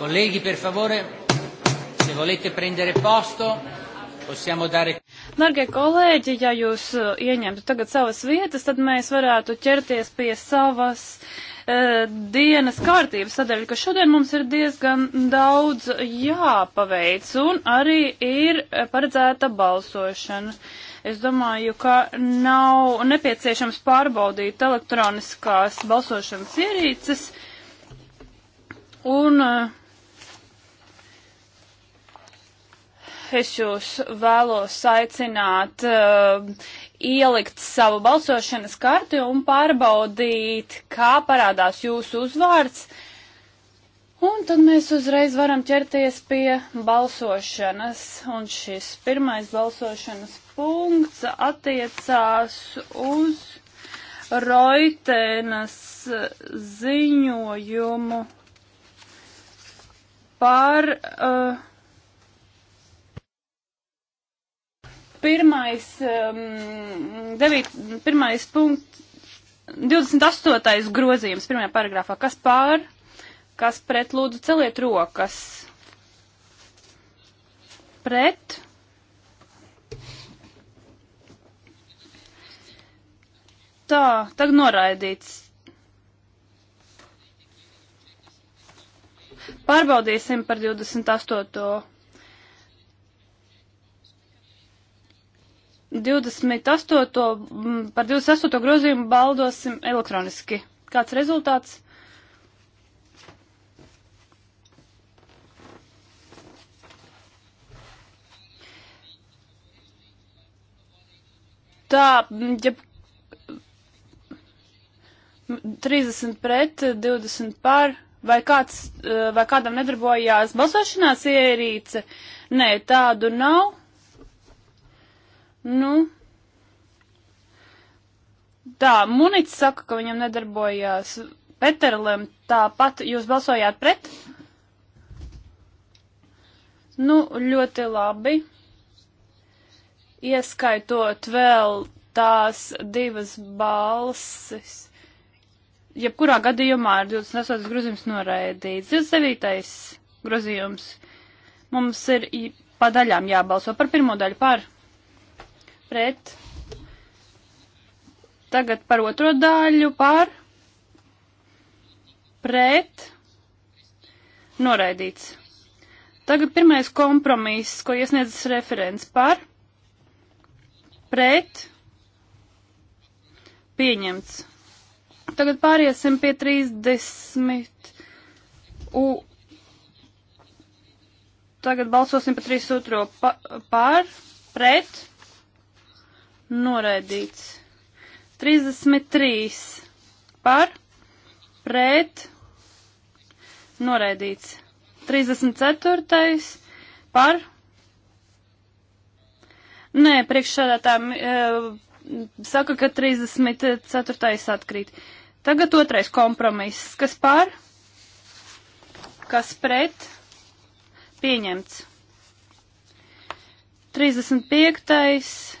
Colleghi, per favore, se volete prendere posto, possiamo dare. Dargie kolēģi, ja jūs uh, ieņemtu tagad savas vietas, tad mēs varētu ķerties pie savas uh, dienas kārtības sadaļa, ka šodien mums ir diezgan daudz jāpaveic un arī ir uh, paredzēta balsošana. Es domāju, ka nav nepieciešams pārbaudīt elektroniskās balsošanas ierīces un uh, es jūs vēlos aicināt uh, ielikt savu balsošanas karti un pārbaudīt, kā parādās jūsu uzvārds. Un tad mēs uzreiz varam ķerties pie balsošanas. Un šis pirmais balsošanas punkts attiecās uz Roitēnas ziņojumu par uh, Pirmais, um, devīt, pirmais punkts, 28. grozījums, pirmajā paragrāfā, kas pār, kas pret, lūdzu, celiet rokas. Pret. Tā, tagad noraidīts. Pārbaudīsim par 28. 28. Mm, par 28. grozījumu baldosim elektroniski. Kāds rezultāts? Tā, mm, ja 30 mm, pret, 20 par, vai, kāds, eh, vai kādam nedarbojās balsošanās ierīce? Nē, tādu nav. Nu, tā, Munits saka, ka viņam nedarbojās. Peterlem tāpat jūs balsojāt pret? Nu, ļoti labi. Ieskaitot vēl tās divas balsis. Jebkurā gadījumā ir 28. grozījums noraidīts. 29. grozījums. Mums ir pa daļām jābalso par pirmo daļu par pret. Tagad par otro daļu par pret noraidīts. Tagad pirmais kompromiss, ko iesniedzis referents par pret pieņemts. Tagad pāriesim pie 30. U... Tagad balsosim par 32. Pa, par, pret, noraidīts. 33 par, pret, noraidīts. 34 par, nē, priekšsādātām e, eh, saka, ka 34 atkrīt. Tagad otrais kompromiss, kas par, kas pret, pieņemts. 35.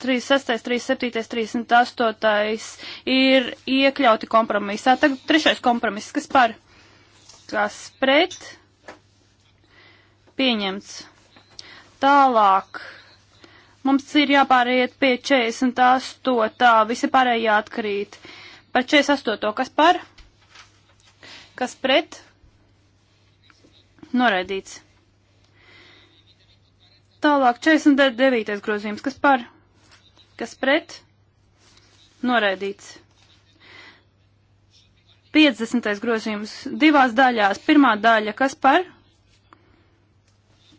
36, 37, 38 ir iekļauti kompromisā. Tagad trešais kompromiss, kas par, kas pret, pieņemts. Tālāk. Mums ir jāpāriet pie 48, tā, visi pārējie atkrīt. Par 48, kas par, kas pret, noraidīts. Tālāk 49. grozījums, kas par, kas pret, noraidīts. 50. grozījums divās daļās. Pirmā daļa, kas par,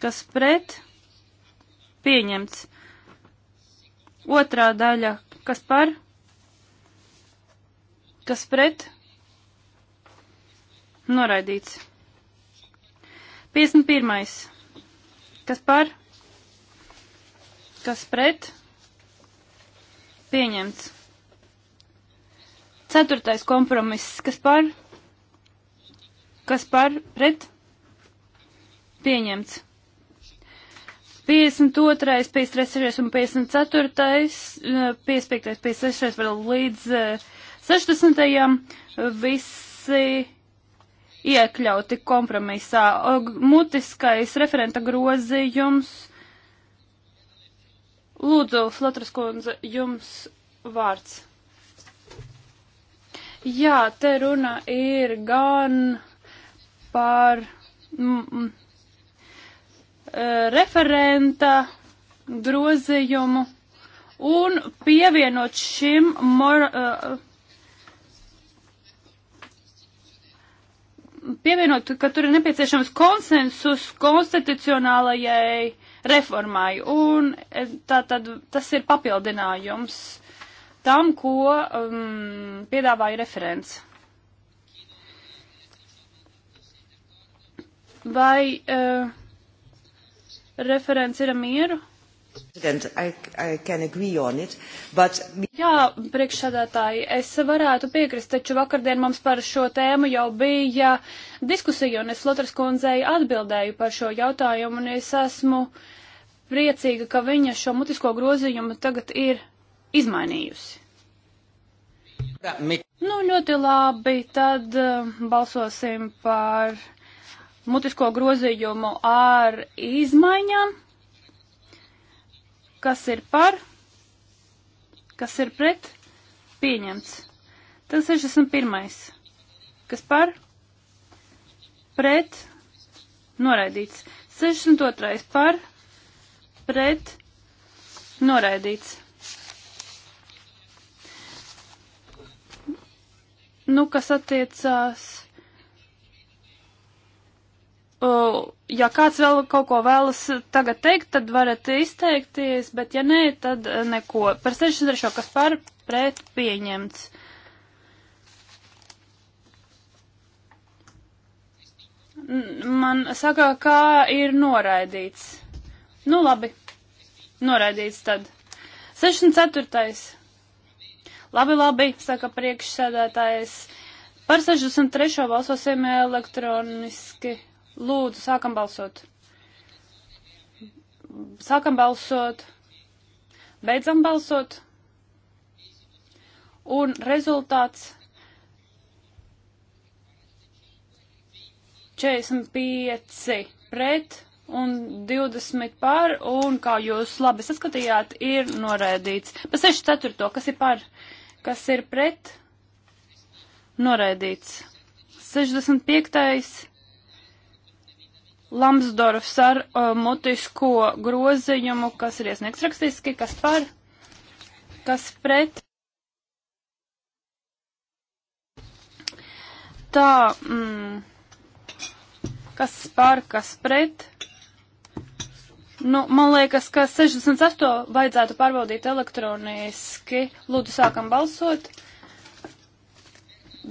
kas pret, pieņemts. Otrā daļa, kas par, kas pret, noraidīts. 51. kas par, kas pret, Pieņemts. Ceturtais kompromiss. Kas par? Kas par? Pret? Pieņemts. 52, 53 un 54, 55, 56 vēl līdz 60. Eh, Visi iekļauti kompromisā. Mutiskais referenta grozījums Lūdzu, Flotras kundze, jums vārds. Jā, te runa ir gan par mm, mm, e, referenta grozījumu un pievienot šim mor, uh, pievienot, ka tur ir nepieciešams konsensus konstitucionālajai reformai. Un eh, tā tad tas ir papildinājums tam, ko um, piedāvāja referents. Vai uh, referents ir mieru? Jā, priekšsādātāji, es varētu piekrist, taču vakardien mums par šo tēmu jau bija diskusija, un es Lotras kundzei atbildēju par šo jautājumu, un es esmu priecīga, ka viņa šo mutisko grozījumu tagad ir izmainījusi. Nu, ļoti labi, tad eh, balsosim par mutisko grozījumu ar izmaiņām. Kas ir par? Kas ir pret? Pieņemts. Tad 61. Kas par? Pret? Noraidīts. 62. par? Pret? Noraidīts. Nu, kas attiecās Uh, ja kāds vēl kaut ko vēlas tagad teikt, tad varat izteikties, bet ja nē, tad uh, neko. Par 63. kas par pret pieņemts. Man saka, kā ir noraidīts. Nu labi, noraidīts tad. 64. Labi, labi, saka priekšsēdētājs. Par 63. balsosim elektroniski. Lūdzu, sākam balsot. Sākam balsot. Beidzam balsot. Un rezultāts 45 pret un 20 par, un kā jūs labi saskatījāt, ir noraidīts. Pa 64. kas ir par, kas ir pret, noraidīts. 65. Lamsdorfs ar uh, mutisko groziņumu, kas ir iesniegts rakstiski, kas par, kas pret. Tā, mm, kas par, kas pret. Nu, man liekas, ka 68 vajadzētu pārbaudīt elektroniski. Lūdzu, sākam balsot.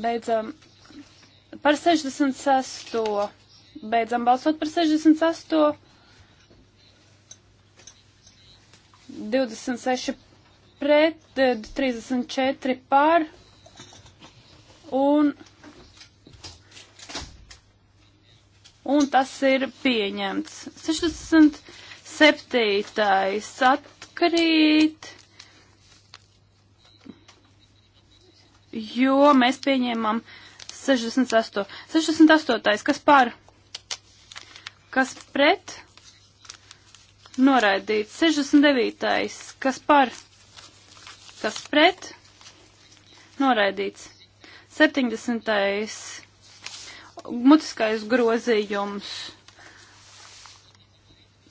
Beidzam. Par 66. Beidzam balsot par 68. 26 pret, 34 pār un, un tas ir pieņemts. 67. atkrīt, jo mēs pieņēmām 68. 68. kas pār? kas pret, noraidīts. 69. kas par, kas pret, noraidīts. 70. mutiskais grozījums,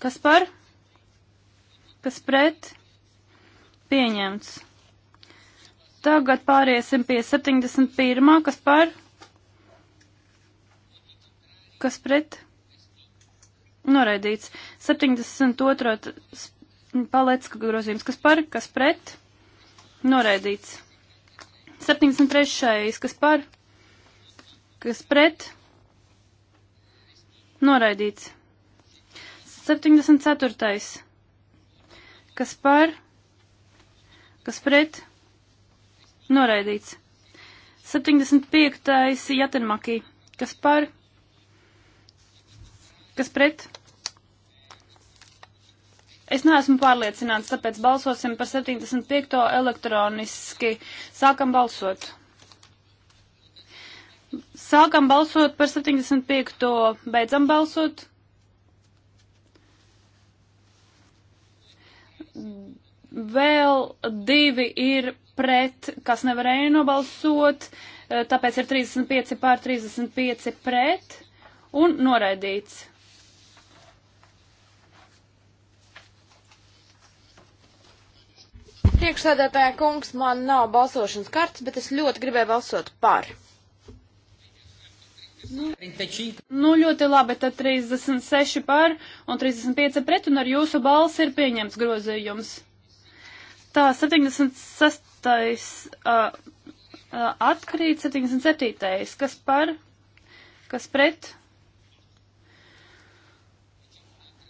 kas par, kas pret, pieņemts. Tagad pāriesim pie 71. kas par, kas pret, noraidīts. 72. palecka grozījums, kas par, kas pret, noraidīts. 73. kas par, kas pret, noraidīts. 74. kas par, kas pret, noraidīts. 75. jatenmakī, kas par, kas pret, Es neesmu pārliecināts, tāpēc balsosim par 75. elektroniski. Sākam balsot. Sākam balsot par 75. Beidzam balsot. Vēl divi ir pret, kas nevarēja nobalsot, tāpēc ir 35 pār 35 pret un noraidīts. Priekšsēdētāja kungs, man nav balsošanas kartes, bet es ļoti gribēju balsot par. Nu, nu, ļoti labi, tad 36 par un 35 pret, un ar jūsu balsi ir pieņemts grozījums. Tā, 76. Uh, uh, atkrīt, 77. kas par, kas pret?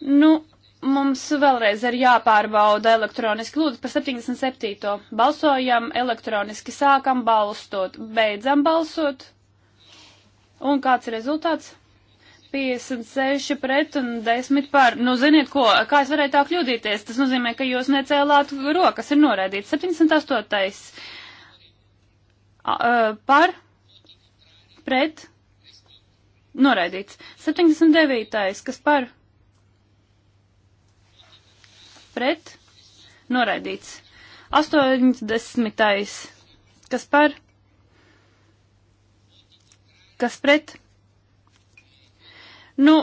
Nu, Mums vēlreiz ir jāpārbauda elektroniski. Lūdzu, par 77. balsojam, elektroniski sākam balstot, beidzam balsot. Un kāds ir rezultāts? 56 pret un 10 par. Nu, ziniet, ko, kā es varēju tā kļūdīties? Tas nozīmē, ka jūs necēlāt rokas, ir noraidīts. 78. A, a, e, par, pret, noraidīts. 79. kas par? pret noraidīts. 80. kas par, kas pret. Nu,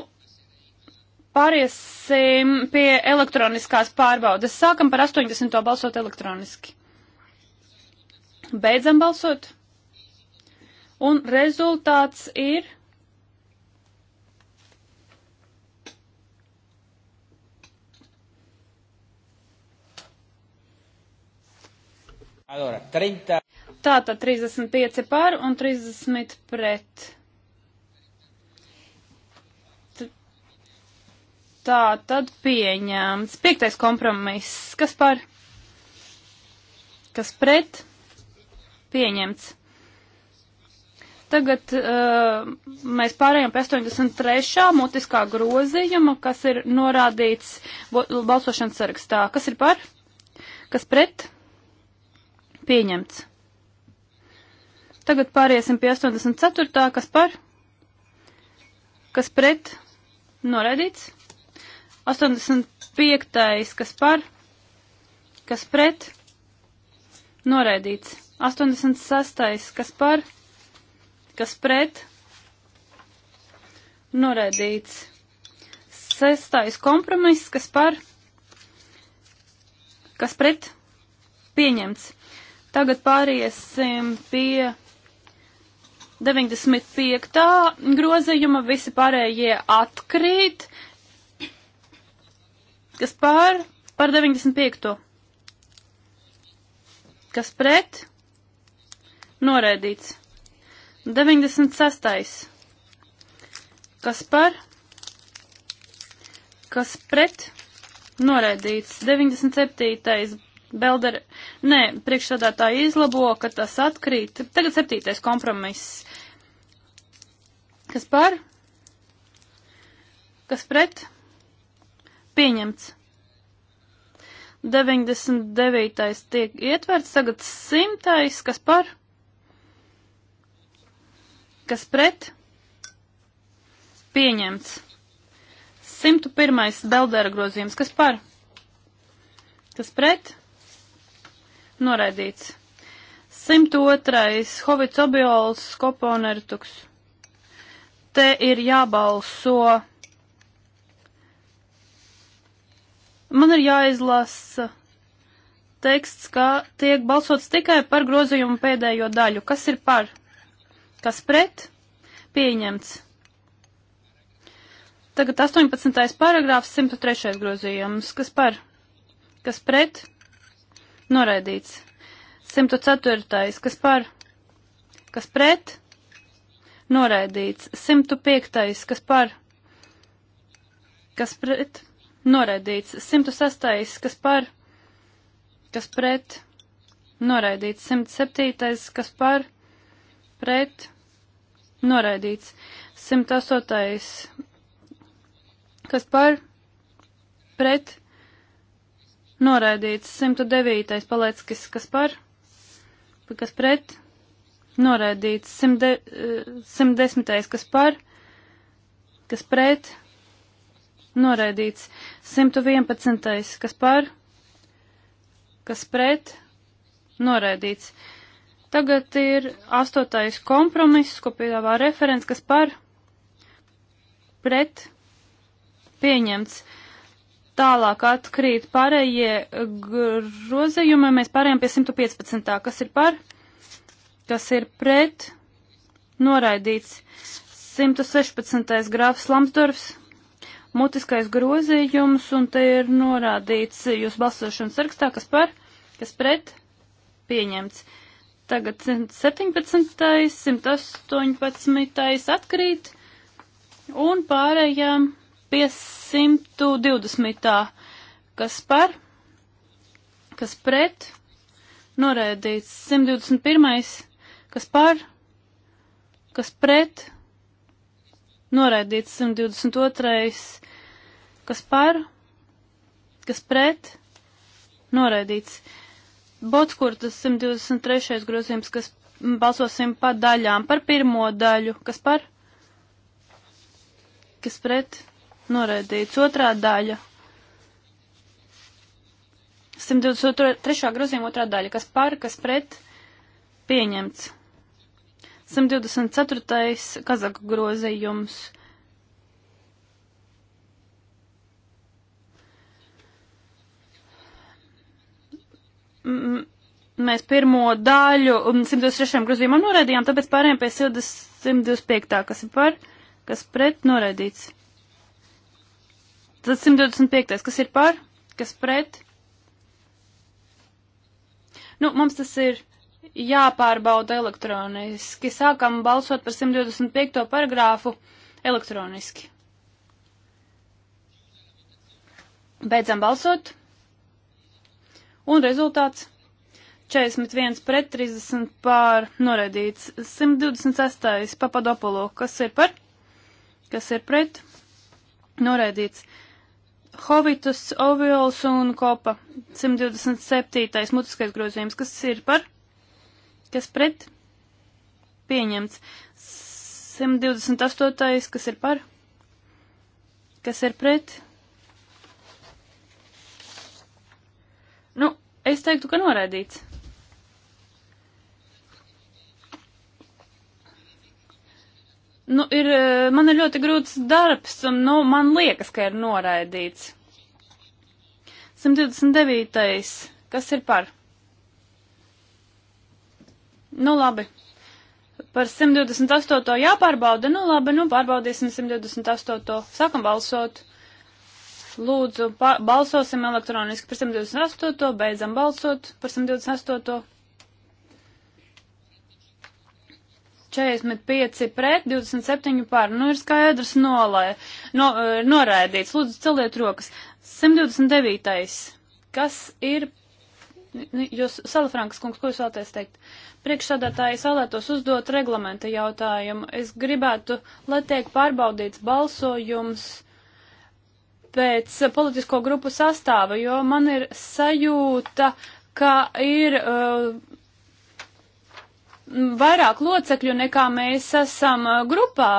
pāriesim pie elektroniskās pārbaudes. Sākam par 80. balsot elektroniski. Beidzam balsot. Un rezultāts ir Allora, 30... Tātad 35 par un 30 pret. Tā tad pieņēmts. Piektais kompromiss. Kas par? Kas pret? Pieņemts. Tagad uh, mēs pārējām pie 83. mutiskā grozījuma, kas ir norādīts balsošanas sarakstā. Kas ir par? Kas pret? Pieņemts. Tagad pāriesim pie 84. kas par, kas pret, noraidīts. 85. kas par, kas pret, noraidīts. 86. kas par, kas pret, noraidīts. 6. kompromiss, kas par, kas pret, pieņemts. Tagad pāriesim pie 95. grozījuma, visi pārējie atkrīt. Kas pār? Par 95. Kas pret? Noraidīts. 96. Kas par? Kas pret? Noraidīts. 97. Belder, nē, priekšsādātāji izlabo, ka tas atkrīt. Tagad septītais kompromiss. Kas par? Kas pret? Pieņemts. 99. tiek ietverts, tagad 100. kas par? Kas pret? Pieņemts. 101. Beldera grozījums, kas par? Kas pret? Noraidīts. 102. Hovits obiols, skoponertuks. Te ir jābalso. Man ir jāizlasa teksts, ka tiek balsots tikai par grozījumu pēdējo daļu. Kas ir par? Kas pret? Pieņemts. Tagad 18. paragrāfs, 103. grozījums. Kas par? Kas pret? noraidīts. 104. kas par, kas pret, noraidīts. 105. kas par, kas pret, noraidīts. 106. kas par, kas pret, noraidīts. 107. kas par, pret, noraidīts. 108. kas par, pret, noraidīts noraidīts. 109. Paleckis, kas par, kas pret, noraidīts. 110. Eh, kas par, kas pret, noraidīts. 111. kas par, kas pret, noraidīts. Tagad ir astotais kompromiss, ko piedāvā referents, kas par pret pieņemts. Tālāk atkrīt pārējie grozījumi, mēs pārējām pie 115. Kas ir par? Kas ir pret? Noraidīts. 116. grāfs Lamsdorfs. Mutiskais grozījums, un te ir norādīts jūs balsošanas sarakstā, kas par, kas pret, pieņemts. Tagad 117, 118 atkrīt, un pārējām pie 120. kas par, kas pret, noraidīts 121. kas par, kas pret, noraidīts 122. kas par, kas pret, noraidīts. Botskurtas 123. grozījums, kas balsosim pa daļām, par pirmo daļu, kas par, kas pret, noraidīts noraidīts. Otrā daļa. 123. grozījuma otrā daļa, kas par, kas pret, pieņemts. 124. kazaku grozījums. M mēs pirmo daļu 123. grozījumam noraidījām, tāpēc pārējām pie 125. kas ir par, kas pret noraidīts. Tad 125. kas ir par, kas pret? Nu, mums tas ir jāpārbauda elektroniski. Sākam balsot par 125. paragrāfu elektroniski. Beidzam balsot. Un rezultāts 41 pret 30 pār noraidīts. 126. Papadopolo, kas ir par, kas ir pret, noraidīts. Hovitas, Ovils un Kopa 127. mutiskais grozījums, kas ir par, kas pret, pieņemts. 128. kas ir par, kas ir pret. Nu, es teiktu, ka noraidīts. nu, ir, e, man ir ļoti grūts darbs, un, nu, man liekas, ka ir noraidīts. 129. Kas ir par? Nu, labi. Par 128. jāpārbauda. Nu, labi, nu, pārbaudīsim 128. Sākam balsot. Lūdzu, balsosim elektroniski par 128. Beidzam balsot par 128. 45 pret, 27 pār. Nu, ir skaidrs nolē, no, e, noraidīts. Lūdzu, celiet rokas. 129. Kas ir, jūs, Salafrankas kungs, ko jūs vēlaties teikt? Priekšsādātāji, es vēlētos uzdot reglamenta jautājumu. Es gribētu, lai tiek pārbaudīts balsojums pēc politisko grupu sastāva, jo man ir sajūta, ka ir uh, vairāk locekļu nekā mēs esam uh, grupā.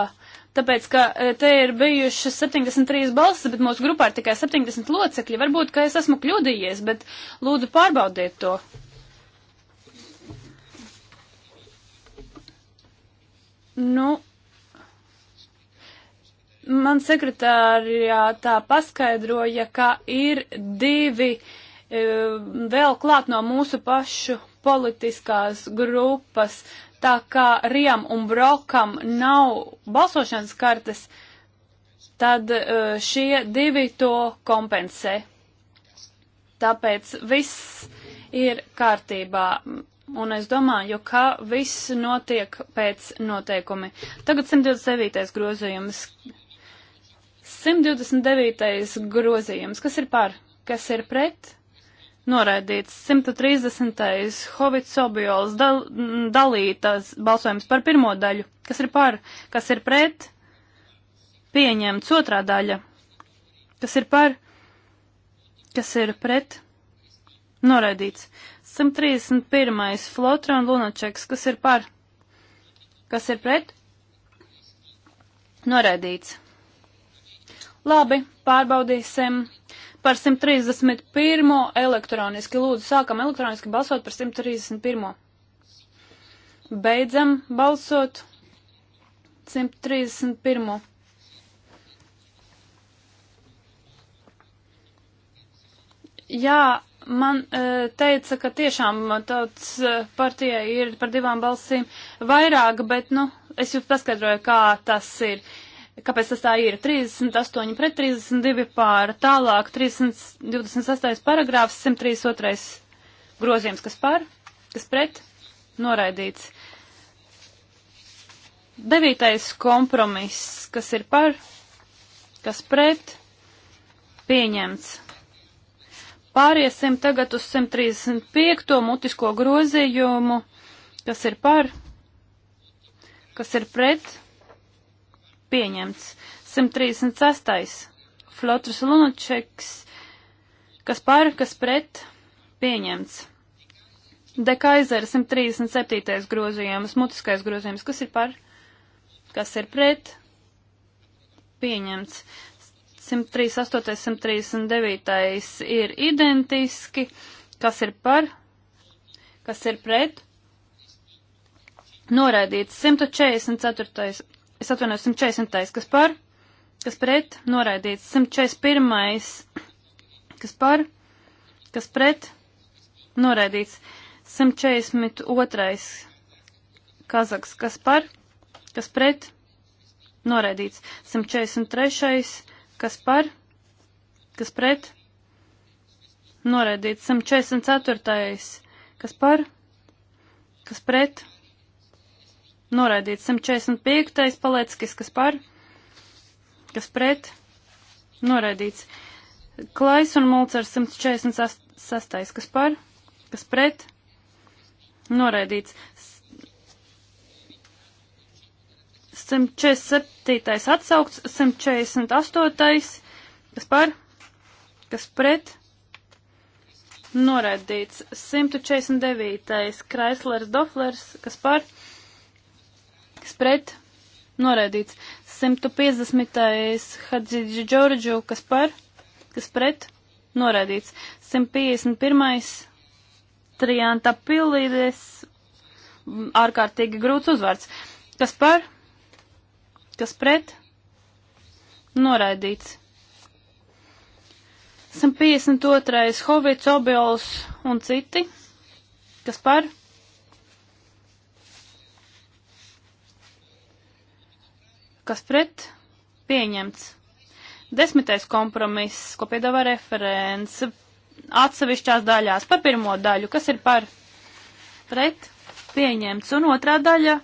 Tāpēc, ka uh, te ir bijušas 73 balsis, bet mūsu grupā ir tikai 70 locekļi. Varbūt, ka es esmu kļūdījies, bet lūdzu pārbaudiet to. Nu, man sekretārijātā paskaidroja, ka ir divi e, vēl klāt no mūsu pašu politiskās grupas, tā kā Rijam un Brokam nav balsošanas kartes, tad uh, šie divi to kompensē. Tāpēc viss ir kārtībā. Un es domāju, ka viss notiek pēc noteikumi. Tagad 129. grozījums. 129. grozījums. Kas ir par? Kas ir pret? noraidīts. 130. Hovits Obiols dal, dalītas balsojums par pirmo daļu, kas ir par, kas ir pret, pieņemts otrā daļa, kas ir par, kas ir pret, noraidīts. 131. Flotra un Lunačeks, kas ir par, kas ir pret, noraidīts. Labi, pārbaudīsim par 131. elektroniski. Lūdzu, sākam elektroniski balsot par 131. Beidzam balsot 131. Jā, man e, teica, ka tiešām tāds e, partija ir par divām balsīm vairāk, bet, nu, es jums paskaidroju, kā tas ir. Uh, Kāpēc tas tā ir? 38 pret 32 pār tālāk 328 paragrāfs, 132 grozījums, kas pār, kas pret, noraidīts. Devītais kompromiss, kas ir par, kas pret, pieņemts. Pāriesim tagad uz 135. mutisko grozījumu, kas ir par, kas ir pret, pieņemts. 136. Flotras Lunačeks, kas par, kas pret, pieņemts. Dekaizera 137. grozījums, mutiskais grozījums, kas ir par, kas ir pret, pieņemts. 138, 139 ir identiski, kas ir par, kas ir pret, noraidīts. 144, es atvainojos 140. kas par, kas pret, noraidīts 141. kas par, kas pret, noraidīts 142. kazaks, kas par, kas pret, noraidīts 143. kas par, kas pret, noraidīts 144. kas par, kas pret, noraidīts noraidīts 145. paleckis, kas par, kas pret, noraidīts. Klais un mulcars 146. kas par, kas pret, noraidīts. 147. atsaukts, 148. kas par, kas pret, noraidīts. 149. Kreislers Doflers, kas par, kas pret, noraidīts. 150. Hadži Džordžu, kas par, kas pret, noraidīts. 151. Trijanta Pilīdes, ārkārtīgi grūts uzvārds. Kas par, kas pret, noraidīts. 152. Hovits, Obiols un citi. Kas par? kas pret pieņemts. Desmitais kompromiss, ko piedāvā referents atsevišķās daļās par pirmo daļu, kas ir par pret pieņemts, un otrā daļa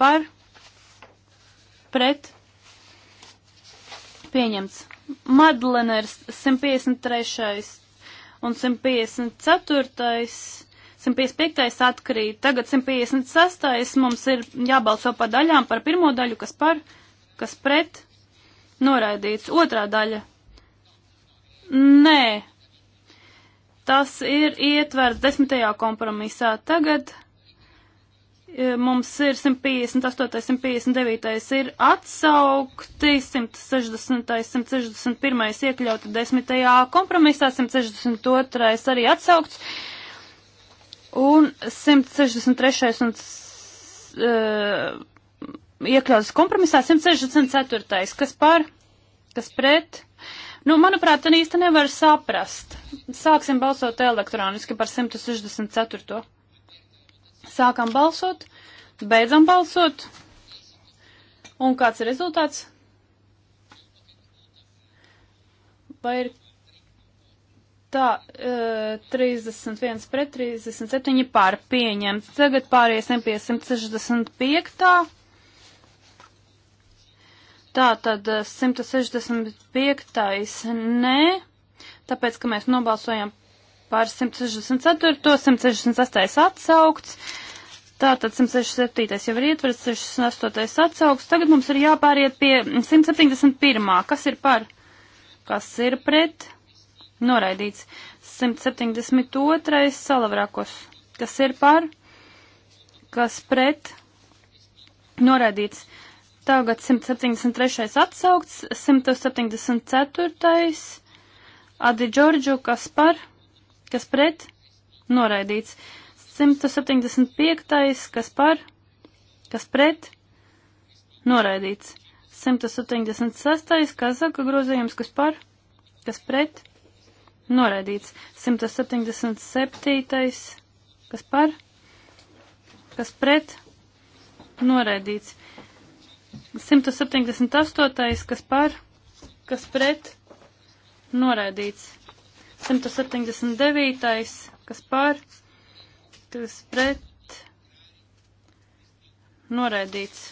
par pret pieņemts. Madleners 153. un 154 155. atkrīt, tagad 156. mums ir jābalso pa daļām par pirmo daļu, kas par, kas pret, noraidīts. Otrā daļa. Nē. Tas ir ietverts desmitajā kompromisā. Tagad e, mums ir 158, 159 ir atsaukti, 160, 161 iekļauti 10. kompromisā, 162 arī atsaukts, Un 163. un uh, iekļauts kompromisā 164. kas par, kas pret. Nu, manuprāt, tā īsti nevar saprast. Sāksim balsot elektroniski par 164. Sākam balsot, beidzam balsot. Un kāds ir rezultāts? Vai ir Tā, e, 31 pret 37 pār pieņemts. Tagad pāriesim pie 165. Tā tad 165. nē, tāpēc, ka mēs nobalsojam pār 164. 168. atsaukts. Tā tad 167. jau ir ietverts, 168. atsaukts. Tagad mums ir jāpāriet pie 171. kas ir par, kas ir pret. Noraidīts 172. salavrakos, kas ir par, kas pret, noraidīts. Tagad 173. atsaukts, 174. Adi Džordžu, kas par, kas pret, noraidīts. 175. kas par, kas pret, noraidīts. 176. kazaka grozījums, kas par, kas pret, noraidīts. 177. kas par, kas pret, noraidīts. 178. kas par, kas pret, noraidīts. 179. kas par, kas pret, noraidīts.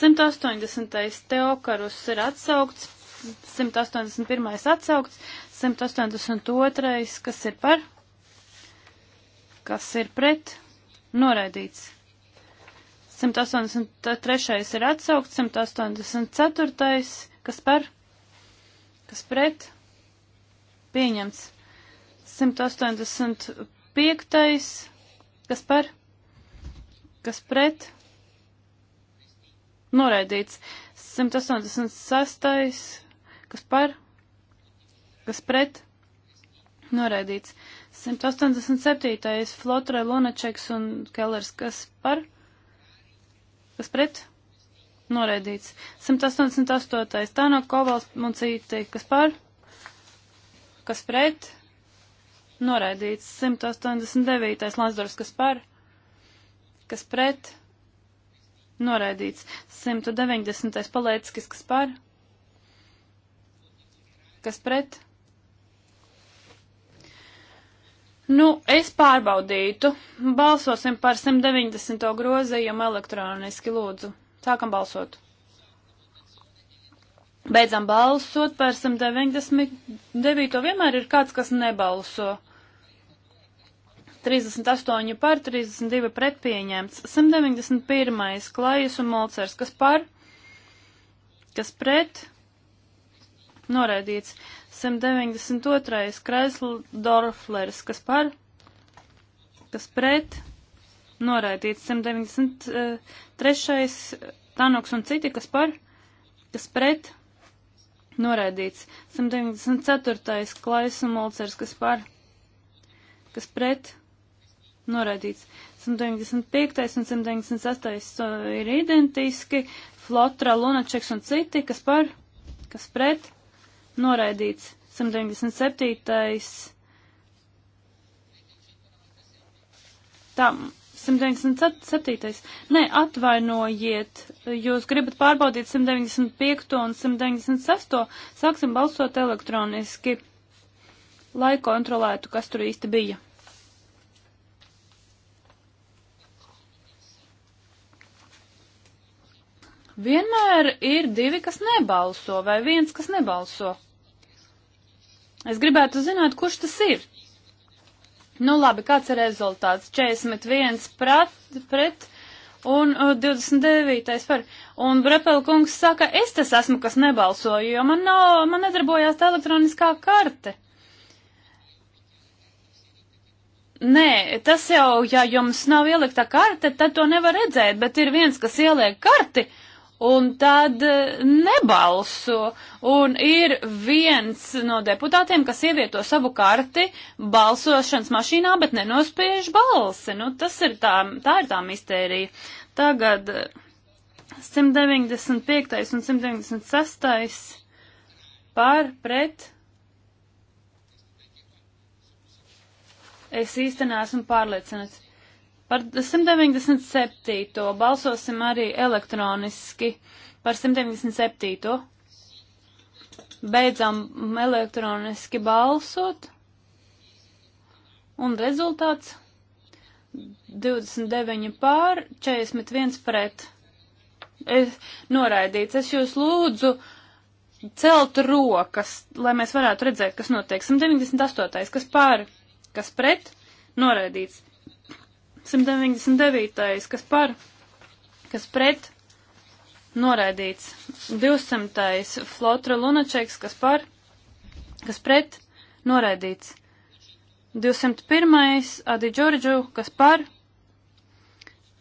180. teokarus ir atsaukts, 181. atsaukts, 182. Kas ir par? Kas ir pret? Noraidīts. 183. ir atsaukt, 184. Kas par? Kas pret? Pieņemts. 185. Kas par? Kas pret? Noraidīts. 186. Kas par? kas pret noraidīts. 187. Flotre, Lunačeks un Kellers, kas par, kas pret noraidīts. 188. Tāno Kovals un citi, kas par, kas pret noraidīts. 189. Lansdors, kas par, kas pret noraidīts. 190. Palēckis, kas par, kas pret noraidīts kas pret Nu, es pārbaudītu. Balsosim par 190. grozījumu elektroniski, lūdzu. Sākam balsot. Beidzam balsot par 199. Vienmēr ir kāds, kas nebalso. 38 par, 32 pret pieņemts. 191. Klajas un Molcers, kas par, kas pret, noraidīts. 192. Kreisldorflers, kas par, kas pret, noraidīts 193. Tanoks un citi, kas par, kas pret, noraidīts 194. Klais un Molcers, kas par, kas pret, noraidīts 195. un 196. Uh, ir identiski, Flotra, Lunačeks un citi, kas par, kas pret, noraidīts noraidīts 197. Tā, 197. Nē, atvainojiet, jūs gribat pārbaudīt 195. un 196. Sāksim balsot elektroniski, lai kontrolētu, kas tur īsti bija. Vienmēr ir divi, kas nebalso, vai viens, kas nebalso. Es gribētu zināt, kurš tas ir. Nu labi, kāds ir rezultāts? 41 prat, pret un uh, 29 par. Un Brepela kungs saka, es tas esmu, kas nebalsoju, jo man nav, man nedarbojās tā elektroniskā karte. Nē, tas jau, ja jums nav ieliktā karte, tad to nevar redzēt, bet ir viens, kas ieliek karti, uh, un tad eh, nebalso. Un ir viens no deputātiem, kas ievieto savu karti balsošanas mašīnā, bet nenospiež balsi. Nu, tas ir tā, tā ir tā mistērija. Tagad 195. Eh, un 196. par pret. Es īstenībā esmu pārliecināts. Par 197. balsosim arī elektroniski. Par 197. Beidzam elektroniski balsot. Un rezultāts 29 pār 41 pret. Es noraidīts. Es jūs lūdzu celt rokas, lai mēs varētu redzēt, kas notiek. 198. kas pār, kas pret, noraidīts. 199. kas par, kas pret, noraidīts. 200. Flotra Lunačeks, kas par, kas pret, noraidīts. 201. Adi Džordžu, kas par,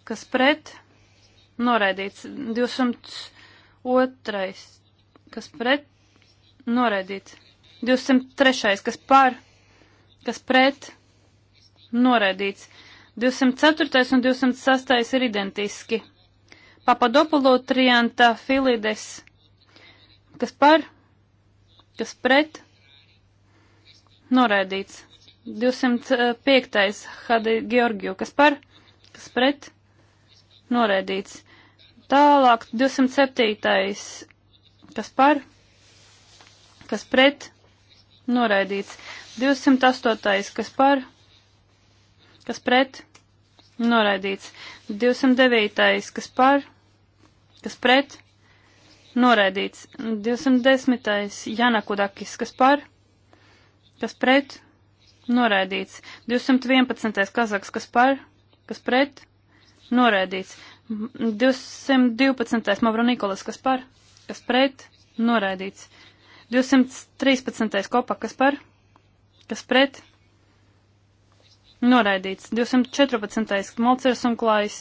kas pret, noraidīts. 202. kas pret, noraidīts. 203. kas par, kas pret, noraidīts. 204. un 206. ir identiski. Papadopulo trianta filides, kas par, kas pret, noraidīts. 205. Hadi Georgiju, kas par, kas pret, noraidīts. Tālāk 207. kas par, kas pret, noraidīts. 208. kas par, kas pret, noraidīts. 209. kas par, kas pret, noraidīts. 210. Janakudakis, kas par, kas pret, noraidīts. 211. Kazaks, kas par, kas pret, noraidīts. 212. Mavro Nikolas, kas par, kas pret, noraidīts. 213. Kopa, kas par, kas pret, noraidīts. Noraidīts. 214. Molcers un klājs.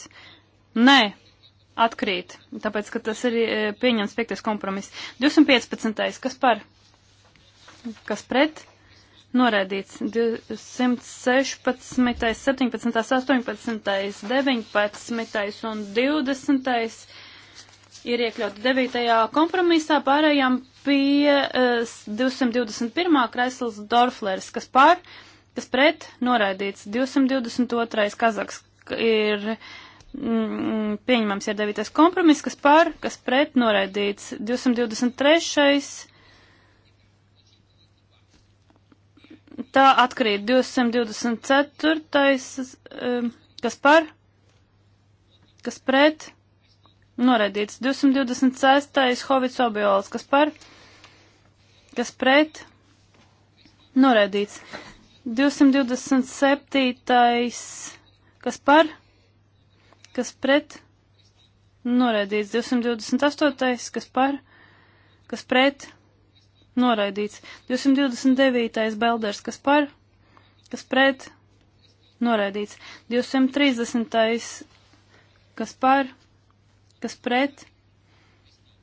Nē, atkrīt, tāpēc, ka tas ir e, pieņems piektais kompromiss. 215. kas par, kas pret, noraidīts. 216., 17., 18., 19. un 20. ir iekļauti 9. kompromisā, pārējām pie uh, 221. Kreisls Dorflers, kas par, uh, kas pret noraidīts. 222. Kazaks ir mm, pieņemams ir 9. kompromiss, kas par, kas pret noraidīts. 223. Tā atkrīt 224. Eh, kas par, kas pret noraidīts. 226. Hovits Obiols, kas par, kas pret noraidīts. 227. kas par, kas pret, noraidīts. 228. kas par, kas pret, noraidīts. 229. belders, kas par, kas pret, noraidīts. 230. kas par, kas pret,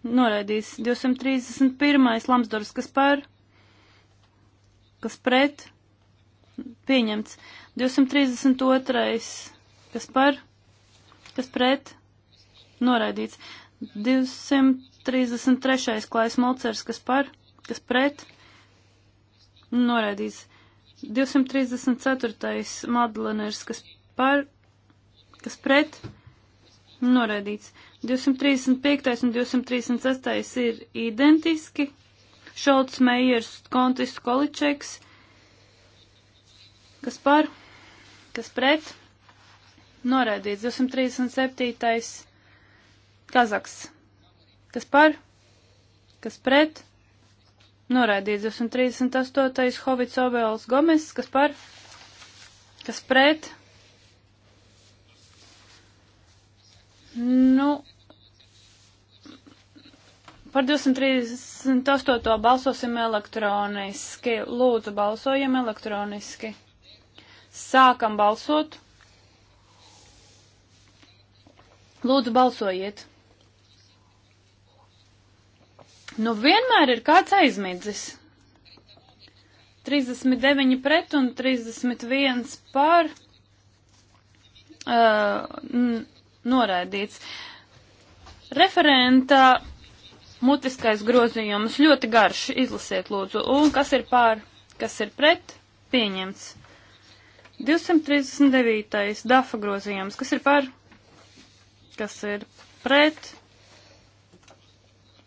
noraidīts. 231. lamsdors, kas par, kas pret, noraidīts pieņemts. 232. kas par, kas pret, noraidīts. 233. klais mulcers, kas par, kas pret, noraidīts. 234. madleners, kas par, kas pret, noraidīts. 235. un 236. ir identiski. Šolts Meijers, Kontis Količeks, kas par, kas pret, noraidīts 237. Kazaks, kas par, kas pret, noraidīts 238. Hovits Ovēls Gomes, kas par, kas pret. Nu, par 238. balsosim elektroniski. Lūdzu, balsojam elektroniski. Sākam balsot. Lūdzu, balsojiet. Nu, vienmēr ir kāds aizmidzis. 39 pret un 31 par uh, noraidīts. Referenta mutiskais grozījums ļoti garš, izlasiet lūdzu. Un kas ir pār, kas ir pret, pieņemts. 239. dafa grozījums, kas ir par, kas ir pret.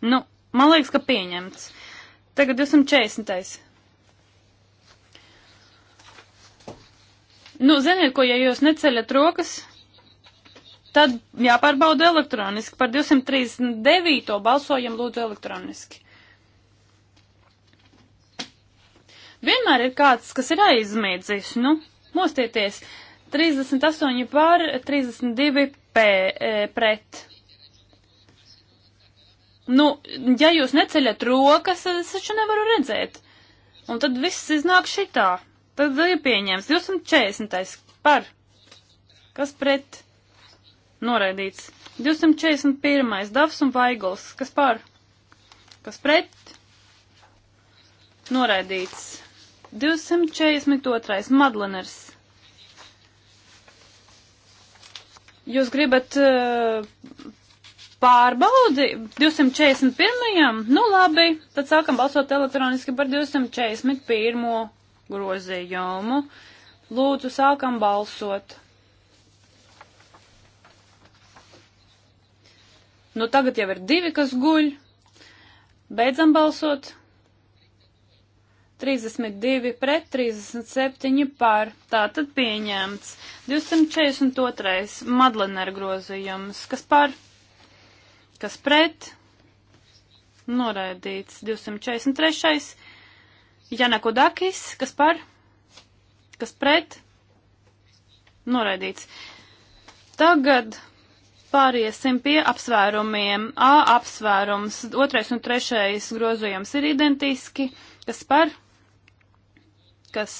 Nu, man liekas, ka pieņemts. Tagad 240. Nu, ziniet, ko, ja jūs neceļat rokas, tad jāpārbauda elektroniski. Par 239. balsojam lūdzu elektroniski. Vienmēr ir kāds, kas ir aizmiedzis, nu, Mostieties! 38 pār, 32 pē, e, pret. Nu, ja jūs neceļat rokas, tad es taču nevaru redzēt. Un tad viss iznāk šitā. Tad ir pieņēmis 240 par. Kas pret? Noraidīts. 241. Davs un Vaigols. Kas par? Kas pret? Noraidīts. 242. Madleners. Jūs gribat uh, pārbaudi 241. Nu labi, tad sākam balsot elektroniski par 241. grozījumu. Lūdzu, sākam balsot. Nu tagad jau ir divi, kas guļ. Beidzam balsot. 32 pret 37 pār. Tātad pieņēmts. 242. Madlener grozījums. Kas par? Kas pret? Noraidīts. 243. Janakodakis. Kas par? Kas pret? Noraidīts. Tagad Pāriesim pie apsvērumiem. A apsvērums, otrais un trešais grozījums ir identiski. Kas par? kas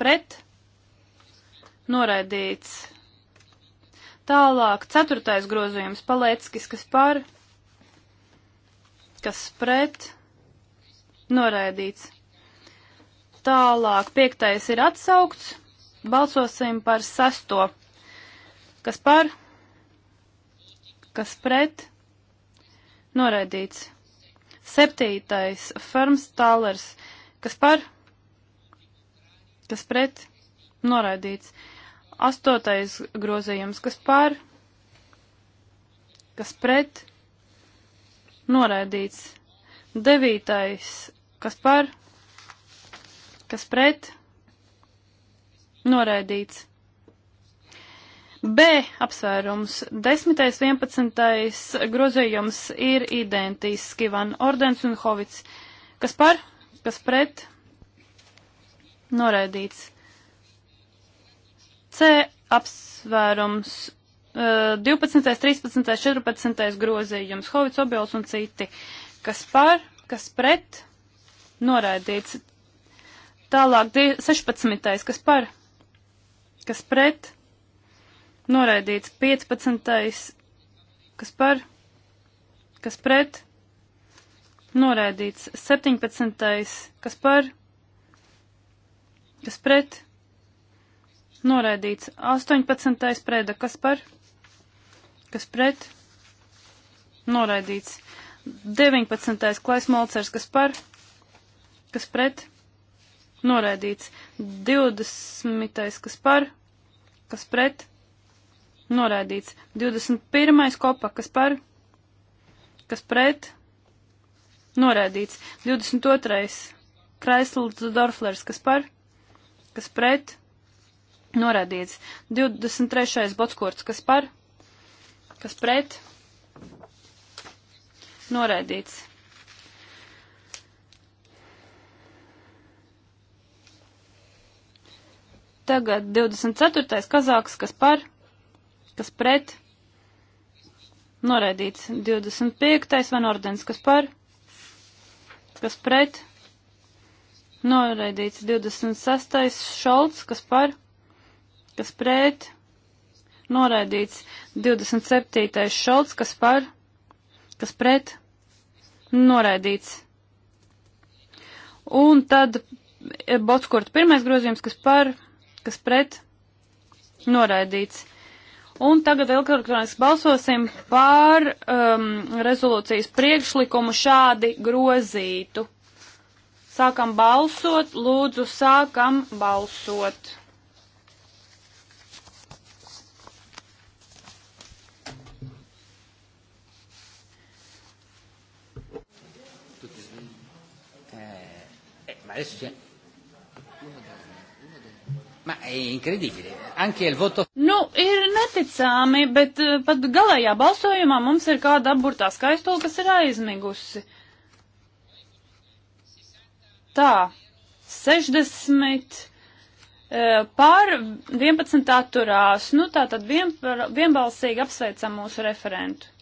pret noraidīts. Tālāk, ceturtais grozījums palēckis, kas par, kas pret, noraidīts. Tālāk, piektais ir atsaukts, balsosim par sesto, kas par, kas pret, noraidīts. Septītais, Ferms Tālers, kas par, kas pret, noraidīts. Astotais grozījums, kas pār, kas pret, noraidīts. Devītais, kas pār, kas pret, noraidīts. B apsvērums. 10. 11. grozījums ir identiski Van Ordens un Hovics. Kas par, kas pret, noraidīts. C apsvērums 12., 13., 14. grozījums, Hovits Obils un citi, kas par, kas pret, noraidīts. Tālāk 16. kas par, kas pret, noraidīts. 15. kas par, kas pret, noraidīts. 17. kas par, kas pret, noraidīts 18. preda, kas par, kas pret, noraidīts 19. klais molcers, kas par, kas pret, noraidīts 20. kas par, kas pret, noraidīts 21. kopa, kas par, kas pret, noraidīts 22. Kraisls Dorflers, kas par, kas pret, norādīts. 23. botskorts, kas par, kas pret, norādīts. Tagad 24. kazāks, kas par, kas pret, norādīts. 25. van ordens, kas par, kas pret, noraidīts 26. šolts, kas par, kas pret, noraidīts 27. šolts, kas par, kas pret, noraidīts. Un tad e, Botskurt pirmais grozījums, kas par, kas pret, noraidīts. Un tagad elektroniski balsosim par um, rezolūcijas priekšlikumu šādi grozītu. Sākam balsot, lūdzu, sākam balsot. Eh, eh, Adesso Ma è incredibile, anche il voto. Nu, ir neticami, bet eh, pat galējā balsojumā mums ir kāda apburtā skaistula, kas ir aizmigusi. Uh, Tā, 60 pār 11 atturās. Nu, tā tad vien, vienbalsīgi apsveicam mūsu referentu.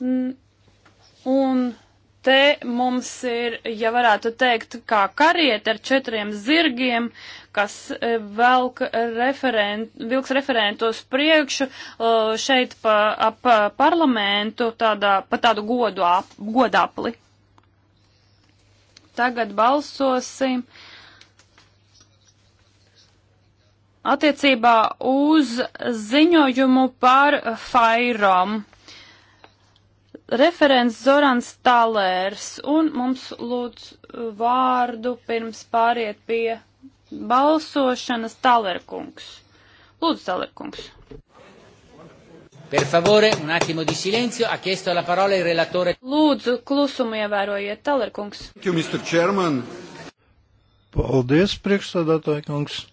Un te mums ir, ja varētu teikt, kā kariet ar četriem zirgiem, kas eh, velk referent, vilks referentos priekšu eh, šeit pa, ap parlamentu tādā, pa tādu godu ap, godapli. Tagad balsosim attiecībā uz ziņojumu par Fairom referents Zorans Talērs, un mums lūdz vārdu pirms pāriet pie balsošanas talerkungs. Lūdzu, talerkungs. Per favore, un attimo di silenzio, ha chiesto la parola il relatore. Lūdzu, klusumu ievērojiet, talerkungs. Thank you, Mr. Chairman. Paldies, priekšsēdētāji kungs.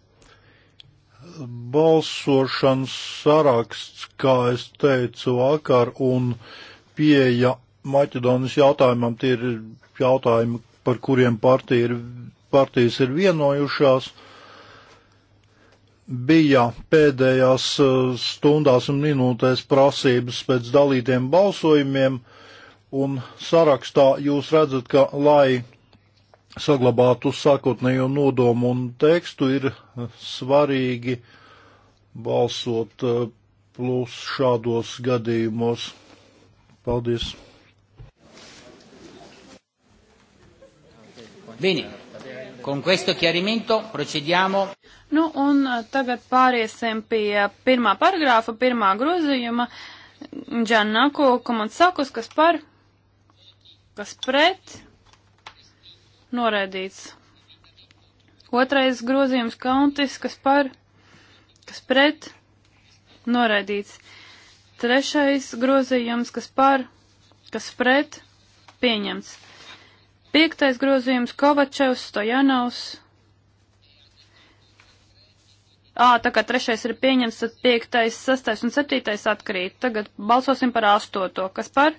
Balsošanas saraksts, kā es teicu vakar, un pieeja Maķedonas jautājumam, tie ir jautājumi, par kuriem partija ir partijas ir vienojušās. Bija pēdējās eh, stundās un minūtēs prasības pēc dalītiem balsojumiem, un sarakstā jūs redzat, ka, lai saglabātu sākotnējo nodomu un tekstu, ir eh, svarīgi balsot eh, plus šādos gadījumos. Paldies! Bine. Con questo chiarimento procediamo. Nu, un eh, tagad pāriesim pie pirmā paragrāfa, pirmā grozījuma. Džannako Komansakus, kas par, kas pret, noraidīts. Otrais grozījums Kauntis, kas par, kas pret, noraidīts. Trešais grozījums, kas par, kas pret, pieņemts. Piektais grozījums Kovačevs, Stojanovs. Ā, tā kā trešais ir pieņems, tad piektais, sastais un septītais atkrīt. Tagad balsosim par astoto. Kas par?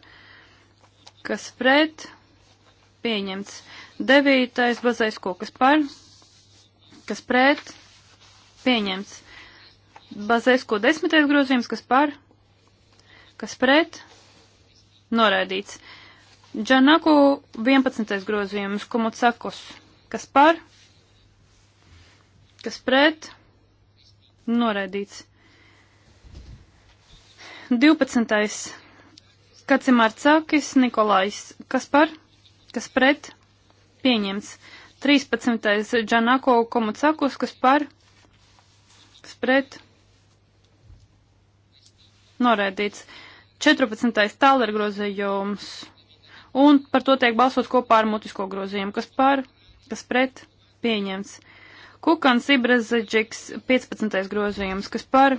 Kas pret? Pieņemts. Devītais bazais kokas par? Kas pret? Pieņemts. Bazais ko desmitais grozījums, kas par? Kas pret? Noraidīts. Džanaku 11. grozījums, Komotsakos, kas par, kas pret, noraidīts. 12. Kacimārcakis, Nikolais, kas par, kas pret, pieņemts. 13. Džanako Komotsakos, kas par, kas pret, noraidīts. 14. tālergrozījums. grozījums un par to tiek balsot kopā ar mutisko grozījumu, kas par, kas pret, pieņemts. Kukans Ibrazaģiks 15. grozījums, kas par,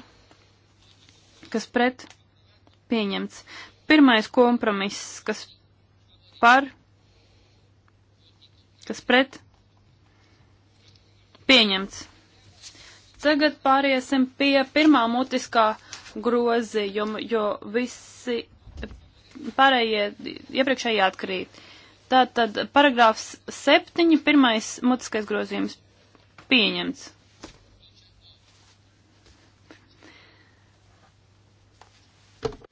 kas pret, pieņemts. Pirmais kompromiss, kas par, kas pret, pieņemts. Tagad pāriesim pie pirmā mutiskā grozījuma, jo visi pārējie iepriekšējie atkrīt. Tātad paragrāfs 7, pirmais mutiskais grozījums pieņemts.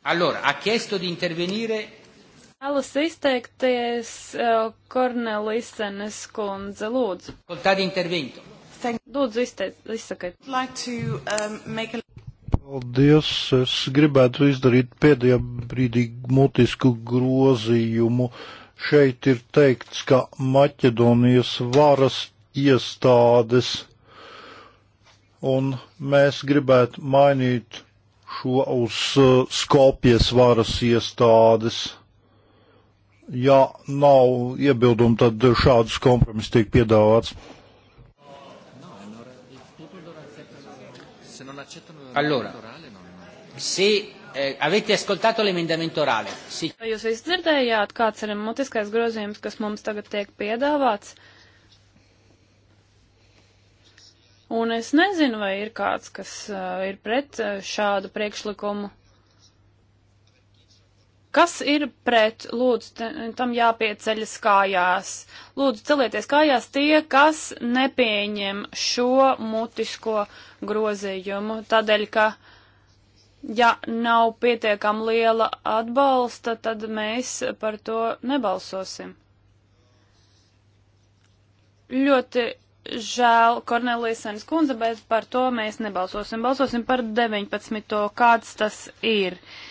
Allora, ha chiesto di intervenire. Vēlas izteikties uh, eh, Kornelisenes kundze, lūdzu. Lūdzu, izteikt, izsakiet. Like to, um, a... Paldies! Es gribētu izdarīt pēdējā brīdī mutisku grozījumu. Šeit ir teikts, ka Maķedonijas varas iestādes un mēs gribētu mainīt šo uz uh, Skopjas varas iestādes. Ja nav iebildumu, tad šāds kompromiss tiek piedāvāts. Allora, se eh, avete ascoltato l'emendamento orale. Sì. Vai jūs visi dzirdējāt, kāds ir mutiskais grozījums, kas mums tagad tiek piedāvāts? Un es nezinu, vai ir kāds, kas uh, ir pret uh, šādu priekšlikumu. Kas ir pret, lūdzu, te, tam jāpieceļas kājās? Lūdzu, celieties kājās tie, kas nepieņem šo mutisko grozījumu, tādēļ, ka, ja nav pietiekam liela atbalsta, tad mēs par to nebalsosim. Ļoti žēl Kornelīsens kundze, bet par to mēs nebalsosim. Balsosim par 19. kāds tas ir. Uh,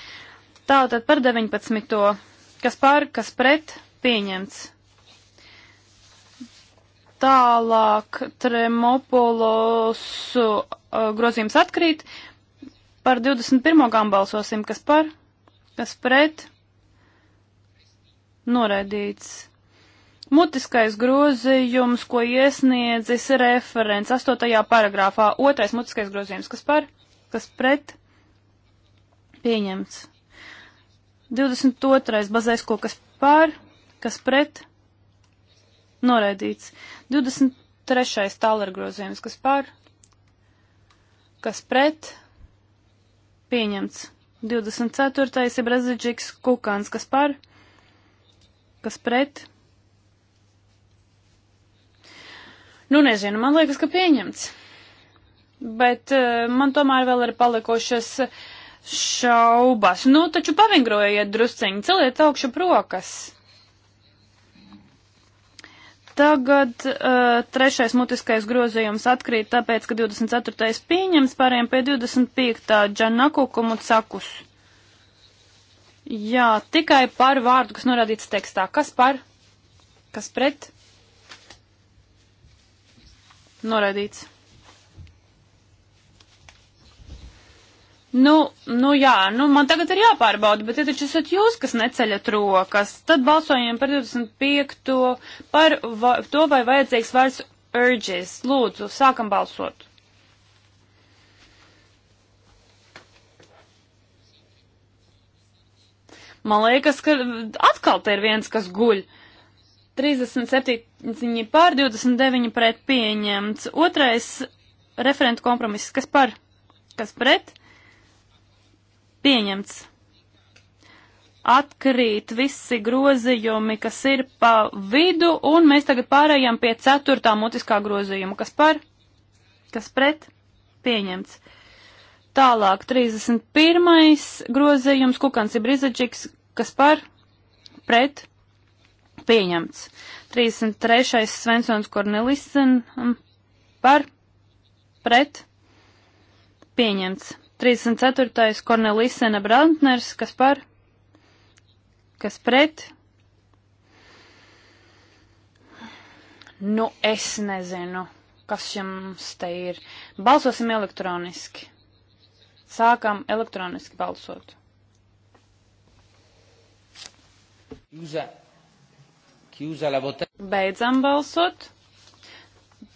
Tātad par 19. kas pār, kas pret, pieņemts. Tālāk Tremopolos uh, grozījums atkrīt. Par 21. gām balsosim, kas par, kas pret, noraidīts. Mutiskais grozījums, ko iesniedzis referents 8. paragrāfā, otrais mutiskais grozījums, kas par, kas pret, pieņemts. 22. bazēsko, kas pār, kas pret, noraidīts. 23. tālergrozījums, kas pār, kas pret, pieņemts. 24. ir Brazidžiks Kukāns, kas par, kas pret. Nu, nezinu, man liekas, ka pieņemts. Bet uh, man tomēr vēl ir palikušas uh, šaubas. Nu, taču pavingrojiet drusciņi, celiet augšu rokas. Tagad uh, trešais mutiskais grozījums atkrīt, tāpēc, ka 24. pieņems pāriem pie 25. Džanaku Kumutsakus. Jā, tikai par vārdu, kas norādīts tekstā. Kas par? Kas pret? Norādīts. Nu, nu jā, nu man tagad ir jāpārbauda, bet ja taču esat jūs, kas neceļat rokas, tad balsojam par 25. par va, to, vai vajadzīgs vairs urges. Lūdzu, sākam balsot. Man liekas, ka atkal te ir viens, kas guļ. 37 pār 29 pret pieņemts. Otrais referentu kompromiss, kas par, kas pret Pieņemts. Atkrīt visi grozījumi, kas ir pa vidu, un mēs tagad pārējām pie ceturtā mutiskā grozījuma. Kas par? Kas pret? Pieņemts. Tālāk 31. grozījums, kukans ir brizaģiks, kas par? Pret? Pieņemts. 33. Svensons Kornelisen par? Pret? Pieņemts. 34. Kornelisena Brantners, kas par, kas pret. Nu, es nezinu, kas jums te ir. Balsosim elektroniski. Sākam elektroniski balsot. Beidzam balsot.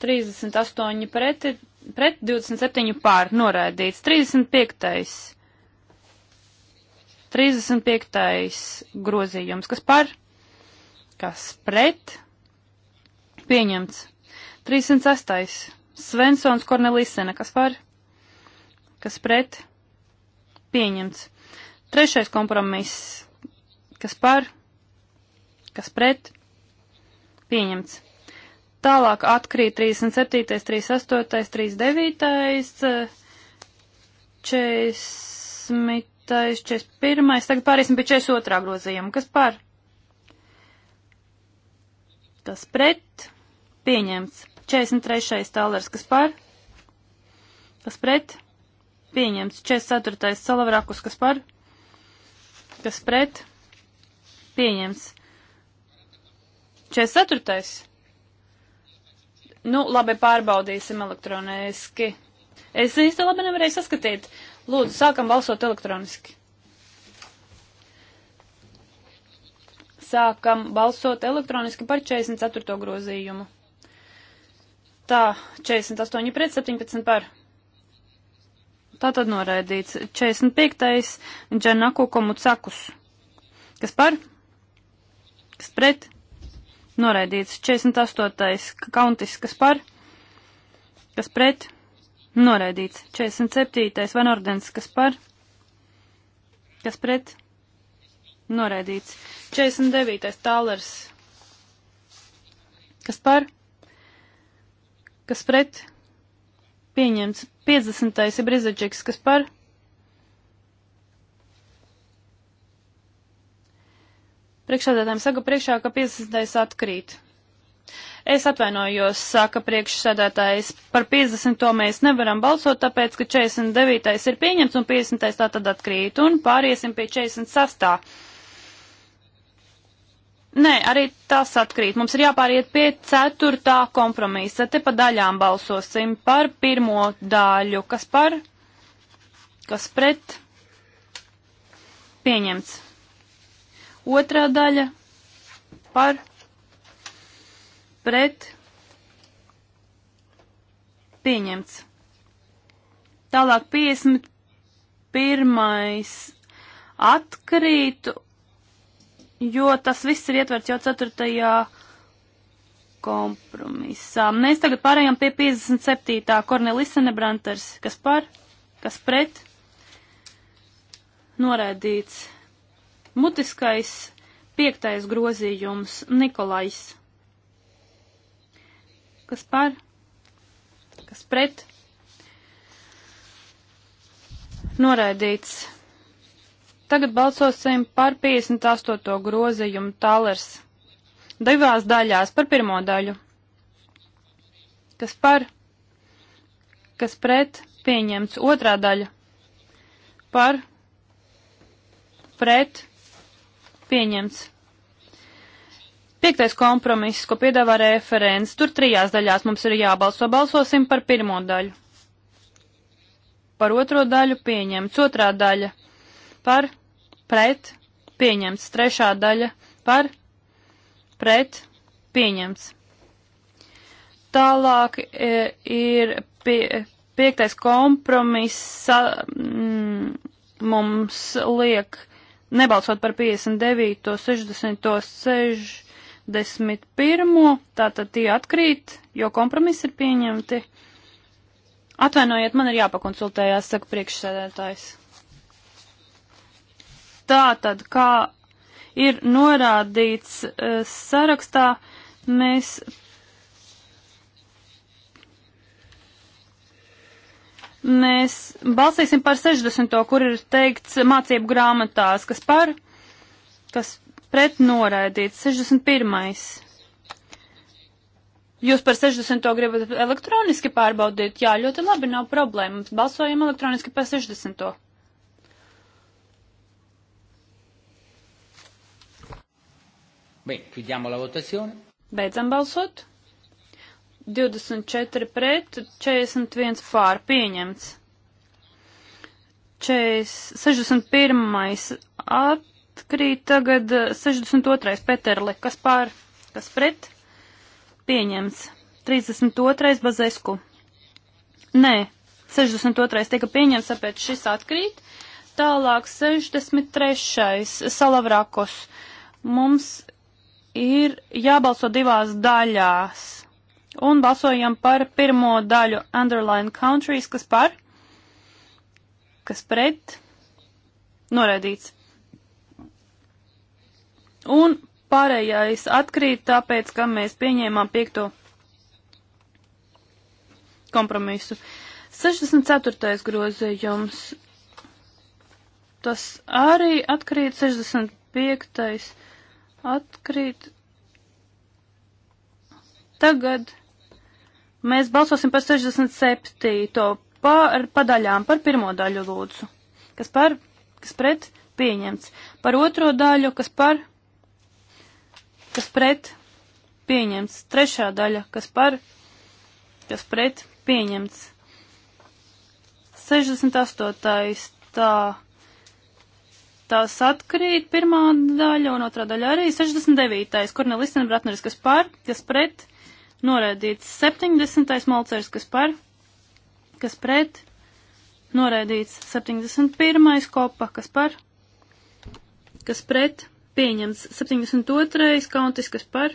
38 preti, pret 27 pār noraidīts. 35. 35. grozījums, kas par, kas pret, pieņemts. 308. Svensons Kornelisena, kas par, kas pret, pieņemts. Trešais kompromiss, kas par, kas pret, pieņemts. Tālāk atkrīt 37., 38., 39., 40, 41. Tagad pāriesim pie 42. grozījuma. Kas par? Kas pret? Pieņemts. 43. tālērs. Kas par? Kas pret? Pieņemts. 44. salavrakus. Kas par? Kas pret? Pieņemts. 44. Nu, labi, pārbaudīsim elektroniski. Es īsti labi nevarēju saskatīt. Lūdzu, sākam balsot elektroniski. Sākam balsot elektroniski par 44. grozījumu. Tā, 48 pret 17 par. Tā tad noraidīts. 45. Džanaku Komucakus. Kas par? Kas pret? noraidīts. 48. kauntis, kas par, kas pret, noraidīts. 47. van ordens, kas par, kas pret, noraidīts. 49. tālers, kas par, kas pret, pieņemts. 50. ir brizaģiks, kas par, Priekšsēdētājiem saka priekšā, ka 50. atkrīt. Es atvainojos, saka priekšsēdētājs, par 50. mēs nevaram balsot, tāpēc, ka 49. ir pieņemts un 50. tā tad atkrīt un pāriesim pie 46. Nē, arī tas atkrīt. Mums ir jāpāriet pie 4. kompromisa. Te pa daļām balsosim par pirmo daļu. Kas par? Kas pret? Pieņemts. Otrā daļa par pret pieņemts. Tālāk 51. atkrīt, jo tas viss ir ietverts jau 4. kompromisā. Mēs tagad pārējām pie 57. Kornelis Senebranters, kas par, kas pret, noraidīts. Mutiskais piektais grozījums Nikolais. Kas par? Kas pret? Noraidīts. Tagad balsosim par 58. grozījumu Talers. Divās daļās par pirmo daļu. Kas par? Kas pret? Pieņemts. Otrā daļa. Par? Pret? pieņemts. Piektais kompromiss, ko piedāvā referents, tur trijās daļās mums ir jābalso. Balsosim par pirmo daļu. Par otro daļu pieņemts. Otrā daļa par, pret, pieņemts. Trešā daļa par, pret, pieņemts. Tālāk e, ir pie, piektais kompromiss. Mm, mums liek nebalsot par 59, 60, 61, tātad tie atkrīt, jo kompromiss ir pieņemti. Atvainojiet, man ir jāpakonsultējās, saka priekšsēdētājs. Tātad, kā ir norādīts eh, sarakstā, mēs Mēs balsīsim par 60. kur ir teikts mācību grāmatās, kas par, kas pret noraidīts. 61. Jūs par 60. gribat elektroniski pārbaudīt? Jā, ļoti labi, nav problēma. Balsojam elektroniski par 60. Beh, chiudiamo la votazione. Beidzam balsot. 24 pret, 41 pār pieņemts. 40, 61. atkrīt tagad 62. Eh, Peterle, kas pār, kas pret, pieņemts. 32. Bazesku. Nē, 62. tika pieņemts, tāpēc šis atkrīt. Tālāk 63. Salavrakos. Mums ir jābalso divās daļās un balsojam par pirmo daļu underline countries, kas par, kas pret, noraidīts. Un pārējais atkrīt, tāpēc, ka mēs pieņēmām piekto kompromisu. 64. grozījums. Tas arī atkrīt, 65. atkrīt. Tagad Mēs balsosim par 67. Par, padaļām par pirmo daļu lūdzu. Kas par, kas pret, pieņemts. Par otro daļu, kas par, kas pret, pieņemts. Trešā daļa, kas par, kas pret, pieņemts. 68. Tā, tās atkrīt pirmā daļa un otrā daļa arī. 69. Kornelis Bratneris, kas par, kas pret, noraidīts. 70. malcers, kas par, kas pret, noraidīts. 71. kopa, kas par, kas pret, pieņemts. 72. kauntis, kas par,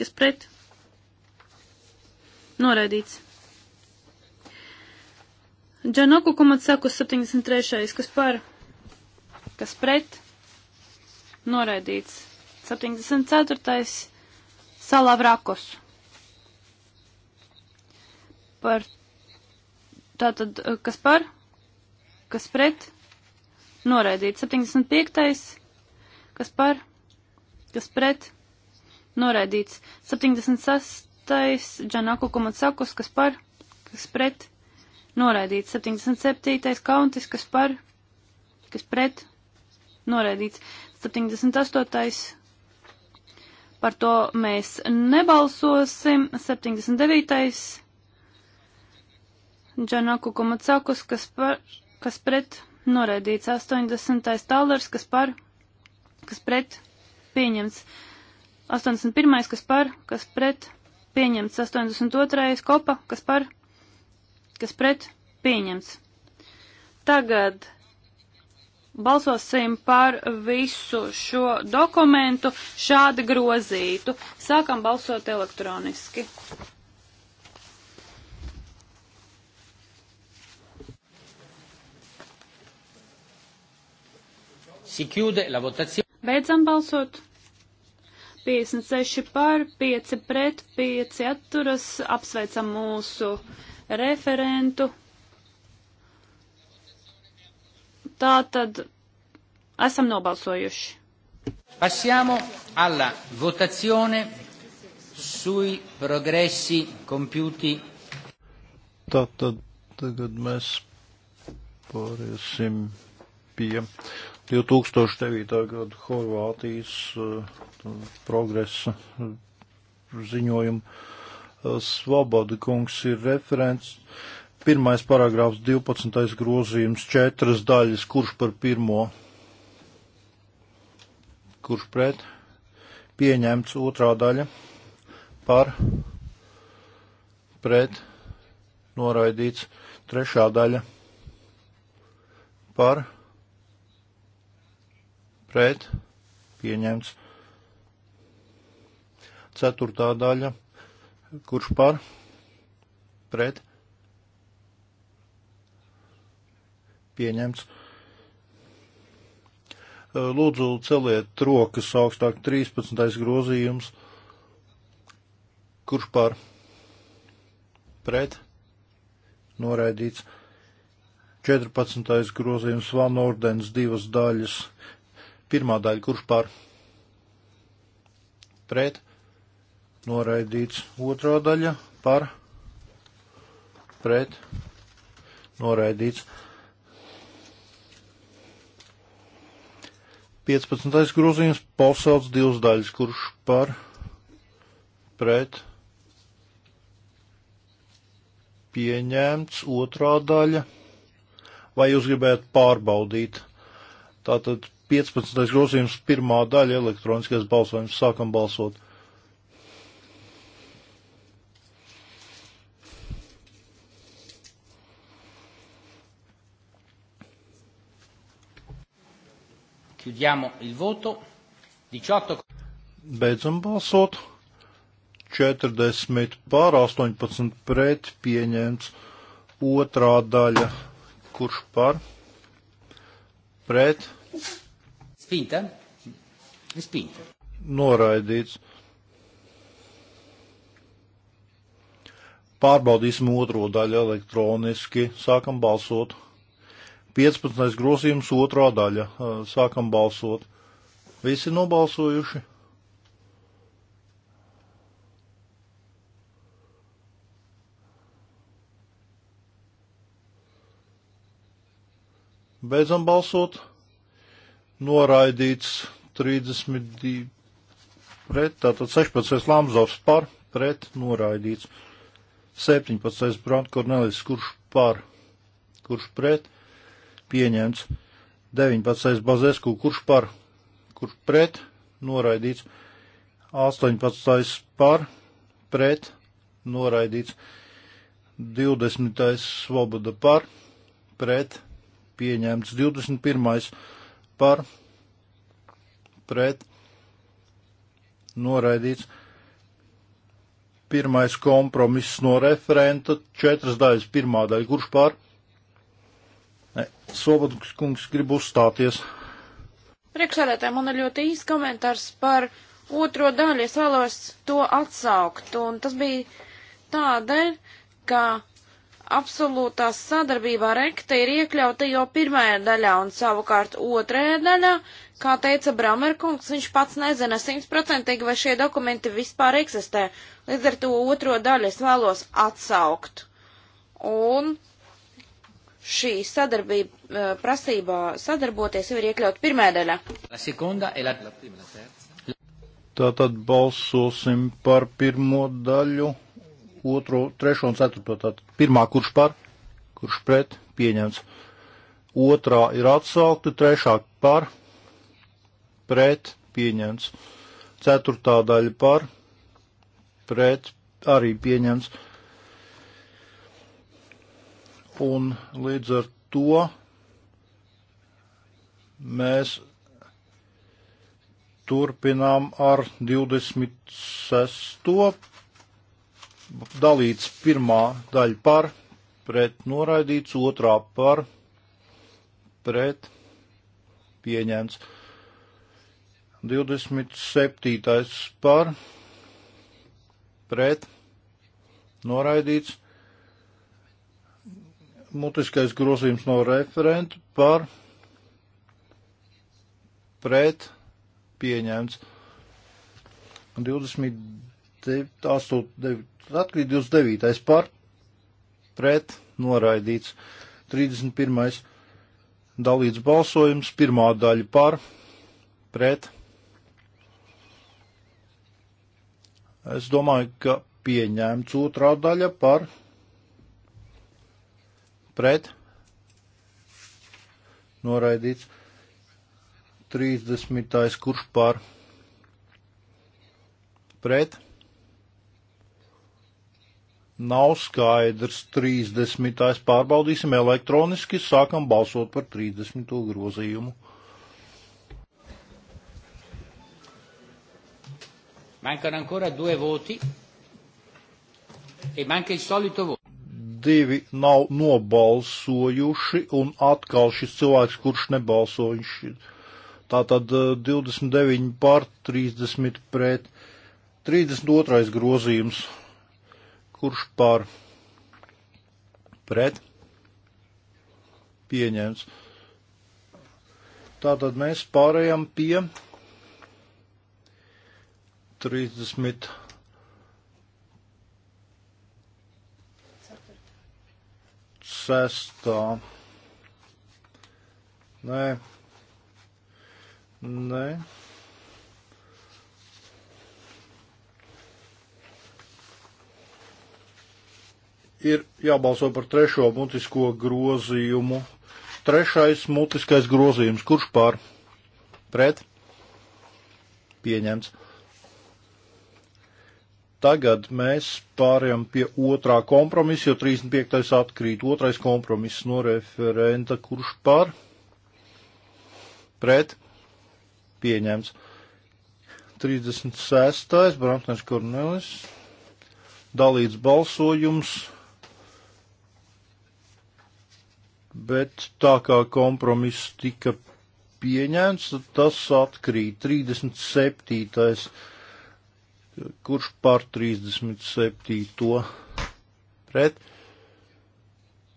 kas pret, noraidīts. Džanoku Kumatsaku 73. kas par, kas pret, noraidīts. 74. Salavrakos par tātad, eh, kas par, kas pret, noraidīts. 75. kas par, kas pret, noraidīts. 76. Džanaku Komatsakus, kas par, kas pret, noraidīts. 77. Kauntis, kas par, kas pret, noraidīts. 78. Par to mēs nebalsosim. 79. Džanaku Komacakus, kas, par, kas pret noraidīts. 80. Tallers, kas par, kas pret pieņemts. 81. kas par, kas pret pieņemts. 82. kopa, kas par, kas pret pieņemts. Tagad balsosim par visu šo dokumentu šādi grozītu. Sākam balsot elektroniski. Si chiude la votazione. Beidzam balsot. 56 par, 5 pret, 5 atturas. Apsveicam mūsu referentu. Tā tad esam nobalsojuši. Passiamo alla votazione sui progressi compiuti. Tātad tagad mēs pāriesim pie 2009. gada Horvātijas uh, progresa uh, ziņojumu. Uh, Svoboda kungs ir referents. Pirmais paragrāfs 12. grozījums četras daļas, kurš par pirmo, kurš pret, pieņemts otrā daļa, par, pret, noraidīts trešā daļa, par, pret pret pieņemts. Ceturtā daļa, kurš par pret pieņemts. Lūdzu, celiet rokas augstāk 13. grozījums, kurš par pret noraidīts. 14. grozījums Van Ordens divas daļas. Pirmā daļa, kurš par pret, noraidīts. Otrā daļa par pret, noraidīts. 15. grozījums posauc divas daļas, kurš par pret pieņemts otrā daļa, vai jūs gribētu pārbaudīt. Tātad 15. grozījums, pirmā daļa elektroniskais balsojums. Sākam balsot. Chiudiamo il voto. 18. Beidzam balsot. 40 pār 18 pret pieņemts otrā daļa. Kurš par? Pret. Spinta. Spinta. Noraidīts. Pārbaudīsim otro daļu elektroniski. Sākam balsot. 15. grozījums otrā daļa. Sākam balsot. Visi nobalsojuši. Beidzam balsot noraidīts 32 pret, tātad 16. Lamzovs par, pret, noraidīts. 17. Brant Kornelis, kurš par, kurš pret, pieņemts. 19. Bazesku, kurš par, kurš pret, noraidīts. 18. par, pret, noraidīts. 20. Svoboda par, pret, pieņemts. 21 par pret noraidīts. Pirmais kompromiss no referenta, četras daļas, pirmā daļa, kurš pār? Sobodas kungs grib uzstāties. Priekšsēdētāji, man ir ļoti īsts komentārs par otro daļu. Es vēlos to atsaukt, un tas bija tādēļ, ka absolūtā sadarbībā rekta ir iekļauta jau pirmajā daļā un savukārt otrajā daļā, kā teica Bramerkungs, viņš pats nezina simtprocentīgi, vai šie dokumenti vispār eksistē. Līdz ar to otro daļu es vēlos atsaukt. Un šī sadarbība, eh, prasībā sadarboties jau ir iekļauta pirmajā daļā. E Tātad balsosim par pirmo daļu otro, trešo un ceturto. Tātad pirmā, kurš par, kurš pret, pieņemts. Otrā ir atsaukta, trešā par, pret, pieņemts. Ceturtā daļa par, pret, arī pieņemts. Un līdz ar to mēs turpinām ar 26 dalīts pirmā daļa par, pret noraidīts, otrā par, pret pieņemts. 27. par, pret noraidīts. Mutiskais grozījums no referenta par, pret pieņemts. 29 atkrīt 29. par pret noraidīts. 31. dalīts balsojums, pirmā daļa par pret. Es domāju, ka pieņēmts otrā daļa par pret. Noraidīts. 30. kurš par pret nav skaidrs 30. pārbaudīsim elektroniski, sākam balsot par 30. grozījumu. Mancano ancora due voti e manca il solito voto. Divi nav nobalsojuši un atkal šis cilvēks, kurš nebalso, viņš tātad 29 pār 30 pret 32 grozījums kurš par pret pieņems. Tātad mēs pārējām pie 30. Sestā. Nē. Nē. ir jābalso par trešo mutisko grozījumu. Trešais mutiskais grozījums, kurš pār? Pret? Pieņemts. Tagad mēs pārējām pie otrā kompromisa, jo 35. atkrīt. Otrais kompromiss no referenta, kurš pār? Pret? Pieņemts. 36. Brantnēs Kornelis dalīts balsojums bet tā kā kompromiss tika pieņemts, tad tas atkrīt 37. Kurš par 37. pret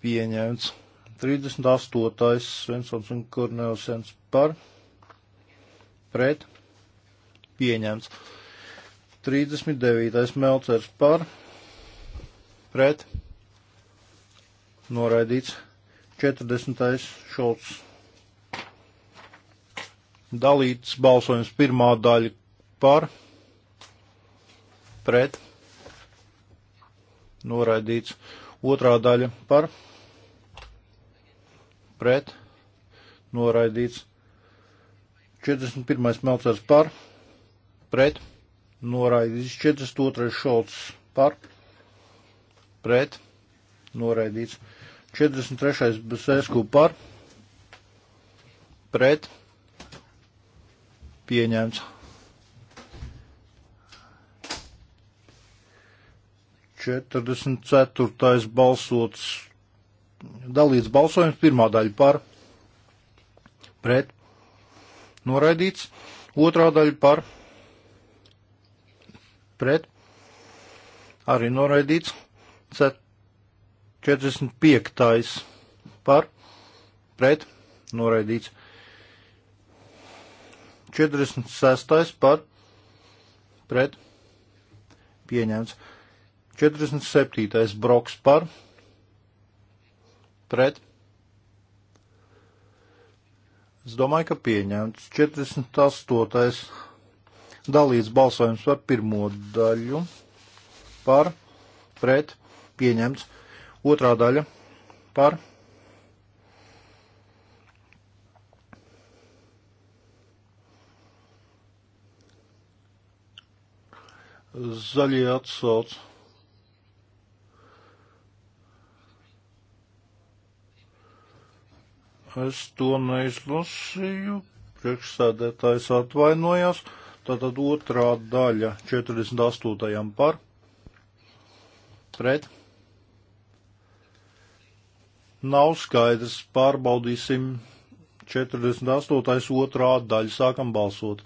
pieņemts? 38. Svensons un Kornelsens par pret pieņemts. 39. Melcers par pret noraidīts. 40. šolts. Dalīts balsojums pirmā daļa par, pret, noraidīts otrā daļa par, pret, noraidīts 41. melcērs par, pret, noraidīts 42. šolts par, pret, noraidīts 42 43. Basēsku par pret pieņemts. 44. balsots dalīts balsojums, pirmā daļa par pret noraidīts, otrā daļa par pret arī noraidīts, cet, 45. par pret noraidīts. 46. par pret pieņemts. 47. broks par pret. Es domāju, ka pieņemts. 48. dalīts balsojums par pirmo daļu par pret pieņemts. Otrā daļa par zaļie atsauc. Es to neizlasīju, priekšsēdētājs atvainojās, tātad otrā daļa 48. par pret nav skaidrs. Pārbaudīsim 48. otrā daļa. Sākam balsot.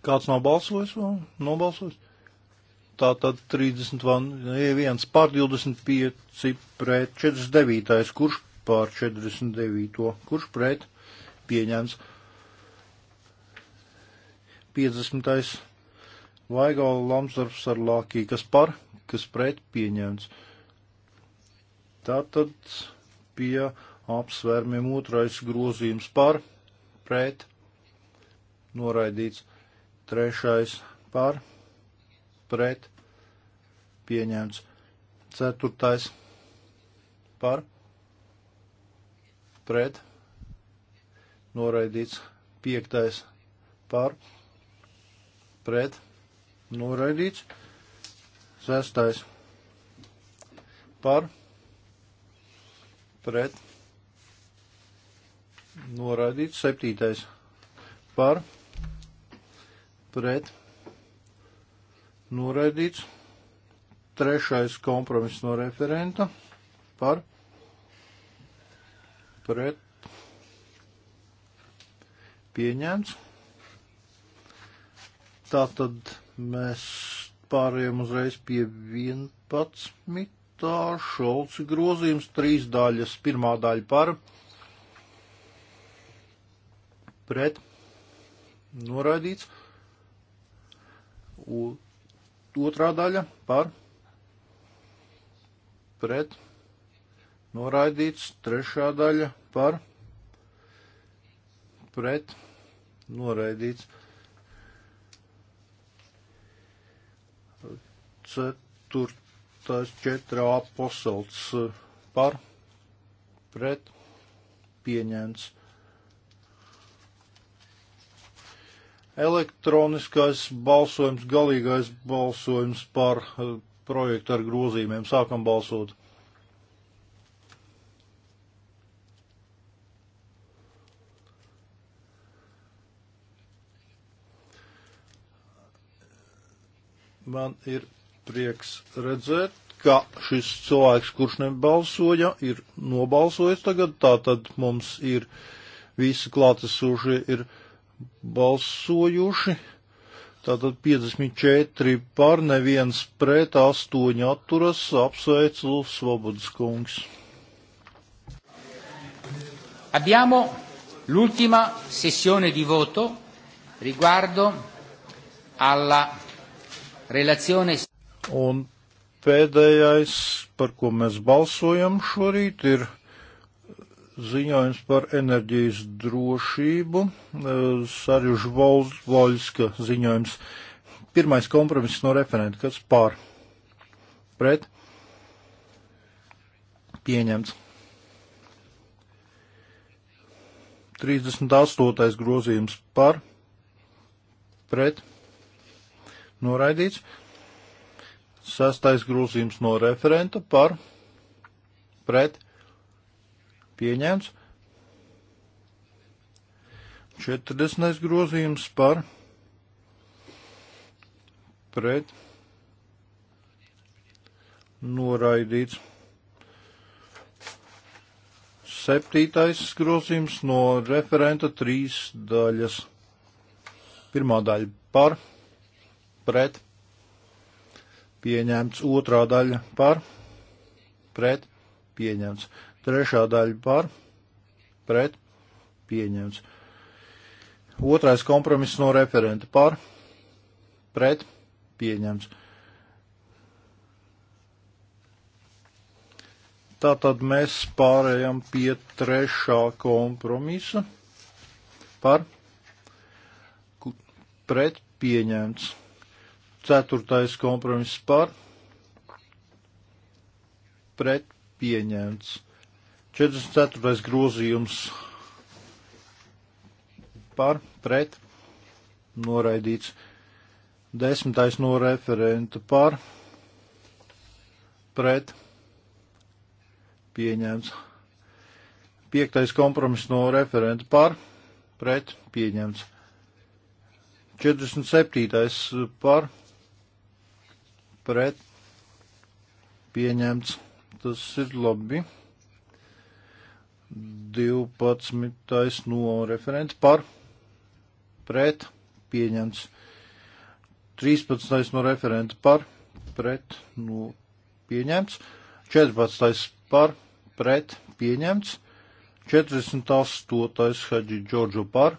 Kāds nav balsojis vēl? Nobalsojis? tātad 31 pār 25 pret 49, kurš pār 49, kurš pret pieņems 50. Vaigala Lamsdorfs ar Lākī, kas par, kas pret pieņems. Tātad pie apsvērmiem otrais grozījums par, pret, noraidīts, trešais par, pret pret pieņemts. Ceturtais par pret noraidīts. Piektais par pret noraidīts. Sestais par pret noraidīts. Septītais par pret noraidīts. Trešais kompromiss no referenta par pret pieņemts. Tātad mēs pārējām uzreiz pie 11. Šolca grozījums, trīs daļas, pirmā daļa par pret noraidīts. Un Otrā daļa par pret noraidīts. Trešā daļa par pret noraidīts. Ceturtais četrā posalts eh, par pret pieņemts. elektroniskais balsojums, galīgais balsojums par eh, projektu ar grozījumiem. Sākam balsot. Man ir prieks redzēt, ka šis cilvēks, kurš nebalsoja, ir nobalsojis tagad, tā tad mums ir visi klātesošie ir balsojuši. Tātad 54 par neviens pret 8 atturas apsveicu Svobodas kungs. Abbiamo l'ultima sessione di voto riguardo alla relazione. Un pēdējais, par ko mēs balsojam šorīt, ir ziņojums par enerģijas drošību, e, Sarjuž Volska ziņojums. Pirmais kompromiss no referenta, kas pār pret pieņemts. 38. grozījums par pret noraidīts. Sastais grozījums no referenta par pret pieņemts pieņemts. 40. grozījums par pret noraidīts. 7. grozījums no referenta trīs daļas. Pirmā daļa par pret pieņemts, otrā daļa par pret pieņemts. Trešā daļa par, pret, pieņemts. Otrais kompromiss no referenta par, pret, pieņemts. Tātad mēs pārējām pie trešā kompromisa par, pret, pieņemts. Ceturtais kompromiss par, pret, pieņemts. 44. grozījums par pret noraidīts. 10. no referenta par pret pieņemts. 5. kompromiss no referenta par pret pieņemts. 47. par pret pieņemts. Tas ir labi. 12. no referenta par pret pieņemts. 13. no referenta par pret nu, pieņemts. 14. par pret pieņemts. 48. Hadži Džordžu par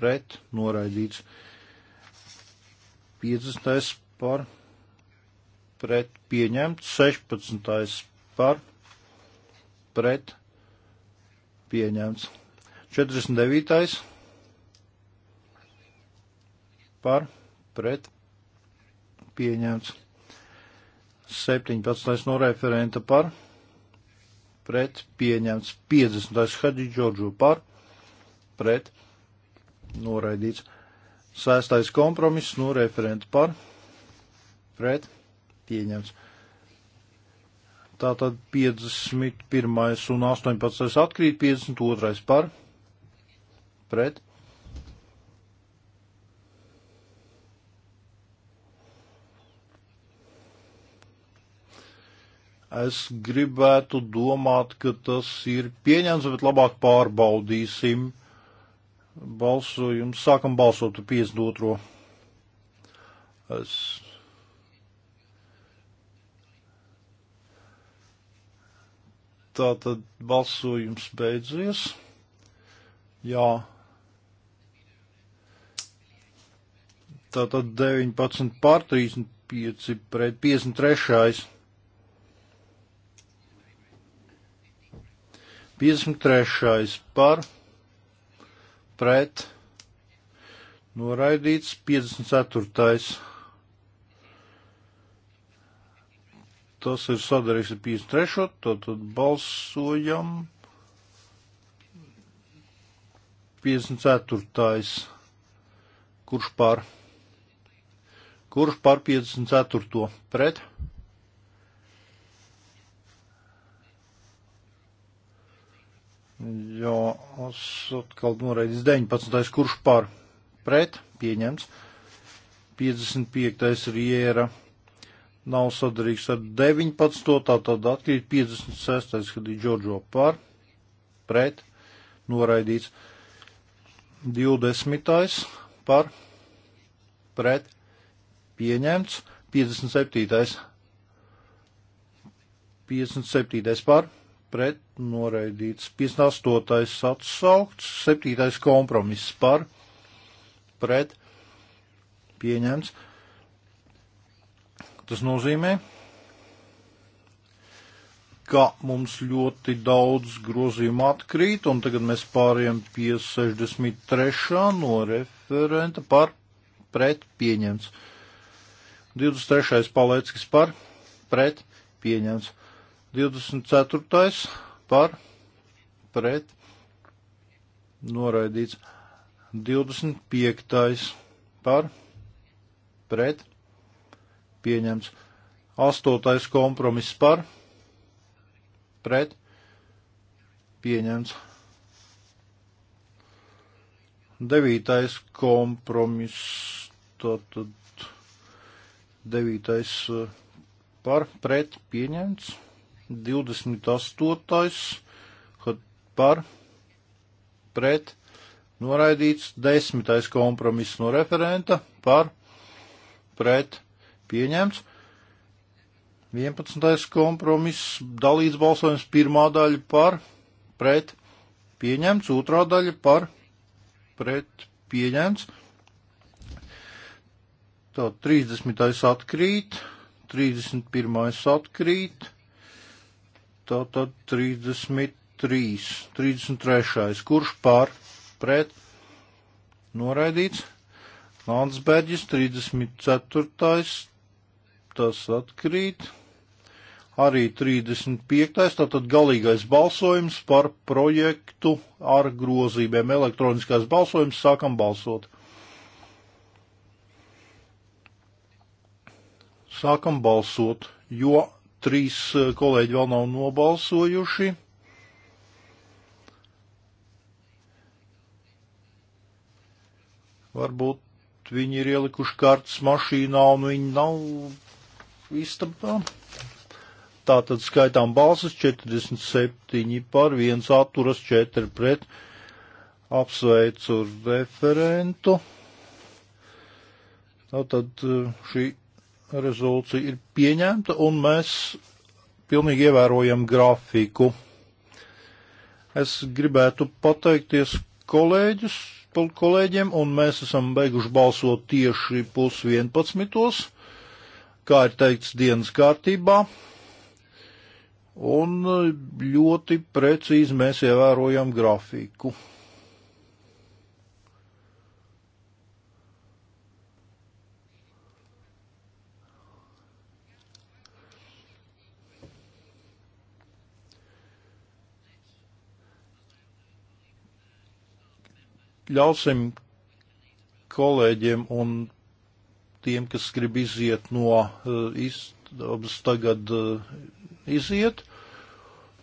pret noraidīts. 50. par pret pieņemts. 16. par pret pieņemts. 49. par pret pieņemts. 17. no referenta par pret pieņemts. 50. Hadži Džordžu par pret noraidīts. 6. kompromiss no referenta par pret pieņemts. Tātad 51 un 18 atkrīt, 52 par pret. Es gribētu domāt, ka tas ir pieņemts, bet labāk pārbaudīsim. Balsojums sākam balsot 52. Es Tā tad balsojums beidzies. Jā. Tātad 19 pār 35 pret 53. 53. par pret noraidīts 54. Tas ir sadarīts ar 53. Tātad balsojam. 54. Kurš pār? Kurš pār 54. pret? Jo es atkal noraidīju 19. Kurš pār? Pret? Pieņemts. 55. ir iera nav sadarīgs ar 19. Tātad atkrīt 56. Hadī Džordžo par, pret, noraidīts. 20. par, pret, pieņemts. 57. 57. par, pret, noraidīts. 58. atsaukts. 7. kompromiss par, pret, pieņemts. Tas nozīmē, ka mums ļoti daudz grozījumu atkrīt, un tagad mēs pāriem pie 63. no referenta par pret pieņemts. 23. palēckis par pret pieņemts. 24. par pret noraidīts. 25. par pret pieņemts. Astotais kompromiss par, pret, pieņemts. Devītais kompromiss, tātad devītais eh, par, pret, pieņemts. 28. par, pret, noraidīts. Desmitais kompromiss no referenta par, pret, pieņemts pieņemts. 11. kompromiss dalīts balsojums pirmā daļa par pret pieņemts, otrā daļa par pret pieņemts. Tā 30. atkrīt, 31. atkrīt, tā tad 33. 33. kurš par pret noraidīts. Landsbergis 34 tas atkrīt. Arī 35. tātad galīgais balsojums par projektu ar grozībiem. Elektroniskais balsojums sākam balsot. Sākam balsot, jo trīs eh, kolēģi vēl nav nobalsojuši. Varbūt viņi ir ielikuši kartes mašīnā un viņi nav istabā. Tātad skaitām balsas 47 par 1 atturas 4 pret. Apsveicu referentu. Tātad eh, šī rezolūcija ir pieņemta un mēs pilnīgi ievērojam grafiku. Es gribētu pateikties kolēģus, kolēģiem, un mēs esam beiguši balsot tieši pus 11 kā ir teikts dienas kārtībā, un eh, ļoti precīzi mēs ievērojam grafiku. Ļausim kolēģiem un tiem, kas grib iziet no eh, istabas, tagad eh, iziet.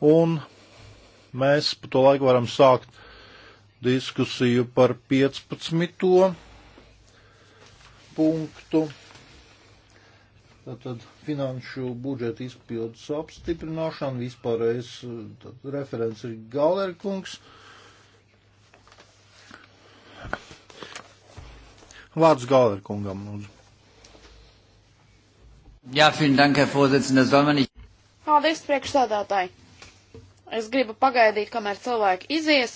Un mēs pa to laiku varam sākt diskusiju par 15. punktu. Tātad finanšu budžeta izpildus apstiprināšana, vispārējais eh, referents ir Galerkungs. Vārds Galerkungam, lūdzu. Jā, vielen dank, Herr Vorsitzender, soll man nicht. Paldies, priekšsādātāji. Es gribu pagaidīt, kamēr cilvēki izies,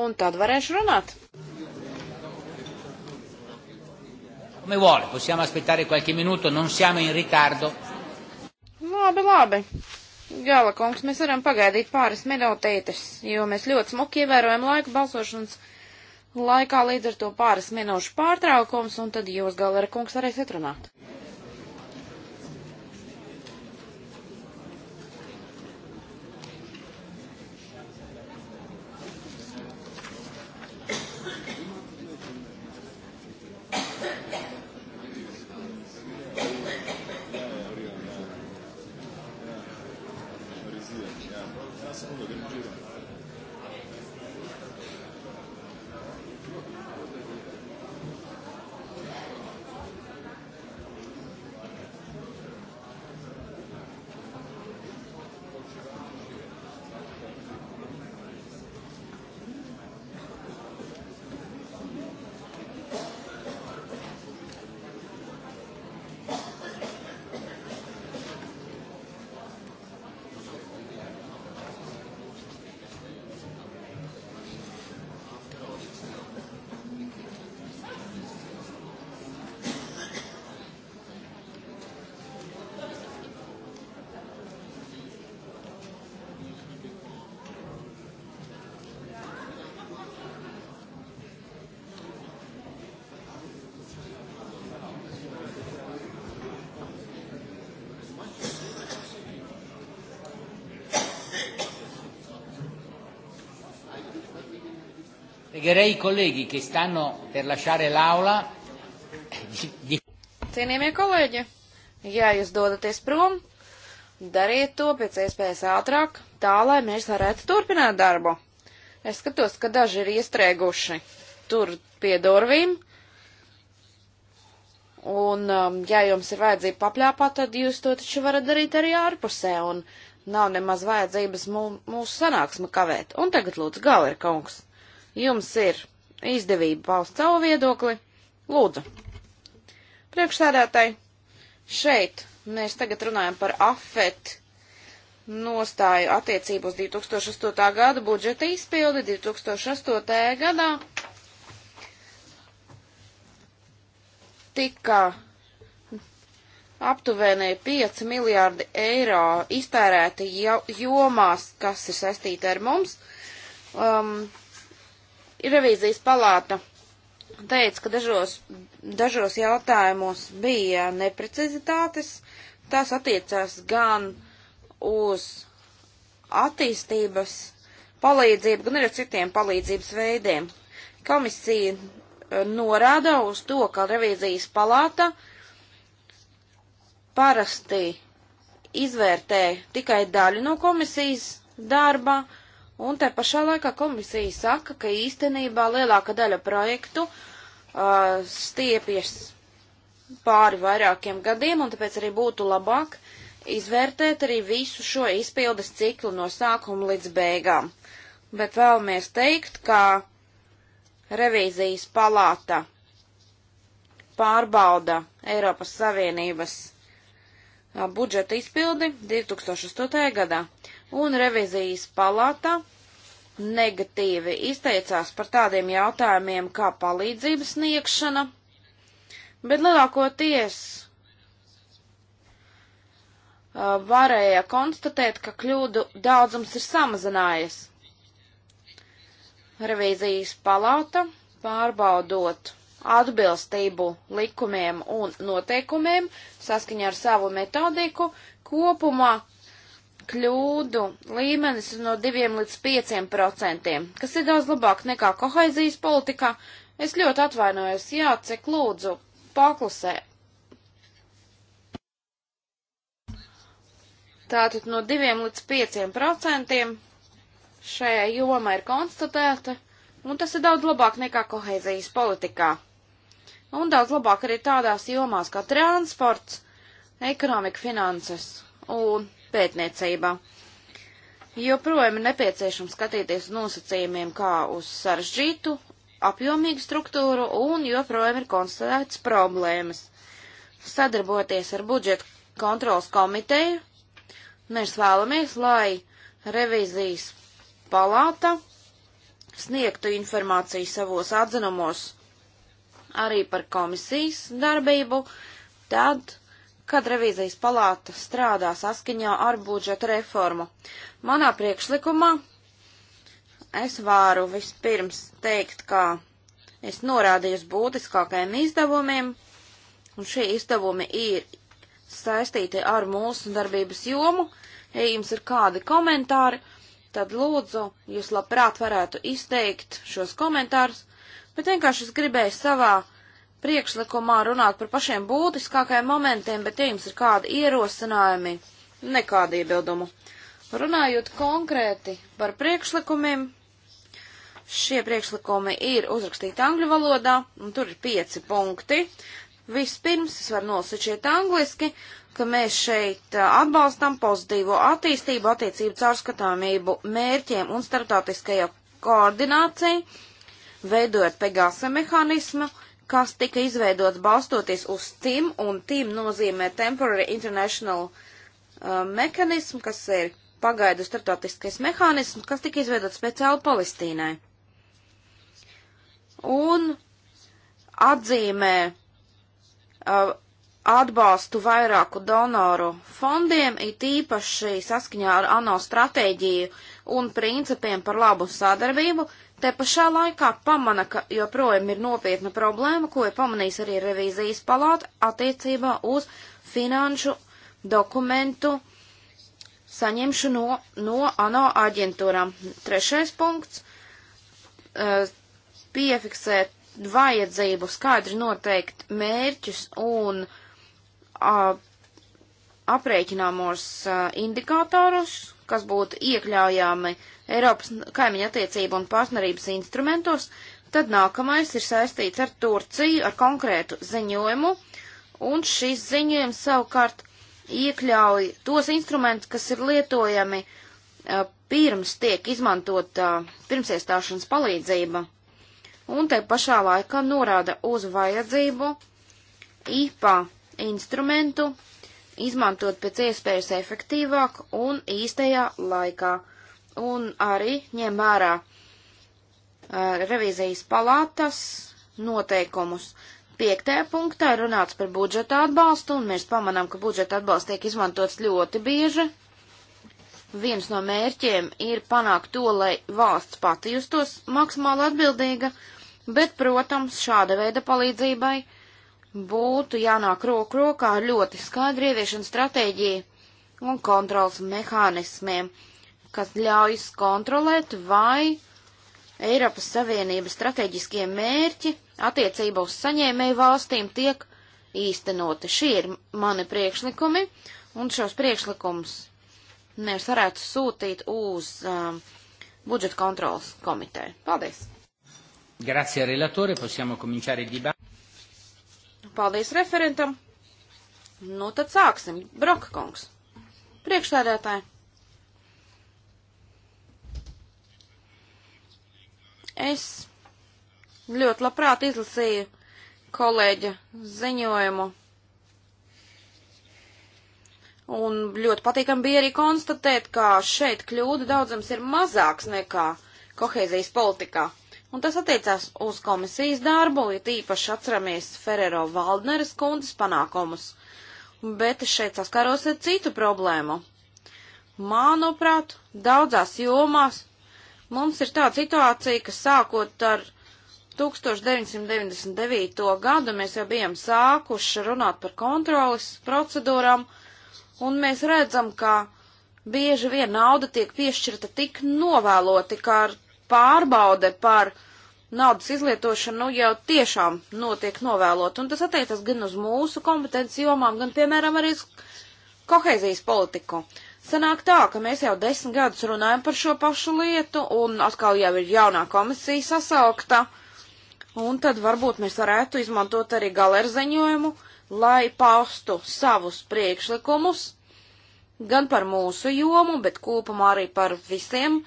un tad varēšu runāt. Come vuole, possiamo aspettare qualche minuto, non siamo in ritardo. Labi, labi. Gala kungs, mēs varam pagaidīt pāris minūtītes, jo mēs ļoti smuki ievērojam laiku balsošanas laikā, līdz ar to pāris minūšu pārtraukums, un tad jūs, galera kungs, varēsiet runāt. Pregherei i colleghi che stanno per lasciare l'aula di... Cienījamie kolēģi, ja jūs dodaties prom, dariet to pēc iespējas ātrāk, tā lai mēs varētu turpināt darbu. Es skatos, ka daži ir iestrēguši tur pie durvīm. Un, um, ja jums ir vajadzība papļāpāt, tad jūs to taču varat darīt arī ārpusē, un nav nemaz vajadzības mū, mūsu sanāksmi kavēt. Un tagad lūdzu, Galer kungs. Jums ir izdevība paust savu viedokli. Lūdzu. Priekšsēdētāji, šeit mēs tagad runājam par afet nostāju attiecību uz 2008. gada budžeta izpildi 2008. gadā. Tika aptuvenēji 5 miljārdi eiro iztērēti jau, jomās, kas ir saistīti ar mums. Um, Ir revīzijas palāta teica, ka dažos, dažos jautājumos bija neprecizitātes. Tās attiecās gan uz attīstības palīdzību, gan arī citiem palīdzības veidiem. Komisija e, norāda uz to, ka revīzijas palāta parasti izvērtē tikai daļu no komisijas darba, un te pašā laikā komisija saka, ka īstenībā lielāka daļa projektu uh, stiepjas pāri vairākiem gadiem, un tāpēc arī būtu labāk izvērtēt arī visu šo izpildes ciklu no sākuma līdz beigām. Bet vēlamies teikt, ka revīzijas palāta pārbauda Eiropas Savienības uh, budžeta izpildi 2008. gadā un revizijas palāta negatīvi izteicās par tādiem jautājumiem kā palīdzības sniegšana, bet lielākoties varēja konstatēt, ka kļūdu daudzums ir samazinājies. Revīzijas palāta pārbaudot atbilstību likumiem un noteikumiem saskaņā ar savu metodiku kopumā kļūdu līmenis no 2 līdz 5 procentiem, kas ir daudz labāk nekā kohaizijas politikā. Es ļoti atvainojos, jā, cik lūdzu, paklusē. Tātad no 2 līdz 5 procentiem šajā jomā ir konstatēta, un tas ir daudz labāk nekā koheizijas politikā. Un daudz labāk arī tādās jomās kā transports, ekonomika, finanses un pētniecībā. Joprojām ir nepieciešams skatīties uz nosacījumiem kā uz sarežģītu, apjomīgu struktūru un joprojām ir konstatētas problēmas. Sadarboties ar budžeta kontrolas komiteju, mēs vēlamies, lai revīzijas palāta sniegtu informāciju savos atzinumos arī par komisijas darbību, tad kad revīzijas palāta strādā saskaņā ar budžeta reformu. Manā priekšlikumā es varu vispirms teikt, ka es norādīju uz būtiskākajiem izdevumiem, un šie izdevumi ir saistīti ar mūsu darbības jomu. Ja jums ir kādi komentāri, tad lūdzu, jūs labprāt varētu izteikt šos komentārus, bet vienkārši es gribēju savā priekšlikumā runāt par pašiem būtiskākajiem momentiem, bet ja jums ir kādi ierosinājumi, nekādi iebildumu. Runājot konkrēti par priekšlikumiem, šie priekšlikumi ir uzrakstīti angļu valodā, un tur ir pieci punkti. Vispirms es varu nosacīt angliski, ka mēs šeit atbalstam pozitīvo attīstību, attiecību caurskatāmību mērķiem un starptautiskajā koordināciju, veidojot Pegasa mehānismu, kas tika izveidots balstoties uz TIM, un TIM nozīmē Temporary International uh, Mechanism, kas ir pagaidu startautiskais mehānisms, kas tika izveidots speciāli Palestīnai. Un atzīmē uh, atbalstu vairāku donoru fondiem, it īpaši saskaņā ar ANO stratēģiju un principiem par labu sadarbību, Te pašā laikā pamana, ka joprojām ir nopietna problēma, ko ir pamanījis arī revīzijas palāta attiecībā uz finanšu dokumentu saņemšanu no, no ANO aģentūrām. Trešais punkts eh, - piefiksēt vajadzību skaidri noteikt mērķus un a, aprēķināmos a, indikātorus, kas būtu iekļaujami Eiropas kaimiņa attiecību un partnerības instrumentos, tad nākamais ir saistīts ar Turciju, ar konkrētu ziņojumu, un šis ziņojums savukārt iekļauj tos instrumentus, kas ir lietojami pirms tiek izmantot pirms iestāšanas palīdzība, un te pašā laikā norāda uz vajadzību IPA instrumentu izmantot pēc iespējas efektīvāk un īstajā laikā. Un arī ņem vērā uh, revīzijas palātas noteikumus. Piektajā punktā ir runāts par budžeta atbalstu, un mēs pamanām, ka budžeta atbalsts tiek izmantots ļoti bieži. Viens no mērķiem ir panākt to, lai valsts pati justos maksimāli atbildīga, bet, protams, šāda veida palīdzībai uh, būtu jānāk roku rokā ar ļoti skaidru ieviešanu stratēģiju un kontrols mehānismiem, kas ļaujas kontrolēt, vai Eiropas Savienības strateģiskie mērķi attiecībā uz saņēmēju valstīm tiek īstenoti. Šie ir mani priekšlikumi, un šos priekšlikumus mēs varētu sūtīt uz um, budžeta kontrolas komiteju. Paldies! Grazie, relatore. Possiamo cominciare il dibattito. Paldies referentam. Nu, tad sāksim. Broka kungs. Priekšsēdētāji. Es ļoti labprāt izlasīju kolēģa ziņojumu. Un ļoti patīkam bija arī konstatēt, ka šeit kļūda daudzams ir mazāks nekā kohēzijas politikā un tas attiecās uz komisijas darbu, ja tīpaši atceramies Ferrero Valdneres kundzes panākumus. Bet es šeit saskaros ar citu problēmu. Manuprāt, daudzās jomās mums ir tāda situācija, ka sākot ar 1999. gadu mēs jau bijām sākuši runāt par kontrolas procedūrām, un mēs redzam, ka bieži vien nauda tiek piešķirta tik novēloti, ka ar pārbaude par naudas izlietošanu nu, jau tiešām notiek novēlot. Un tas attiecas gan uz mūsu kompetenci jomām, gan, piemēram, arī uz koheizijas politiku. Sanāk tā, ka mēs jau desmit gadus runājam par šo pašu lietu, un atkal jau ir jaunā komisija sasaukta, un tad varbūt mēs varētu izmantot arī galerziņojumu, lai paustu savus priekšlikumus, gan par mūsu jomu, bet kopumā arī par visiem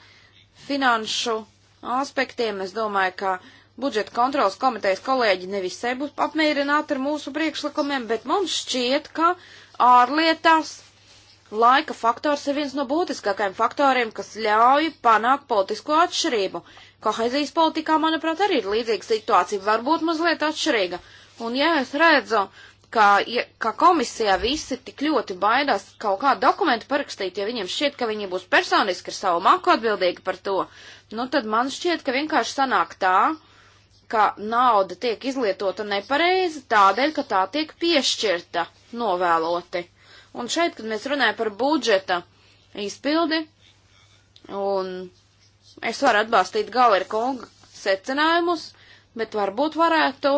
finanšu aspektiem. Es domāju, ka budžeta kontrolas komitejas kolēģi nevisai būs apmierināti ar mūsu priekšlikumiem, bet mums šķiet, ka ārlietās laika faktors ir viens no būtiskākajiem faktoriem, kas ļauj panākt politisko atšķirību. Kohezijas politikā, manuprāt, arī ir līdzīga situācija, varbūt mazliet atšķirīga. Un ja es redzu, ka, ja, ka komisijā visi tik ļoti baidās kaut kādu dokumentu parakstīt, ja viņiem šķiet, ka viņi būs personiski ar savu maku atbildīgi par to, nu tad man šķiet, ka vienkārši sanāk tā, ka nauda tiek izlietota nepareizi tādēļ, ka tā tiek piešķirta novēloti. Un šeit, kad mēs runājam par budžeta izpildi, un es varu atbalstīt Galera kunga secinājumus, bet varbūt varētu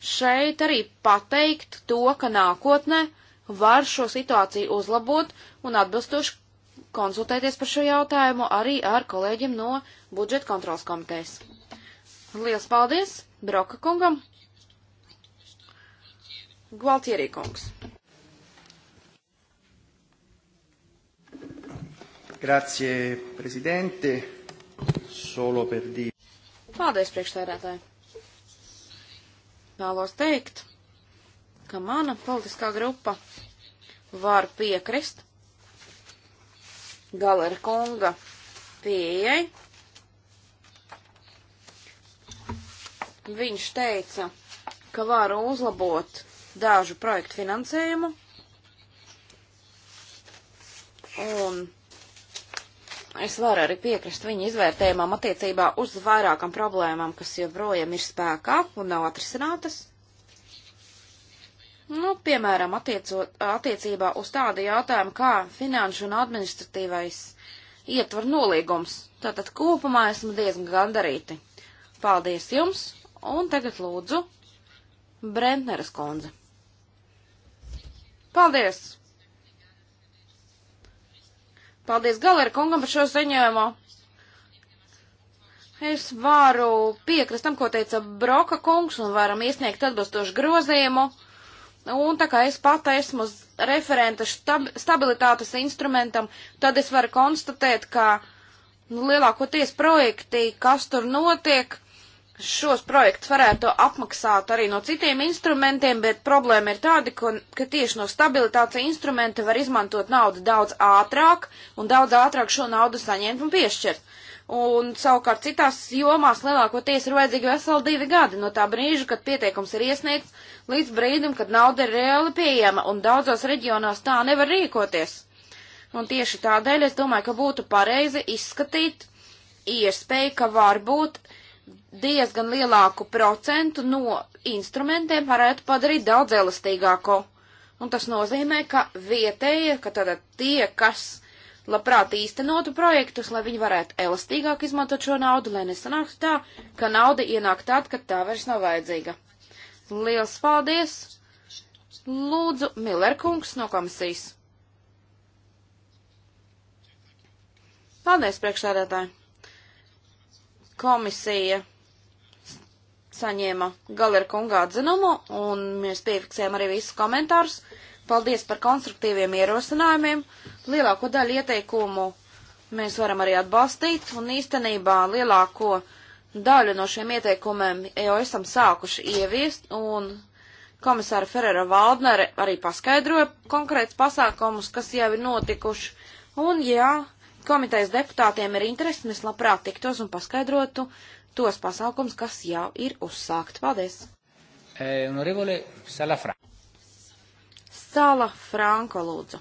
šeit arī pateikt to, ka nākotnē var šo situāciju uzlabot un atbilstoši konsultēties par šo jautājumu arī ar kolēģiem no budžeta kontrolas komitejas. Lielas paldies Broka kungam! Gvaltierī kungs. Grazie, prezidente. Solo per di. Paldies, priekšstādātāji vēlos teikt, ka mana politiskā grupa var piekrist Galera kunga pieejai. Viņš teica, ka var uzlabot dažu projektu finansējumu un Es varu arī piekrist viņa izvērtējumam attiecībā uz vairākam problēmām, kas joprojām ir spēkā un nav atrisinātas. Nu, piemēram, attiecot, attiecībā uz tādu jautājumu kā finanšu un administratīvais ietver nolīgums. Tātad kopumā esmu diezgan gandarīti. Paldies jums, un tagad lūdzu Brentneres kundze. Paldies! Paldies Galera kungam par šo ziņojumu. Es varu piekrist tam, ko teica Broka kungs, un varam iesniegt atbilstošu grozījumu. Un tā kā es pat esmu referenta štab, stabilitātes instrumentam, tad es varu konstatēt, ka nu, lielākoties projekti, kas tur notiek, šos projektus varētu apmaksāt arī no citiem instrumentiem, bet problēma ir tāda, ka, ka tieši no stabilitātes instrumenta var izmantot naudu daudz ātrāk un daudz ātrāk šo naudu saņemt un piešķirt. Un savukārt citās jomās lielākoties ir vajadzīgi veseli divi gadi no tā brīža, kad pieteikums ir iesniegts, līdz brīdim, kad nauda ir reāli pieejama, un daudzos reģionos tā nevar rīkoties. Un tieši tādēļ es domāju, ka būtu pareizi izskatīt iespēju, ka varbūt diezgan lielāku procentu no instrumentiem varētu padarīt daudz elastīgāko. Un tas nozīmē, ka vietējie, ka tātad tie, kas labprāt īstenotu projektus, lai viņi varētu elastīgāk izmantot šo naudu, lai nesanāktu tā, ka nauda ienāk tad, kad tā vairs nav vajadzīga. Liels paldies! Lūdzu, Millerkungs no komisijas. Paldies, priekšsēdētāji! Komisija saņēma galera kunga atzinumu, un mēs piefiksējam arī visus komentārus. Paldies par konstruktīviem ierosinājumiem. Lielāko daļu ieteikumu mēs varam arī atbalstīt, un īstenībā lielāko daļu no šiem ieteikumiem jau esam sākuši ieviest, un komisāra Ferrera Valdnere arī paskaidroja konkrēts pasākumus, kas jau ir notikuši, un jā, komitejas deputātiem ir interesi, mēs labprāt tiktos un paskaidrotu tos pasākums, kas jau ir uzsākt. Paldies! Eh, honorevole Salafranco. Salafranco, lūdzu.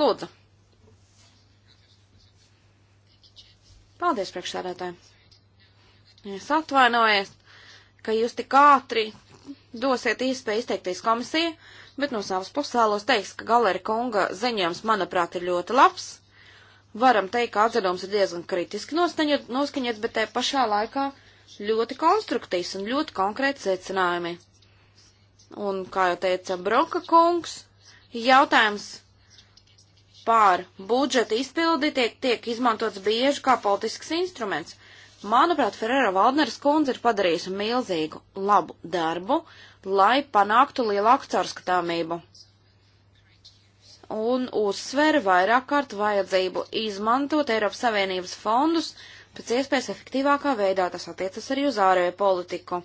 Lūdzu. Paldies, priekšsēdētāji. Es atvainojos, ka jūs tik ātri dosiet iespēju izteikties komisija, bet no savas puses vēlos teikt, ka Galeri kunga ziņojums, manuprāt, ir ļoti labs varam teikt, ka atzinums ir diezgan kritiski noskaņots, bet te pašā laikā ļoti konstruktīvs un ļoti konkrēti secinājumi. Un, kā jau teica Broka kungs, jautājums pār budžeta izpildi tiek, tiek izmantots bieži kā politisks instruments. Manuprāt, Ferrero Valdneres kundze ir padarījusi milzīgu labu darbu, lai panāktu lielāku caurskatāmību un uzsver vairāk kārt vajadzību izmantot Eiropas Savienības fondus pēc iespējas efektīvākā veidā, tas attiecas arī uz ārēju politiku.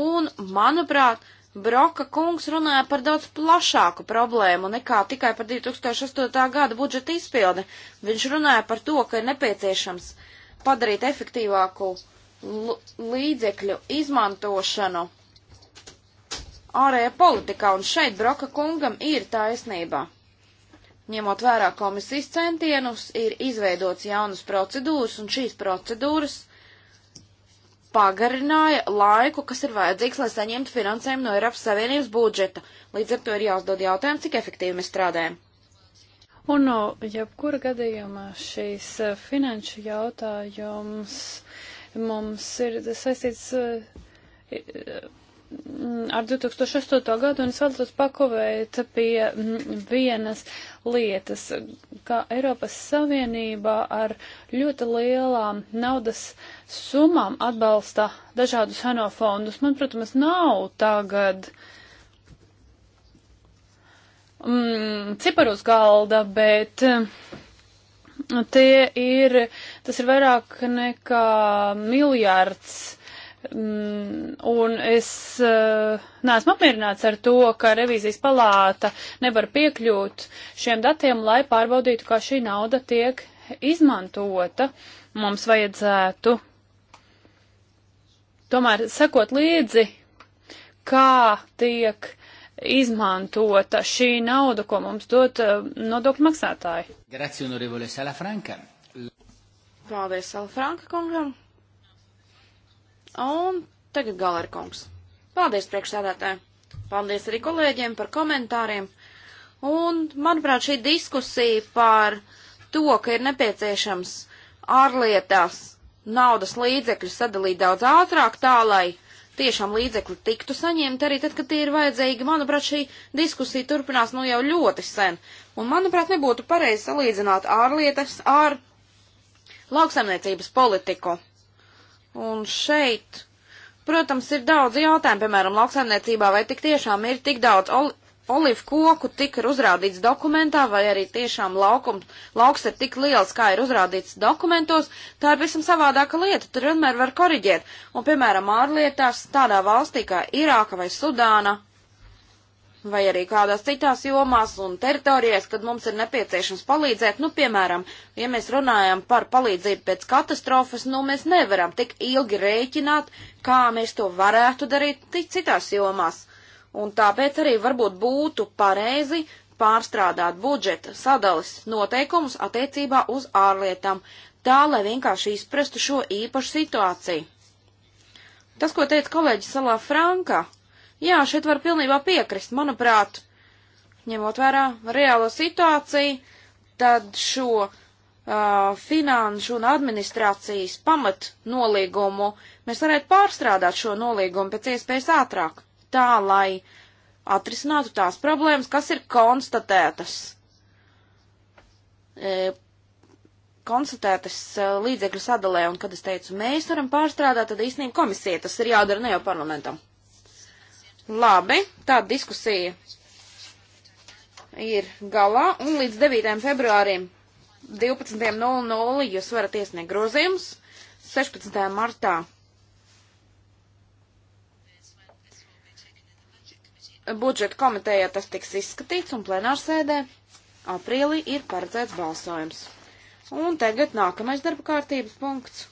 Un, manuprāt, Broka kungs runāja par daudz plašāku problēmu nekā tikai par 2008. gada budžeta izpildi. Viņš runāja par to, ka ir nepieciešams padarīt efektīvāku līdzekļu izmantošanu ārējā politikā, un šeit Broka kungam ir taisnība. Ņemot vērā komisijas centienus, ir izveidots jaunas procedūras, un šīs procedūras pagarināja laiku, kas ir vajadzīgs, lai saņemtu finansējumu no Eiropas Savienības budžeta. Līdz ar to ir jāuzdod jautājums, cik efektīvi mēs strādājam. Un no nu, jebkura gadījumā šīs eh, finanšu jautājums mums ir saistīts eh, Mm, ar 2008. gadu un es vēlētos pakovēt pie mm, vienas lietas, ka Eiropas Savienībā ar ļoti lielām naudas summām atbalsta dažādus ANO fondus. Man, protams, nav tagad mm, ciparus galda, bet mm, tie ir, tas ir vairāk nekā miljards Mm, un es eh, neesmu apmierināts ar to, ka revīzijas palāta nevar piekļūt šiem datiem, lai pārbaudītu, kā šī nauda tiek izmantota. Mums vajadzētu tomēr sekot līdzi, kā tiek izmantota šī nauda, ko mums dod eh, nodokļu maksātāji. Paldies, Salafranka kungam! Un tagad galera kungs. Paldies priekšsēdētāji. Paldies arī kolēģiem par komentāriem. Un, manuprāt, šī diskusija par to, ka ir nepieciešams ārlietās naudas līdzekļus sadalīt daudz ātrāk tā, lai tiešām līdzekļi tiktu saņemti arī tad, kad tie ir vajadzīgi. Manuprāt, šī diskusija turpinās nu jau ļoti sen. Un, manuprāt, nebūtu pareizi salīdzināt ārlietas ar lauksaimniecības politiku. Un šeit, protams, ir daudz jautājumu, piemēram, lauksaimniecībā, vai tik tiešām ir tik daudz ol olivu koku, tik ir uzrādīts dokumentā, vai arī tiešām laukums, lauks ir tik liels, kā ir uzrādīts dokumentos, tā ir visam savādāka lieta, tur vienmēr var koriģēt. Un, piemēram, ārlietās tādā valstī kā Irāka vai Sudāna, vai arī kādās citās jomās un teritorijās, kad mums ir nepieciešams palīdzēt. Nu, piemēram, ja mēs runājam par palīdzību pēc katastrofas, nu, mēs nevaram tik ilgi rēķināt, kā mēs to varētu darīt citās jomās. Un tāpēc arī varbūt būtu pareizi pārstrādāt budžeta sadalis noteikumus attiecībā uz ārlietām, tā, lai vienkārši izprastu šo īpašu situāciju. Tas, ko teica kolēģis Salā Franka, Jā, šeit var pilnībā piekrist, manuprāt, ņemot vērā reālo situāciju, tad šo uh, finanšu un administrācijas pamat nolīgumu mēs varētu pārstrādāt šo nolīgumu pēc iespējas ātrāk, tā lai atrisinātu tās problēmas, kas ir konstatētas. E, konstatētas līdzekļu sadalē, un kad es teicu, mēs varam pārstrādāt, tad īstenībā komisija tas ir jādara ne jau parlamentam. Labi, tā diskusija ir galā, un līdz 9. februārim 12.00 jūs varat iesniegt grozījumus 16. martā. Budžeta komitejā tas tiks izskatīts un plenārsēdē aprīlī ir paredzēts balsojums. Un tagad nākamais darba kārtības punkts.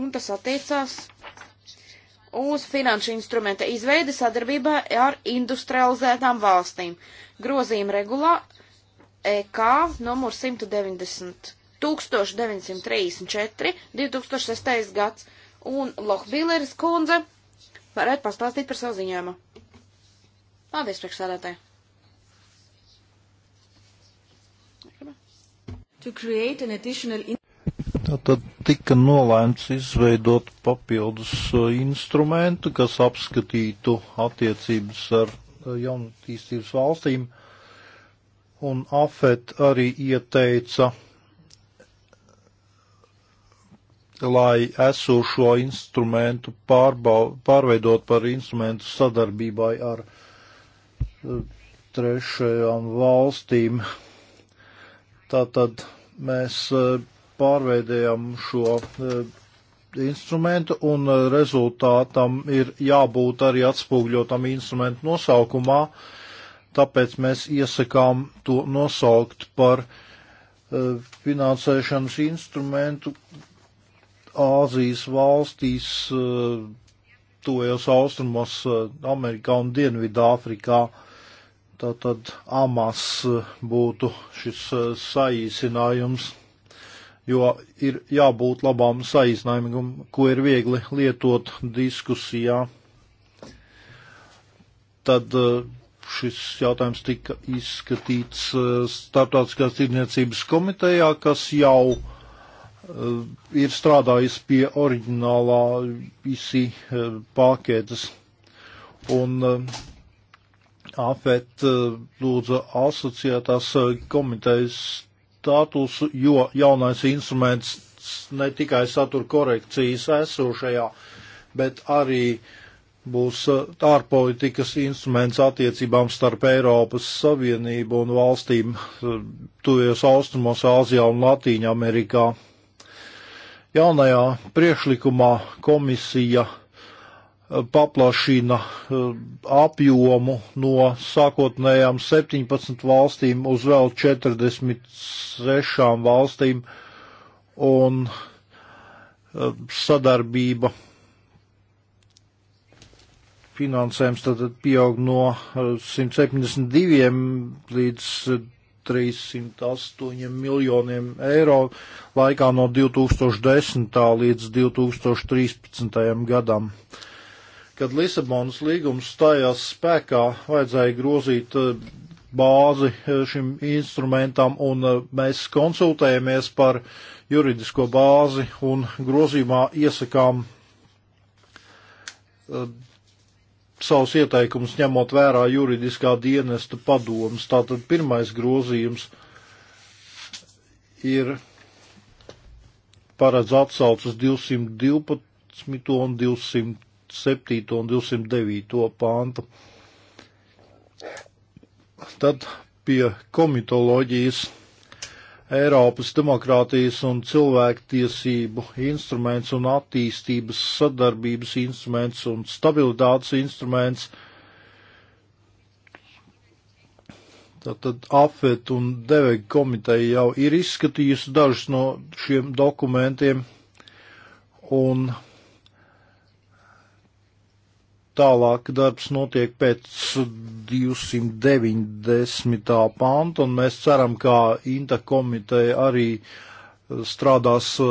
Un tas attiecās uz finanšu instrumenta izveidi sadarbībā ar industrializētām valstīm. Grozījuma regulā EK numur 190, 1934, 2006. gads, un Lohbīleris kundze varētu pastāstīt par savu ziņojumu. Paldies, priekšsēdētāji! To create an additional Tātad tika nolēmts izveidot papildus uh, instrumentu, kas apskatītu attiecības ar uh, jaunatīstības valstīm, un AFET arī ieteica, lai esošo instrumentu pārbau, pārveidot par instrumentu sadarbībai ar uh, trešajām valstīm. Tātad mēs pārveidējam šo eh, instrumentu, un eh, rezultātam ir jābūt arī atspūgļotam instrumentu nosaukumā, tāpēc mēs iesakām to nosaukt par eh, finansēšanas instrumentu Āzijas valstīs, tuvējos austrumos, Amerikā un Dienvidāfrikā. Tātad amas būtu šis saīsinājums jo ir jābūt labām saīsinājumam, ko ir viegli lietot diskusijā. Tad eh, šis jautājums tika izskatīts eh, Startautiskās tirdzniecības komitejā, kas jau eh, ir strādājis pie oriģinālā visi paketes. Un AFET lūdza asociētās komitejas statusu, jo jaunais instruments ne tikai satura korekcijas esošajā, bet arī būs ārpolitikas instruments attiecībām starp Eiropas Savienību un valstīm eh, tuvies austrumos, Āzijā un Latīņa Amerikā. Jaunajā priekšlikumā komisija paplašina eh, apjomu no sākotnējām 17 valstīm uz vēl 46 valstīm un eh, sadarbība finansējums tad pieaug no 172 eh, līdz 308 miljoniem eiro laikā no 2010. līdz 2013. gadam. Uh, Kad Lisabonas līgums stājās spēkā, vajadzēja grozīt eh, bāzi eh, šim instrumentam, un eh, mēs konsultējamies par juridisko bāzi un grozījumā iesakām savus ieteikumus ņemot vērā juridiskā dienesta padomus. Tātad pirmais grozījums ir paredz atsauc uz 212 un 200. 207. un 209. pāntu. Tad pie komitoloģijas Eiropas demokrātijas un cilvēktiesību instruments un attīstības sadarbības instruments un stabilitātes instruments. Tātad AFET un DEVEG komiteja jau ir izskatījusi dažus no šiem dokumentiem, un Tālāk darbs notiek pēc 290. panta, un mēs ceram, ka Inta komiteja arī strādās eh,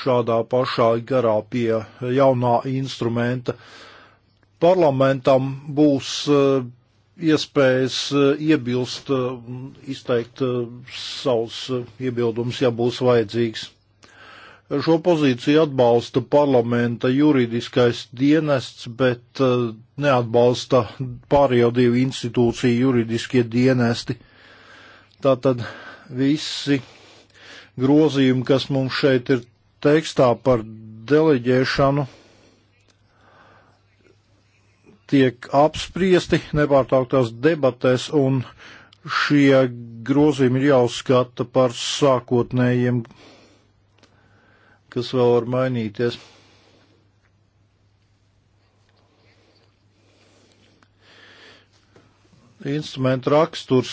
šādā pašā garā pie jaunā instrumenta. Parlamentam būs eh, iespējas eh, iebilst, izteikt savus iebildumus, ja būs vajadzīgs. Šo pozīciju atbalsta parlamenta juridiskais dienests, bet eh, neatbalsta pārējo divu institūciju juridiskie dienesti. Tātad visi grozījumi, kas mums šeit ir tekstā par deleģēšanu, tiek apspriesti nepārtrauktās debatēs, un šie grozījumi ir jāuzskata par sākotnējiem grozījumiem kas vēl var mainīties. Instrumentu raksturs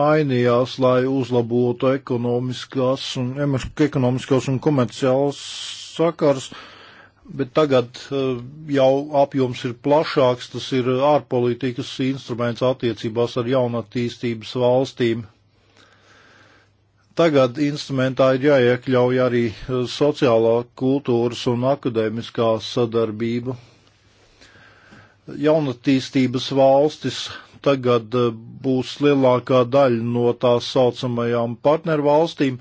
mainījās, lai uzlabotu ekonomiskās un, ekonomiskās un komerciāls sakars, bet tagad eh, jau apjoms ir plašāks, tas ir ārpolitikas instruments attiecībās ar jaunatīstības valstīm. Tagad instrumentā ir jāiekļauj arī eh, sociālā, kultūras un akadēmiskā sadarbība. Jaunatīstības valstis tagad eh, būs lielākā daļa no tā saucamajām partnervalstīm,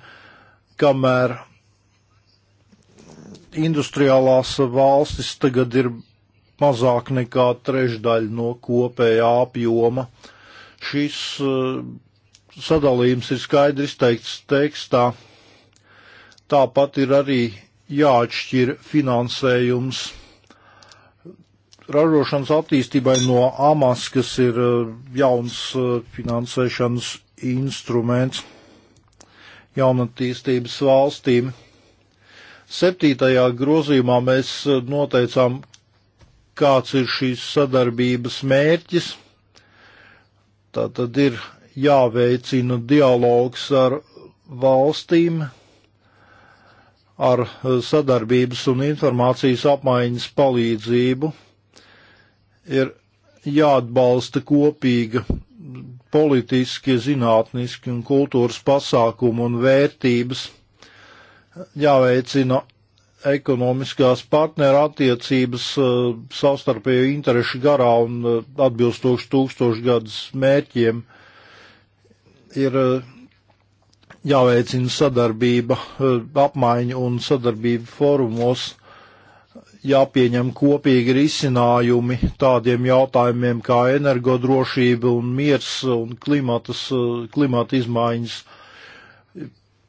kamēr industriālās valstis tagad ir mazāk nekā trešdaļa no kopējā apjoma. Šis eh, sadalījums ir skaidri izteikts tekstā. Tāpat ir arī jāatšķir finansējums ražošanas attīstībai no AMAS, kas ir eh, jauns eh, finansēšanas instruments jaunatīstības valstīm. Septītajā grozījumā mēs eh, noteicām, kāds ir šīs sadarbības mērķis. Tā tad ir jāveicina dialogs ar valstīm, ar eh, sadarbības un informācijas apmaiņas palīdzību, ir jāatbalsta kopīga politiskie, zinātniski un kultūras pasākumi un vērtības, jāveicina ekonomiskās partneru attiecības eh, savstarpēju interešu garā un eh, atbilstoši tūkstošgadus mērķiem ir eh, jāveicina sadarbība, eh, apmaiņa un sadarbība forumos, jāpieņem kopīgi risinājumi tādiem jautājumiem kā energodrošība un miers un klimatas, eh, klimata izmaiņas,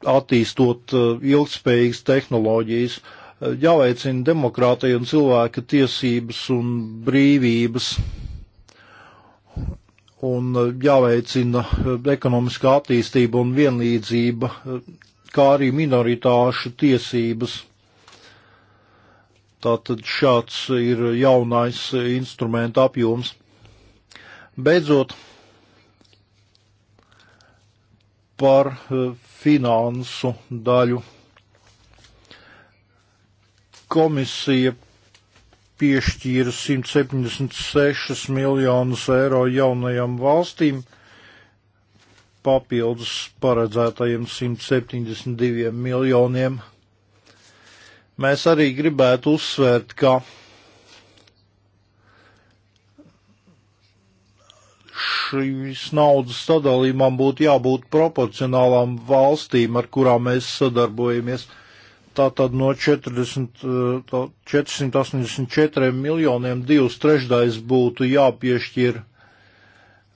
attīstot ilgspējīgas tehnoloģijas, jāveicina demokrātija un cilvēka tiesības un brīvības un eh, jāveicina eh, ekonomiskā attīstība un vienlīdzība, eh, kā arī minoritāšu tiesības. Tātad šāds ir jaunais instrumenta apjoms. Beidzot, par finansu daļu. Komisija piešķīra 176 miljonus eiro jaunajām valstīm, papildus paredzētajiem 172 miljoniem. Mēs arī gribētu uzsvērt, ka šīs naudas sadalījumam būtu jābūt proporcionālām valstīm, ar kurām mēs sadarbojamies. Uh, tātad no 40, 484 e, miljoniem divas trešdaļas būtu jāpiešķir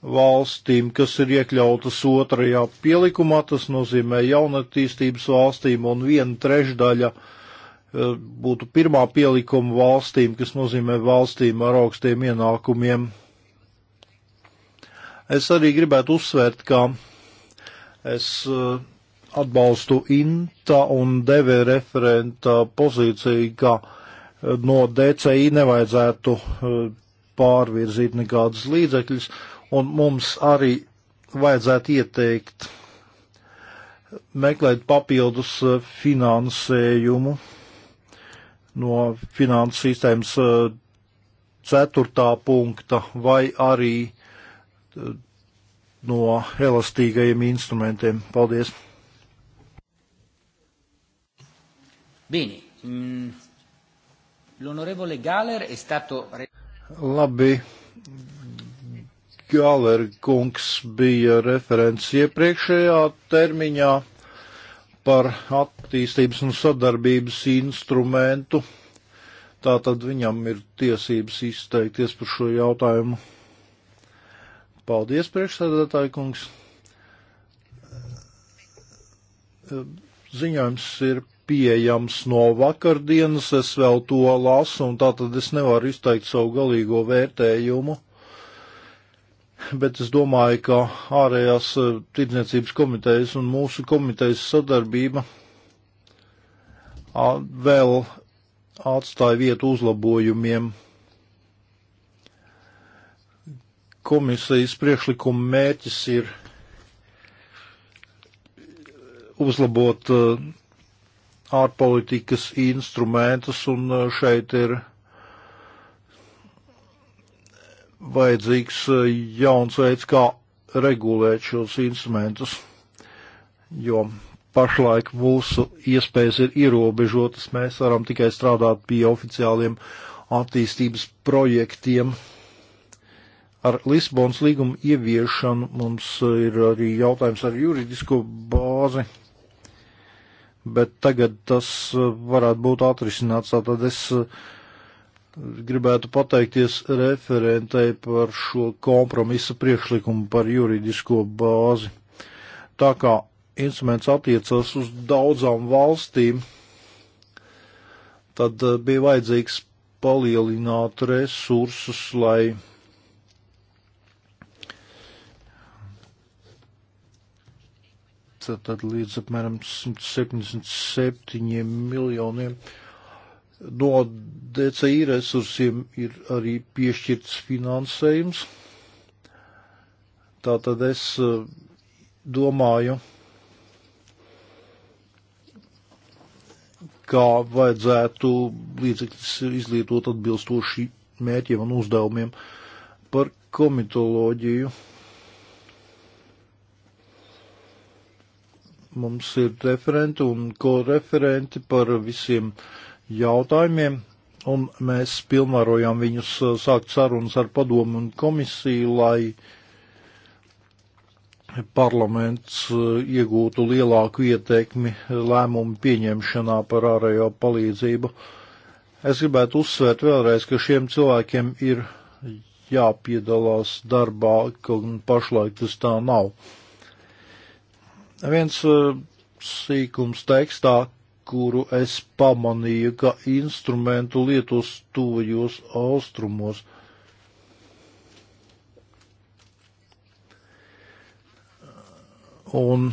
valstīm, kas ir iekļautas otrajā pielikumā, tas nozīmē jaunatīstības valstīm, un viena trešdaļa e, būtu pirmā pielikuma valstīm, kas nozīmē valstīm ar augstiem ienākumiem. Es arī gribētu uzsvērt, ka es uh, atbalstu INTA un DV referenta pozīciju, ka eh, no DCI nevajadzētu eh, pārvirzīt nekādas līdzekļus, un mums arī vajadzētu ieteikt meklēt papildus eh, finansējumu no finanses sistēmas ceturtā punkta vai arī no elastīgajiem instrumentiem. Paldies! Bene, mm, l'onorevole Galer è stato... Labi, Galer kungs bija referents iepriekšējā termiņā par attīstības un sadarbības instrumentu. Tātad viņam ir tiesības izteikties par šo jautājumu. Paldies, priekšsēdētāji kungs. Ziņojums ir pieejams no vakardienas, es vēl to lasu, un tā tad es nevaru izteikt savu galīgo vērtējumu. Bet es domāju, ka ārējās eh, tirdzniecības komitejas un mūsu komitejas sadarbība vēl atstāja vietu uzlabojumiem. Komisijas priekšlikuma mērķis ir uzlabot uh, ārpolitikas instrumentus, un e, šeit ir vajadzīgs e, jauns veids, kā regulēt šos instrumentus, jo pašlaik mūsu iespējas ir ierobežotas, mēs varam tikai strādāt pie oficiāliem attīstības projektiem. Ar Lisbonas līgumu ieviešanu mums ir arī jautājums ar juridisko bāzi bet tagad tas eh, varētu būt atrisināts. Tātad es eh, gribētu pateikties referentei par šo kompromisa priekšlikumu par juridisko bāzi. Tā kā instruments attiecas uz daudzām valstīm, tad eh, bija vajadzīgs palielināt resursus, lai tad līdz apmēram 177 miljoniem no DCI resursiem ir arī piešķirts finansējums. Tātad es eh, domāju, kā vajadzētu līdzekļus izlietot atbilstoši mērķiem un uzdevumiem par komitoloģiju. Mums ir referenti un koreferenti par visiem jautājumiem, un mēs pilnvarojām viņus uh, sākt sarunas ar padomu un komisiju, lai parlaments uh, iegūtu lielāku ieteikmi lēmumu pieņemšanā par ārējo palīdzību. Es gribētu uzsvērt vēlreiz, ka šiem cilvēkiem ir jāpiedalās darbā, kaut gan pašlaik tas tā nav. Viens uh, sīkums tekstā, kuru es pamanīju, ka instrumentu lietos tuvajos austrumos. Un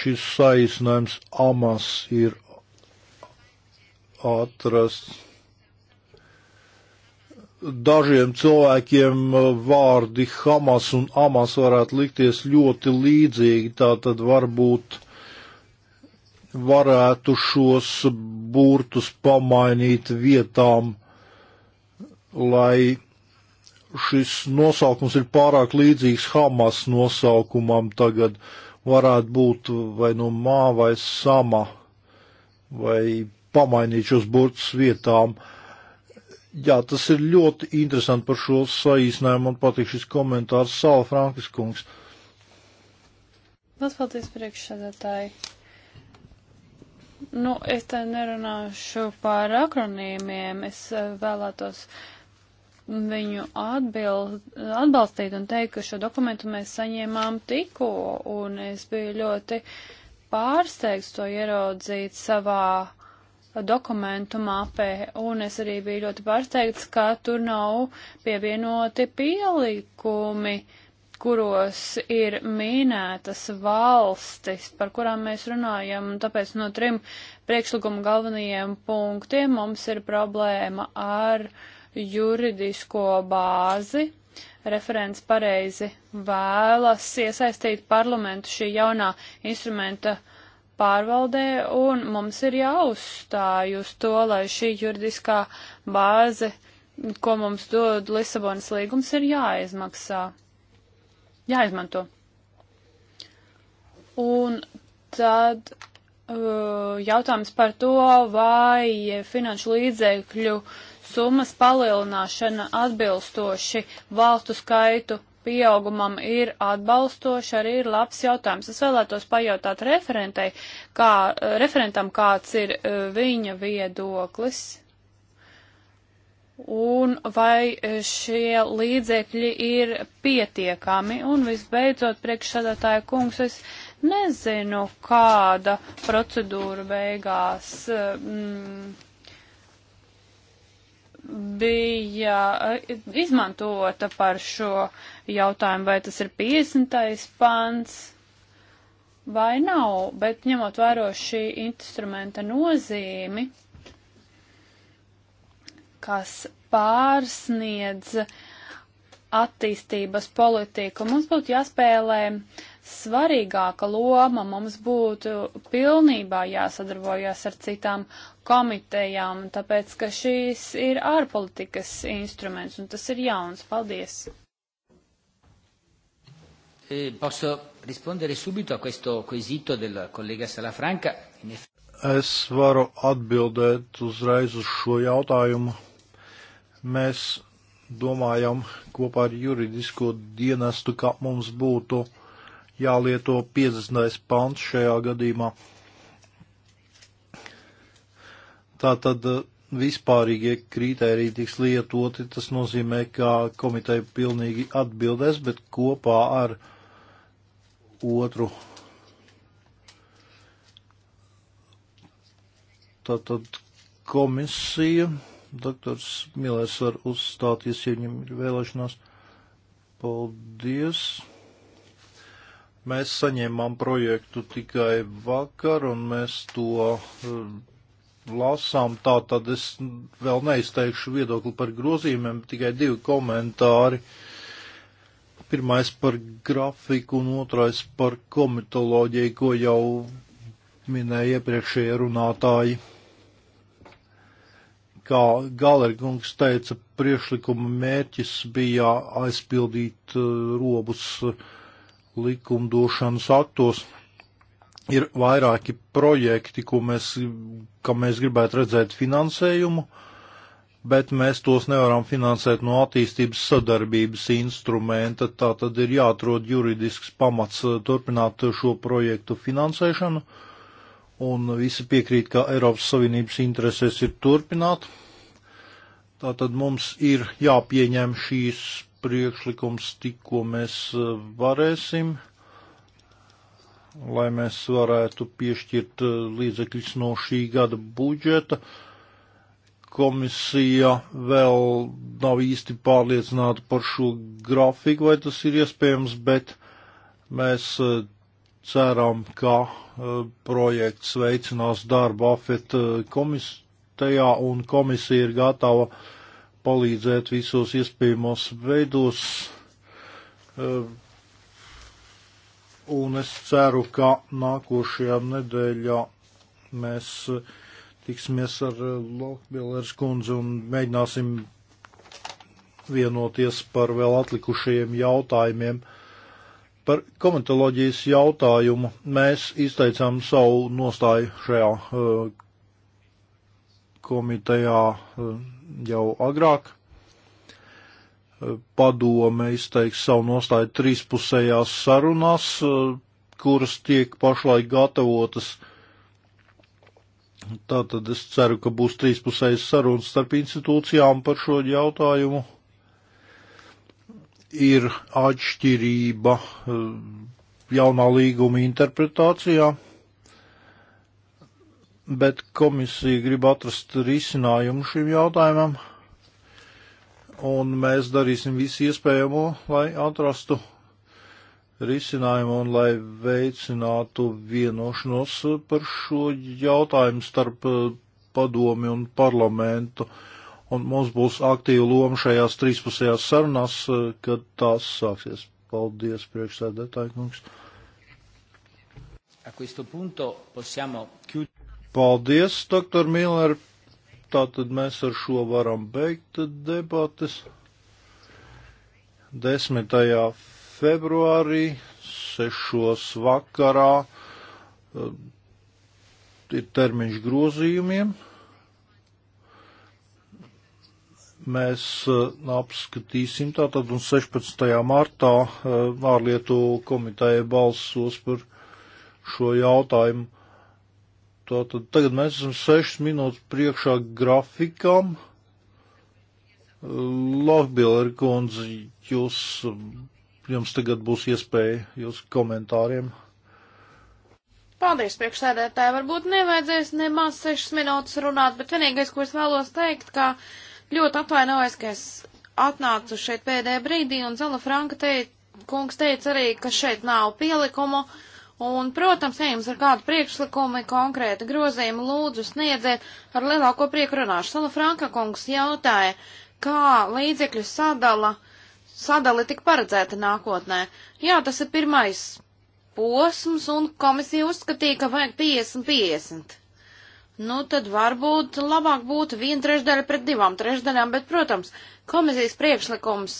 šis saīsinājums amas ir atrasts dažiem cilvēkiem vārdi Hamas un Amas varētu likties ļoti līdzīgi, tā tad varbūt varētu šos burtus pamainīt vietām, lai šis nosaukums ir pārāk līdzīgs Hamas nosaukumam tagad, varētu būt vai no nu mā vai sama, vai pamainīt šos burtus vietām. Uh, Jā, tas ir ļoti interesanti par šo saīsinājumu. Man patīk šis komentārs Sāla Frankas kungs. Lielas paldies priekšsēdētāji. Nu, es te nerunāšu par akronīmiem. Es eh, vēlētos viņu atbild, atbalstīt un teikt, ka šo dokumentu mēs saņēmām tikko, un es biju ļoti pārsteigts to ieraudzīt savā dokumentu mapē, un es arī biju ļoti pārsteigts, ka tur nav pievienoti pielikumi, kuros ir minētas valstis, par kurām mēs runājam, un tāpēc no trim priekšlikuma galvenajiem punktiem mums ir problēma ar juridisko bāzi, referents pareizi vēlas iesaistīt parlamentu šī jaunā instrumenta uh, pārvaldē, un mums ir jāuzstāj uz to, lai šī juridiskā bāze, ko mums dod Lisabonas līgums, ir jāizmaksā, jāizmanto. Un tad uh, jautājums par to, vai finanšu līdzekļu summas palielināšana atbilstoši valstu skaitu pieaugumam ir atbalstoši, arī ir labs jautājums. Es vēlētos pajautāt referentei, kā, eh, referentam, kāds ir eh, viņa viedoklis. Un vai eh, šie līdzekļi ir pietiekami? Un visbeidzot, priekšsādātāja kungs, es nezinu, kāda procedūra beigās. Mm, bija eh, izmantota par šo jautājumu, vai tas ir 50. pants vai nav, bet ņemot vērā šī instrumenta nozīmi, kas pārsniedz attīstības politiku, mums būtu jāspēlē uh, svarīgāka loma. Mums būtu pilnībā jāsadarbojas ar citām komitejām, tāpēc ka šīs ir ārpolitikas instruments un tas ir jauns. Paldies! E, posso rispondere subito a questo quesito del collega Salafranca? Es varu atbildēt uzreiz uz šo jautājumu. Mēs domājam kopā ar juridisko dienestu, ka mums būtu jālieto 50. pants šajā gadījumā. Tātad eh, vispārīgie kriteriji tiks lietoti, tas nozīmē, ka komiteja pilnīgi atbildēs, bet kopā ar otru. Tātad komisija, doktors Milers var uzstāties, ja viņam ir vēlēšanās. Paldies! Mēs saņēmām projektu tikai vakar, un mēs to eh, lasām. Tā tad es vēl neizteikšu viedokli par grozījumiem, tikai divi komentāri. Pirmais par grafiku un otrais par komitoloģiju, ko jau minēja iepriekšējie runātāji. Kā Galerkungs teica, priešlikuma mērķis bija aizpildīt eh, robus uh, likumdošanas aktos ir vairāki projekti, ko mēs, kam mēs gribētu redzēt finansējumu, bet mēs tos nevaram finansēt no attīstības sadarbības instrumenta. Tā tad ir jāatrod juridisks pamats eh, turpināt šo projektu finansēšanu, un visi piekrīt, ka Eiropas Savienības interesēs ir turpināt. Tātad mums ir jāpieņem šīs priekšlikums, tikko mēs eh, varēsim, lai mēs varētu piešķirt eh, līdzekļus no šī gada budžeta. Komisija vēl nav īsti pārliecināta par šo grafiku, vai tas ir iespējams, bet mēs eh, ceram, ka projekts veicinās darbu afet komisijā un komisija ir gatava uh, palīdzēt visos iespējamos veidos. Ehm, un es ceru, ka nākošajā nedēļā mēs eh, tiksimies ar eh, Lokbīlērs kundzi un mēģināsim vienoties par vēl atlikušajiem jautājumiem. Par komentoloģijas jautājumu mēs izteicām savu nostāju šajā eh, komitejā jau agrāk. Padome izteiks savu nostāju trīspusējās sarunās, kuras tiek pašlaik gatavotas. Tātad es ceru, ka būs trīspusējas sarunas starp institūcijām par šo jautājumu. Ir atšķirība eh, jaunā līguma interpretācijā bet komisija grib atrast risinājumu šim jautājumam, un mēs darīsim visu iespējamo, lai atrastu risinājumu un lai veicinātu vienošanos par šo jautājumu starp uh, padomi un parlamentu. Un mums būs aktīva loma šajās trīspusējās sarunās, uh, kad tās sāksies. Paldies, priekšsēdētāji kungs. A questo punto possiamo chiudere. Paldies, doktor Miller. Tātad mēs ar šo varam beigt debates. 10. februārī, 6. vakarā, eh, ir termiņš grozījumiem. mēs eh, apskatīsim tātad un 16. martā eh, ārlietu komiteja balsos par šo jautājumu. Tātad tagad mēs esam 6 minūtes priekšā grafikam. Lohbieler kundze, jūs, jums tagad būs iespēja jūsu komentāriem. Paldies, priekšsēdētāji. Varbūt nevajadzēs nemaz 6 minūtes runāt, bet vienīgais, ko es vēlos teikt, ka ļoti atvainojos, ka es atnācu šeit pēdējā brīdī un Zala Franka teica, kungs teica arī, ka šeit nav pielikumu. Uh, Un, protams, ja jums ir kādi priekšlikumi, konkrēti grozījumi, lūdzu sniedziet, ar lielāko prieku runāšu. Sala Franka kungs jautāja, kā līdzekļu sadala, sadali tik paredzēta nākotnē. Jā, tas ir pirmais posms, un komisija uzskatīja, ka vajag 50-50. Nu, tad varbūt labāk būtu viena trešdaļa pret divām trešdaļām, bet, protams, komisijas priekšlikums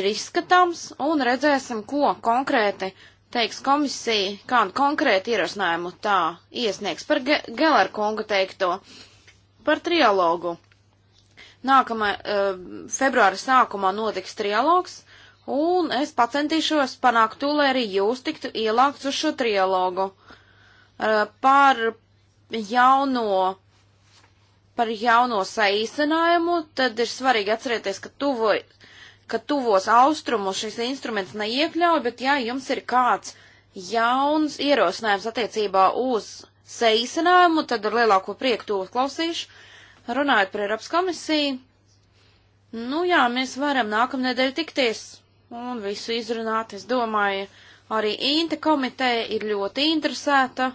ir izskatāms, un redzēsim, ko konkrēti teiks komisija, kādu konkrētu ierosinājumu tā iesniegs par Ge Gelēra kunga teikto, par trialogu. Nākamā uh, februāra sākumā notiks trialogs, un es pacentīšos panākt to, lai arī jūs tiktu ielāgts uz šo trialogu uh, par jauno par jauno saīsinājumu, tad ir svarīgi atcerēties, ka tuvojas ka tuvos austrumos šis instruments neiekļauj, bet ja jums ir kāds jauns ierosinājums attiecībā uz saīsinājumu, tad ar lielāko prieku to klausīšu. Runājot par Eiropas komisiju, nu jā, mēs varam nākamnedēļ tikties un visu izrunāt, es domāju, arī Inta komiteja ir ļoti interesēta,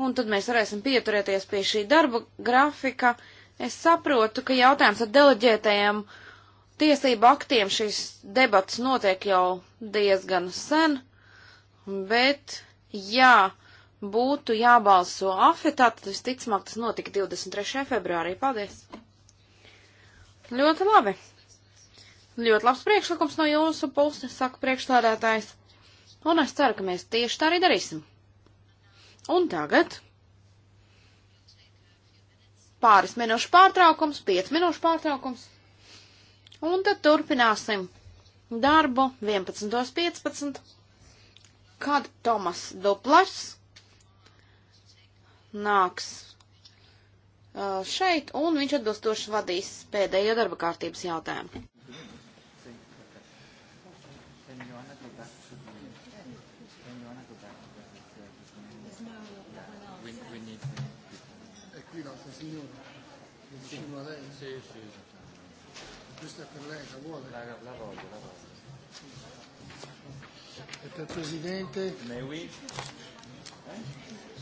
un tad mēs varēsim pieturēties pie šī darba grafika. Es saprotu, ka jautājums ar deleģētajiem uh, tiesību aktiem šīs debats notiek jau diezgan sen, bet, jā, būtu jābalso afetā, tad visticamāk tas notika 23. februārī. Paldies! Ļoti labi! Ļoti labs priekšlikums no jūsu puses, saka priekšstādātājs. Un es ceru, ka mēs tieši tā arī darīsim. Un tagad pāris minūšu pārtraukums, 5 minūšu pārtraukums. Un tad turpināsim darbu 11.15, kad Tomas Duplars nāks uh, šeit, un viņš atbilstoši vadīs pēdējo darba kārtības jautājumu. We, we need... Qui la signora, diciamo a lei. Sì, sì, sì. Questa è per lei, la vuole? La, la voglio, la voglio. E per Presidente? Ne oui. Eh?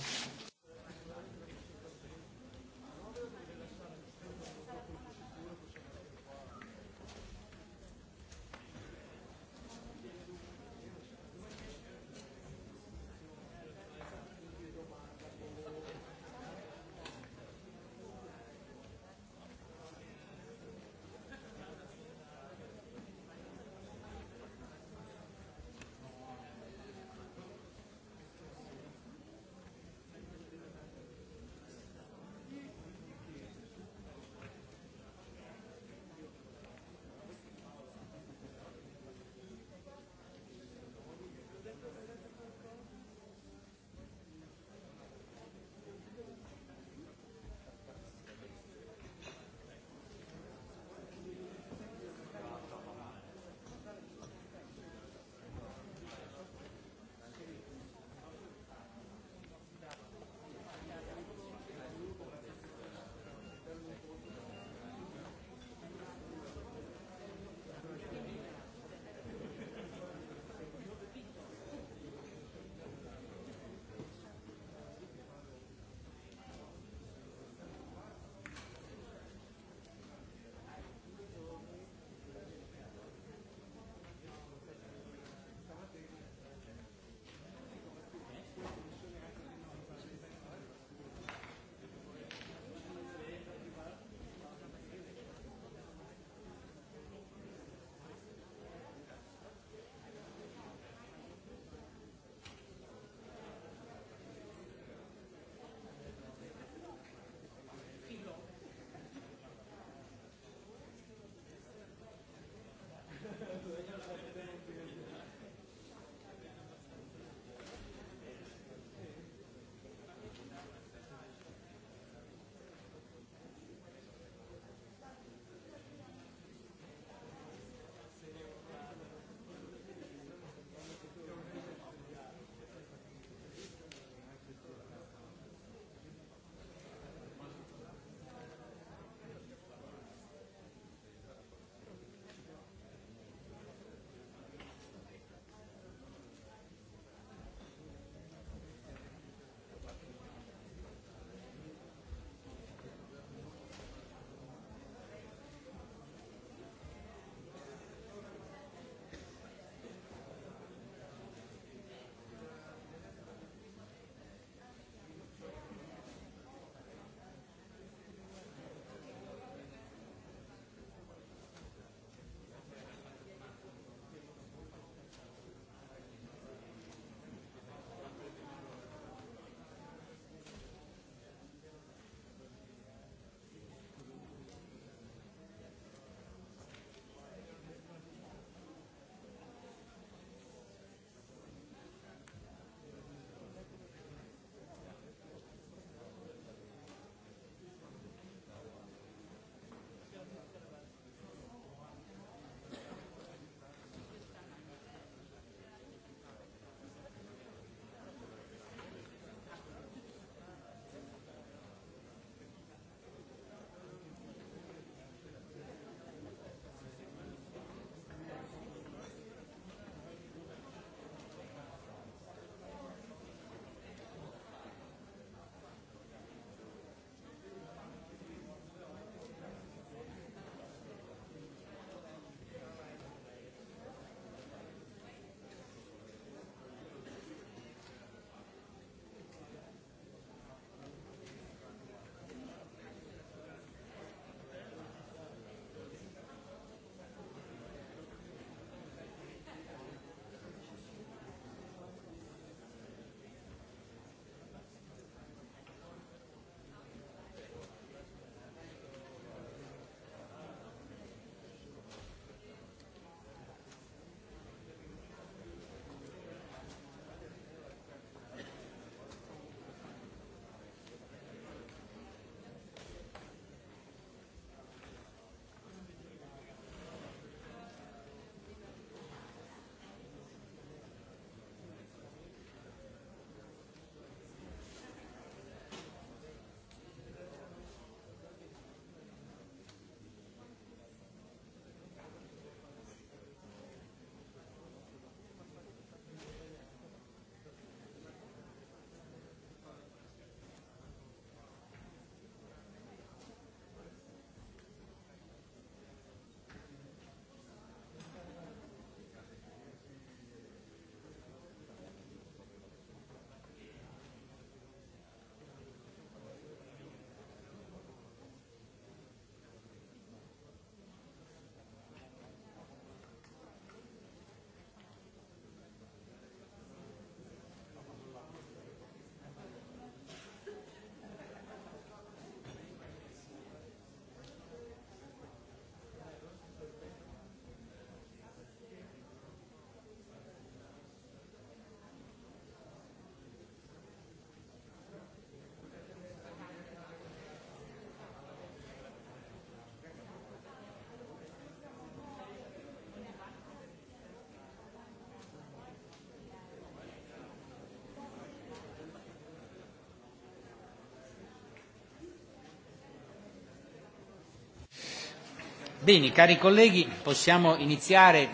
Bene, cari colleghi, possiamo iniziare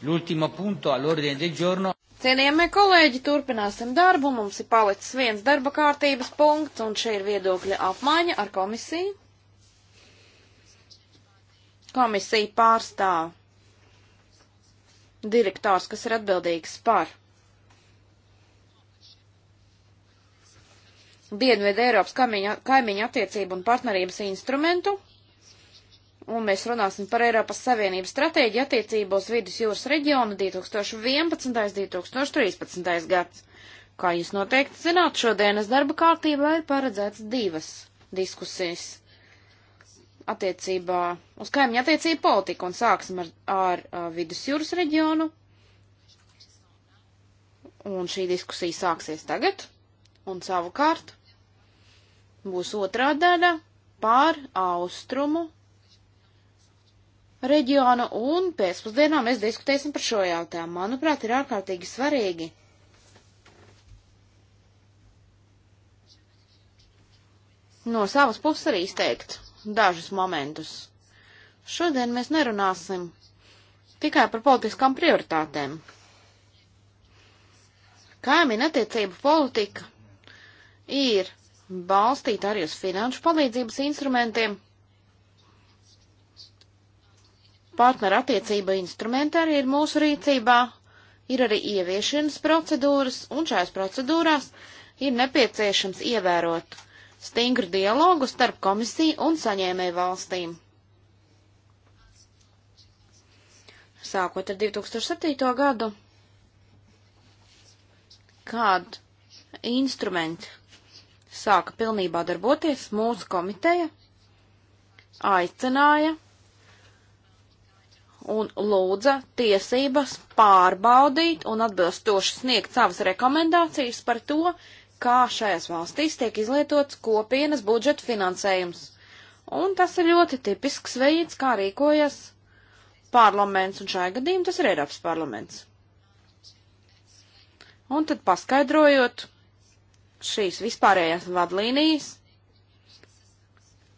l'ultimo punto all'ordine del giorno. Cienījamie kolēģi, turpināsim darbu. Mums ir palicis viens darba kārtības punkts, un šeit ir viedokļa apmaiņa ar komisiju. Komisija pārstāv direktors, kas ir atbildīgs par Dienvidu Eiropas kaimiņu, kaimiņu attiecību un partnerības instrumentu un mēs runāsim par Eiropas Savienības stratēģiju attiecībos vidus jūras reģionu 2011.-2013. gads. Kā jūs noteikti zināt, šodienas darba kārtībā ir paredzēts divas diskusijas attiecībā uz kaimiņu attiecību politiku un sāksim ar, ar, ar vidus jūras reģionu. Un šī diskusija sāksies tagad, un savukārt būs otrā daļa pār austrumu reģiona, un pēcpusdienā mēs diskutēsim par šo jautājumu. Manuprāt, ir ārkārtīgi svarīgi. No savas puses arī izteikt dažus momentus. Šodien mēs nerunāsim tikai par politiskām prioritātēm. Kaimiņa attiecību politika ir balstīta arī uz finanšu palīdzības instrumentiem, Partneru attiecība instrumenti arī ir mūsu rīcībā, ir arī ieviešanas procedūras, un šajās procedūrās ir nepieciešams ievērot stingru dialogu starp komisiju un saņēmēju valstīm. Sākot ar 2007. gadu, kad instrumenti sāka pilnībā darboties, mūsu komiteja aicināja un lūdza tiesības pārbaudīt un atbilstoši sniegt savas rekomendācijas par to, kā šajās valstīs tiek izlietots kopienas budžeta finansējums. Un tas ir ļoti tipisks veids, kā rīkojas parlaments, un šajā gadījumā tas ir Eiropas parlaments. Un tad paskaidrojot šīs vispārējās vadlīnijas,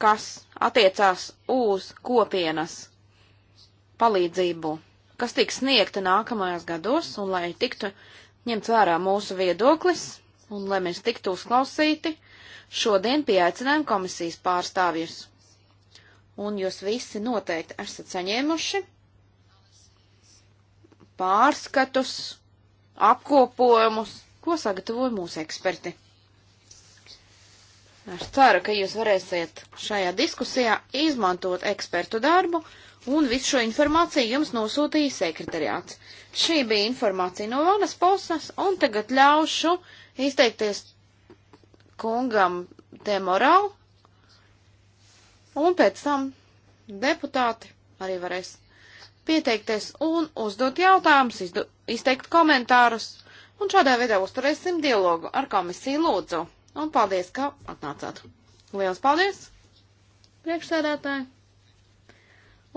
kas attiecās uz kopienas palīdzību, kas tiks sniegta nākamajos gados, un lai tiktu ņemts vērā mūsu viedoklis, un lai mēs tiktu uzklausīti, šodien pieaicinājām komisijas pārstāvjus. Un jūs visi noteikti esat saņēmuši pārskatus, apkopojumus, ko sagatavoja mūsu eksperti. Es ceru, ka jūs varēsiet šajā diskusijā izmantot ekspertu darbu un visu šo informāciju jums nosūtīja sekretariāts. Šī bija informācija no manas puses, un tagad ļaušu izteikties kungam Temorau, un pēc tam deputāti arī varēs pieteikties un uzdot jautājumus, izdu, izteikt komentārus, un šādā veidā uzturēsim dialogu ar komisiju lūdzu. Un paldies, ka atnācāt. Liels paldies, priekšsēdētāji!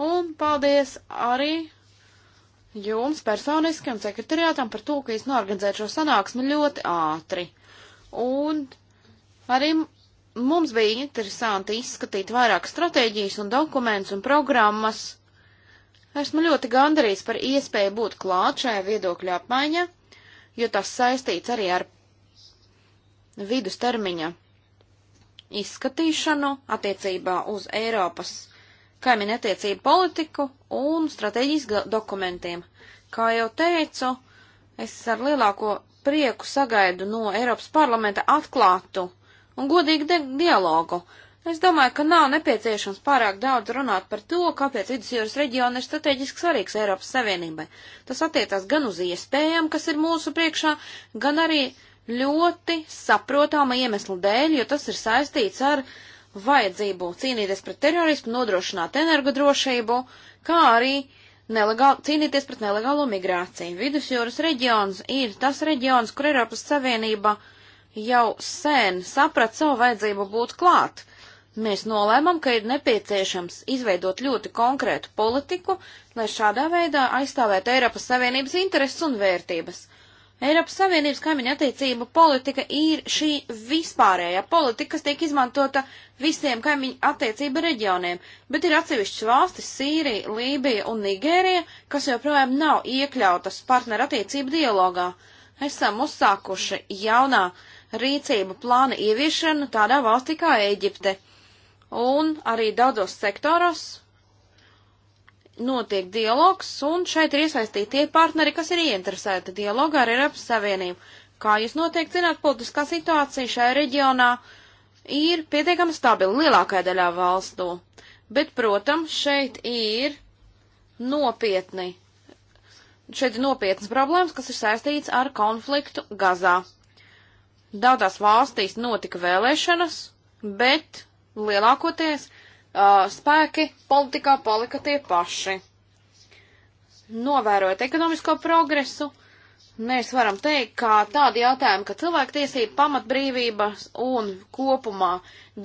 Un paldies arī jums personiski un sekretariātam par to, ka jūs norganizējat šo sanāksmi ļoti ātri. Un arī mums bija interesanti izskatīt vairāk stratēģijas un dokumentus un programmas. Esmu ļoti gandarīts par iespēju būt klāt šajā viedokļa apmaiņa, jo tas saistīts arī ar vidustermiņa izskatīšanu attiecībā uz Eiropas kaimiņu attiecību politiku un strateģijas dokumentiem. Kā jau teicu, es ar lielāko prieku sagaidu no Eiropas parlamenta atklātu un godīgu dialogu. Es domāju, ka nav nepieciešams pārāk daudz runāt par to, kāpēc vidusjūras reģiona ir strateģiski svarīgs Eiropas Savienībai. Tas attiecās gan uz iespējām, kas ir mūsu priekšā, gan arī ļoti saprotāma iemesla dēļ, jo tas ir saistīts ar uh, vajadzību cīnīties pret terorismu, nodrošināt energodrošību, kā arī nelegāli, cīnīties pret nelegālo migrāciju. Vidusjūras reģions ir tas reģions, kur Eiropas Savienība jau sen saprat savu vajadzību būt klāt. Mēs nolēmam, ka ir nepieciešams izveidot ļoti konkrētu politiku, lai šādā veidā aizstāvētu Eiropas Savienības intereses un vērtības. Eiropas Savienības kaimiņa attiecību politika ir šī vispārējā politika, kas tiek izmantota visiem kaimiņu attiecību reģioniem, bet ir atsevišķas valstis - Sīrija, Lībija un Nigērija, kas joprojām nav iekļautas partneru attiecību dialogā. Esam uzsākuši jaunā rīcību plāna ieviešanu tādā valstī kā Eģipte. Un arī daudzos sektoros notiek dialogs, un šeit ir iesaistīti tie partneri, kas ir ieinteresēti dialogā ar Eiropas Savienību. Kā jūs noteikti zināt, politiskā situācija šajā reģionā ir pietiekami stabila lielākajā daļā valstu, bet, protams, šeit ir nopietni, šeit ir nopietnas problēmas, kas ir saistīts ar konfliktu Gazā. Daudzās valstīs notika vēlēšanas, bet lielākoties uh, spēki politikā palika tie paši. Novērojot ekonomisko progresu, mēs varam teikt, ka tādi jautājumi, ka cilvēktiesība, pamatbrīvības un kopumā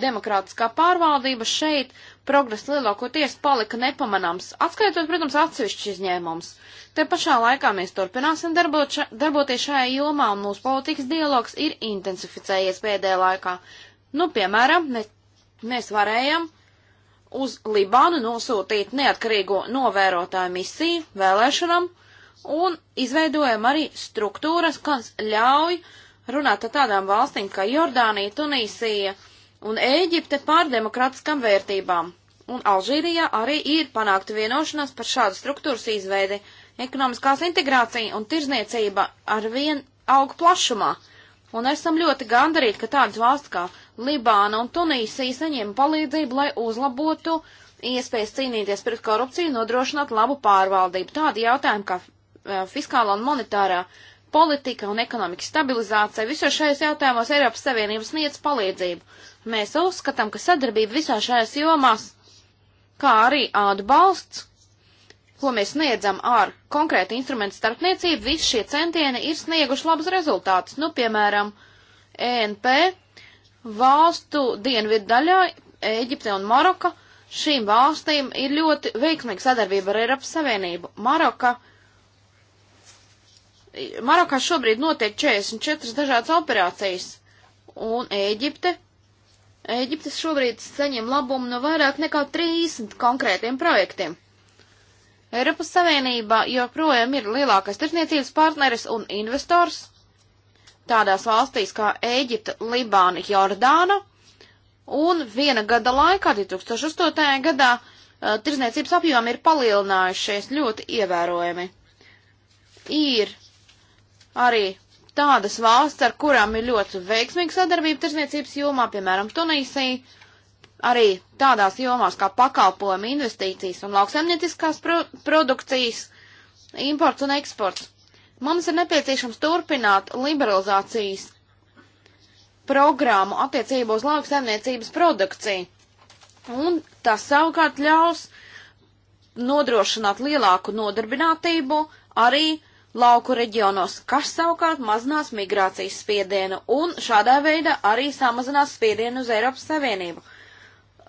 demokrātiskā pārvaldība šeit progress lielākoties palika nepamanāms, atskaitot, protams, atsevišķi izņēmums. Te pašā laikā mēs turpināsim darbot ša, darboties šajā jomā, un mūsu politikas dialogs ir intensificējies pēdējā laikā. Nu, piemēram, mēs, mēs varējam uz Libānu nosūtīt neatkarīgo novērotāju misiju vēlēšanām un izveidojam arī struktūras, kas ļauj runāt ar tādām valstīm kā Jordānija, Tunīsija un Ēģipte par demokratiskām vērtībām. Un Alžīrijā arī ir panākta vienošanās par šādu struktūras izveidi. Ekonomiskās integrācija un tirzniecība ar vien aug plašumā. Un esam ļoti gandarīti, ka tādas valsts kā Libāna un Tunīsija saņem palīdzību, lai uzlabotu iespējas cīnīties pret korupciju, nodrošināt labu pārvaldību. Tādi jautājumi kā eh, fiskāla un monetārā politika un ekonomikas stabilizācija, visos šajos jautājumos Eiropas Savienības sniedz palīdzību. Mēs uzskatām, ka sadarbība visā šajās jomās, kā arī atbalsts ko mēs sniedzam ar konkrētu instrumentu starpniecību, visi šie centieni ir snieguši labus rezultātus. Nu, piemēram, ENP valstu dienvidu daļā, Eģipte un Maroka, šīm valstīm ir ļoti veiksmīga sadarbība ar Eiropas Savienību. Maroka, Marokā šobrīd notiek 44 dažādas operācijas, un Eģipte Eģiptes šobrīd saņem labumu no vairāk nekā 30 konkrētiem projektiem. Eiropas Savienība joprojām ir lielākais tirsniecības partneris un investors tādās valstīs kā Ēģipta, Libāna, Jordāna, un viena gada laikā, 2008. gadā, eh, tirsniecības apjomi ir palielinājušies ļoti ievērojami. Ir arī tādas valsts, ar kurām ir ļoti veiksmīga sadarbība tirsniecības jomā, piemēram, Tunīsija, arī tādās jomās kā pakalpojumi, investīcijas un lauksaimnieciskās pro produkcijas, imports un eksports. Mums ir nepieciešams turpināt liberalizācijas programmu attiecību uz lauksaimniecības produkciju. Un tas savukārt ļaus nodrošināt lielāku nodarbinātību arī lauku reģionos, kas savukārt mazinās migrācijas spiedienu un šādā veidā arī samazinās spiedienu uz Eiropas Savienību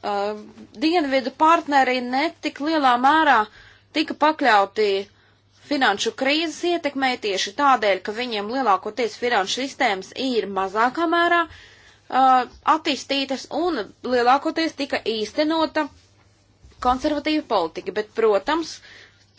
uh, dienvidu partneri netik lielā mērā tika pakļauti finanšu krīzes ietekmē tieši tādēļ, ka viņiem lielākoties finanšu sistēmas ir mazākā mērā uh, attīstītas un lielākoties tika īstenota konservatīva politika. Bet, protams,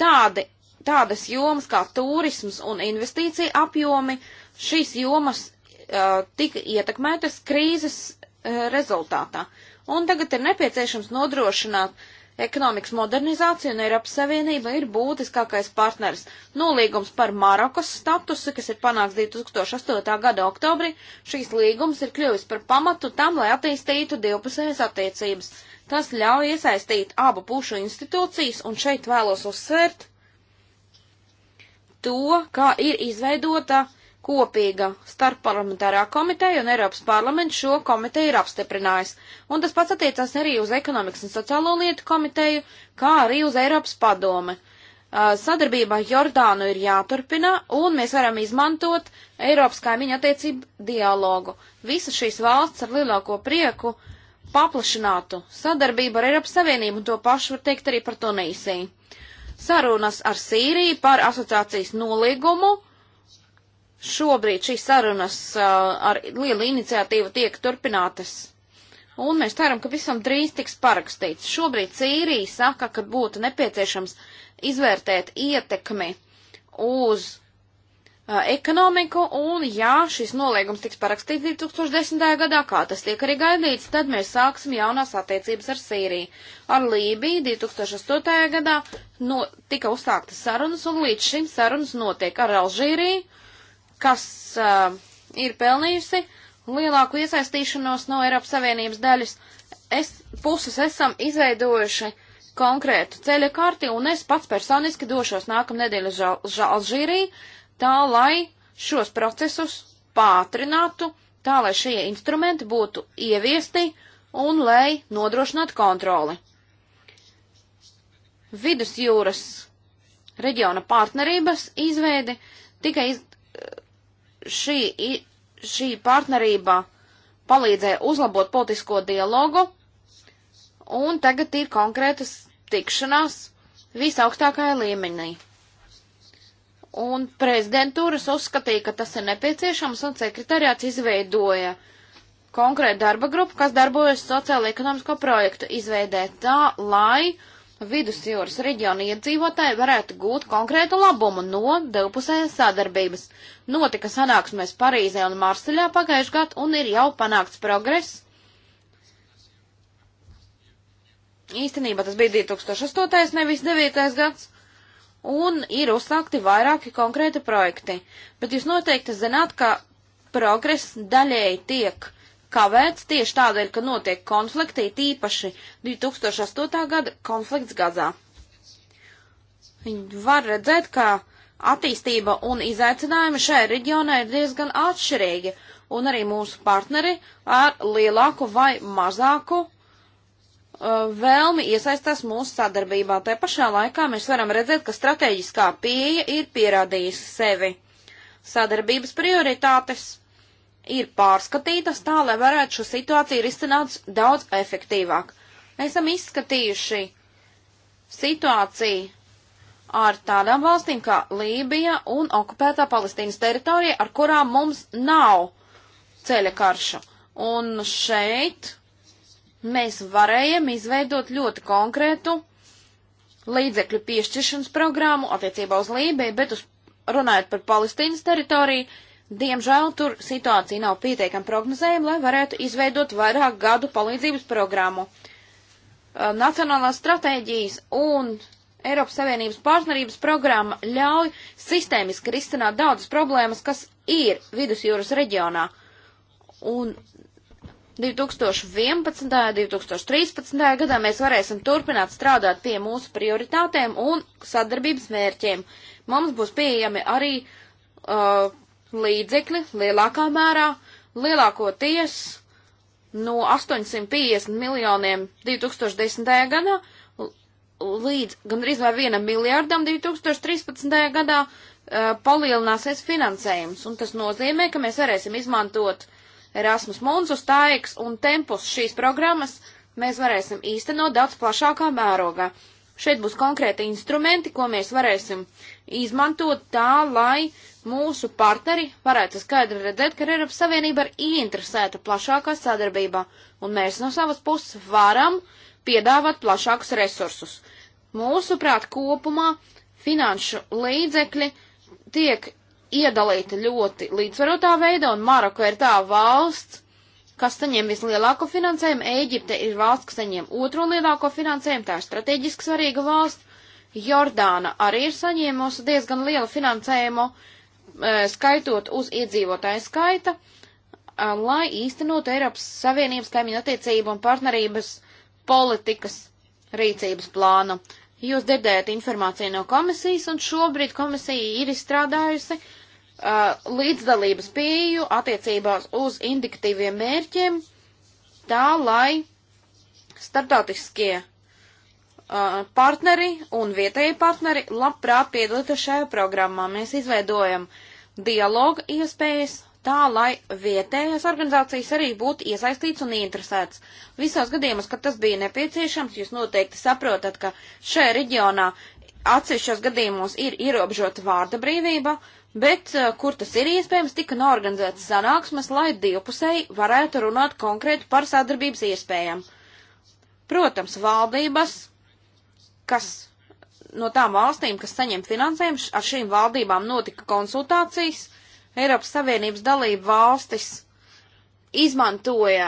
tādi, tādas jomas kā turisms un investīcija apjomi, šīs jomas uh, tika ietekmētas krīzes uh, rezultātā. Uh, un tagad ir nepieciešams nodrošināt ekonomikas modernizāciju, un Eiropas Savienība ir būtiskākais partners. Nolīgums par Marokas statusu, kas ir panāks 2008. gada oktobrī, šīs līgums ir kļuvis par pamatu tam, lai attīstītu divpusējas attiecības. Tas ļauj iesaistīt abu pušu institūcijas, un šeit vēlos uzsvērt to, kā ir izveidota uh, kopīga starpparlamentārā komiteja un Eiropas parlaments šo komiteju ir apstiprinājis. Un tas pats attiecās arī uz ekonomikas un sociālo lietu komiteju, kā arī uz Eiropas padome. Uh, Sadarbībā Jordānu ir jāturpina, un mēs varam izmantot Eiropas kaimiņu attiecību dialogu. Visas šīs valsts ar lielāko prieku paplašinātu sadarbību ar Eiropas Savienību, un to pašu var teikt arī par Tunīsiju. Sarunas ar Sīriju par asociācijas nolīgumu Šobrīd šīs sarunas uh, ar lielu iniciatīvu tiek turpinātas, un mēs ceram, ka visam drīz tiks parakstīts. Šobrīd Sīrija saka, ka būtu nepieciešams izvērtēt ietekmi uz uh, ekonomiku, un ja šis noliegums tiks parakstīts 2010. gadā, kā tas tiek arī gaidīts, tad mēs sāksim jaunās attiecības ar Sīriju. Ar Lībiju 2008. gadā no, tika uzsāktas sarunas, un līdz šim sarunas notiek ar Alžīriju kas uh, ir pelnījusi lielāku iesaistīšanos no Eiropas Savienības daļas. Es, puses esam izveidojuši konkrētu ceļa karti, un es pats personiski došos nākamnedēļ uz Alžīriju, tā lai šos procesus pātrinātu, tā lai šie instrumenti būtu ieviesti un lai nodrošinātu kontroli. Vidusjūras reģiona partnerības izveidi tika iz, šī, šī partnerība palīdzēja uzlabot politisko dialogu, un tagad ir konkrētas tikšanās visaugstākajā līmenī. Un prezidentūras uzskatīja, ka tas ir nepieciešams, un sekretariāts izveidoja konkrētu darba grupu, kas darbojas sociāla ekonomisko projektu izveidē tā, lai uh, vidusjūras reģiona iedzīvotāji varētu gūt konkrētu labumu no divpusējas sadarbības. Notika sanāksmēs Parīzē un Marseļā pagājušajā gadā un ir jau panākts progress. Īstenībā tas bija 2008. nevis 9. gads, un ir uzsākti vairāki konkrēti projekti, bet jūs noteikti zināt, ka progress daļēji tiek Kāpēc? Tieši tādēļ, ka notiek konflikti, tīpaši 2008. gada konflikts Gazā. Var redzēt, ka attīstība un izaicinājumi šajā reģionā ir diezgan atšķirīgi, un arī mūsu partneri ar lielāku vai mazāku uh, vēlmi iesaistās mūsu sadarbībā. Te pašā laikā mēs varam redzēt, ka strateģiskā pieeja ir pierādījusi sevi. Sadarbības prioritātes ir pārskatītas tā, lai varētu šo situāciju risināt daudz efektīvāk. Esam izskatījuši situāciju ar tādām valstīm kā Lībija un okupētā Palestīnas teritorija, ar kurām mums nav ceļa karša. Un šeit mēs varējam izveidot ļoti konkrētu līdzekļu piešķiršanas programmu attiecībā uz Lībiju, bet uz, runājot par Palestīnas teritoriju, Diemžēl tur situācija nav pietiekami prognozējama, lai varētu izveidot vairāk gadu palīdzības programmu. Nacionālās stratēģijas un Eiropas Savienības partnerības programma ļauj sistēmiski risināt daudzas problēmas, kas ir vidusjūras reģionā. Un 2011. un 2013. gadā mēs varēsim turpināt strādāt pie mūsu prioritātēm un sadarbības mērķiem. Mums būs pieejami arī uh, līdzekļi lielākā mērā, lielākoties no 850 miljoniem 2010. gadā līdz gandrīz vai 1 miljārdam 2013. gadā uh, palielināsies finansējums. Un tas nozīmē, ka mēs varēsim izmantot Erasmus Munzus, Taiks un Tempus šīs programmas, mēs varēsim īstenot daudz plašākā mērogā. Šeit būs konkrēti instrumenti, ko mēs varēsim izmantot tā, lai mūsu partneri varētu skaidri redzēt, ka Eiropas Savienība ir ieinteresēta plašākā sadarbībā, un mēs no savas puses varam piedāvāt plašākus resursus. Mūsuprāt, kopumā finanšu līdzekļi tiek iedalīta ļoti līdzvarotā veidā, un Maroka ir tā valsts, kas saņem vislielāko finansējumu, Ēģipte ir valsts, kas saņem otro lielāko finansējumu, tā ir strateģiski svarīga valsts, Jordāna arī ir saņēmusi diezgan lielu finansējumu, e, skaitot uz iedzīvotāju skaita, e, lai īstenot Eiropas Savienības kaimiņu attiecību un partnerības politikas rīcības plānu. Jūs dzirdējat informāciju no komisijas, un šobrīd komisija ir izstrādājusi uh, līdzdalības pieju attiecībās uz indikatīviem mērķiem, tā lai startautiskie Uh, partneri un vietēji partneri labprāt piedalītos šajā programmā. Mēs izveidojam dialogu iespējas tā, lai vietējās organizācijas arī būtu iesaistīts un interesēts. Visos gadījumos, kad tas bija nepieciešams, jūs noteikti saprotat, ka šajā reģionā atsevišķos gadījumos ir ierobežota vārda brīvība, bet uh, kur tas ir iespējams, tika norganizētas sanāksmes, lai divpusēji varētu runāt konkrēti par sadarbības iespējām. Protams, valdības kas no tām valstīm, kas saņem finansējumu, ar šīm valdībām notika konsultācijas. Eiropas Savienības dalība valstis izmantoja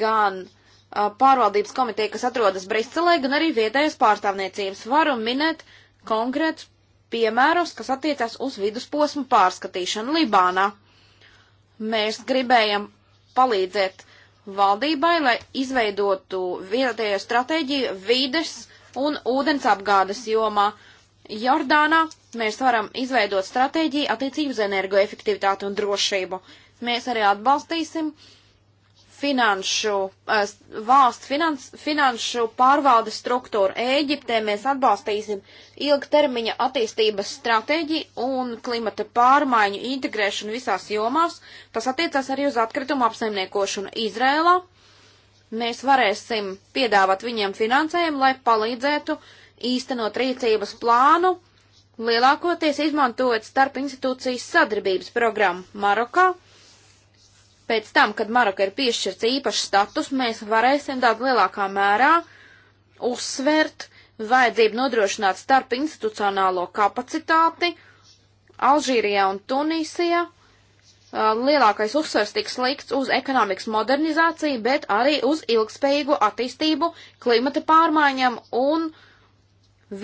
gan uh, pārvaldības komiteju, kas atrodas Briselē, gan arī vietējas pārstāvniecības. Varu minēt konkrētus piemērus, kas attiecās uz vidusposmu pārskatīšanu Libānā. Mēs gribējam palīdzēt valdībai, lai izveidotu vietējo stratēģiju vides un ūdens apgādes jomā. Jordānā mēs varam izveidot stratēģiju attiecību uz energoefektivitāti un drošību. Mēs arī atbalstīsim finanšu, eh, valsts finans, finanšu pārvaldes struktūru. Ēģiptē mēs atbalstīsim ilgtermiņa attīstības stratēģiju un klimata pārmaiņu integrēšanu visās jomās. Tas attiecās arī uz atkritumu apsaimniekošanu Izrēlā mēs varēsim piedāvāt viņiem finansējumu, lai palīdzētu īstenot rīcības plānu, lielākoties izmantojot starp institūcijas sadarbības programmu Marokā. Pēc tam, kad Maroka ir piešķirts īpašs status, mēs varēsim daudz lielākā mērā uzsvērt vajadzību nodrošināt starp institucionālo kapacitāti Alžīrijā un Tunīsijā Uh, lielākais uzsvers tiks likts uz ekonomikas modernizāciju, bet arī uz ilgspējīgu attīstību, klimata pārmaiņām un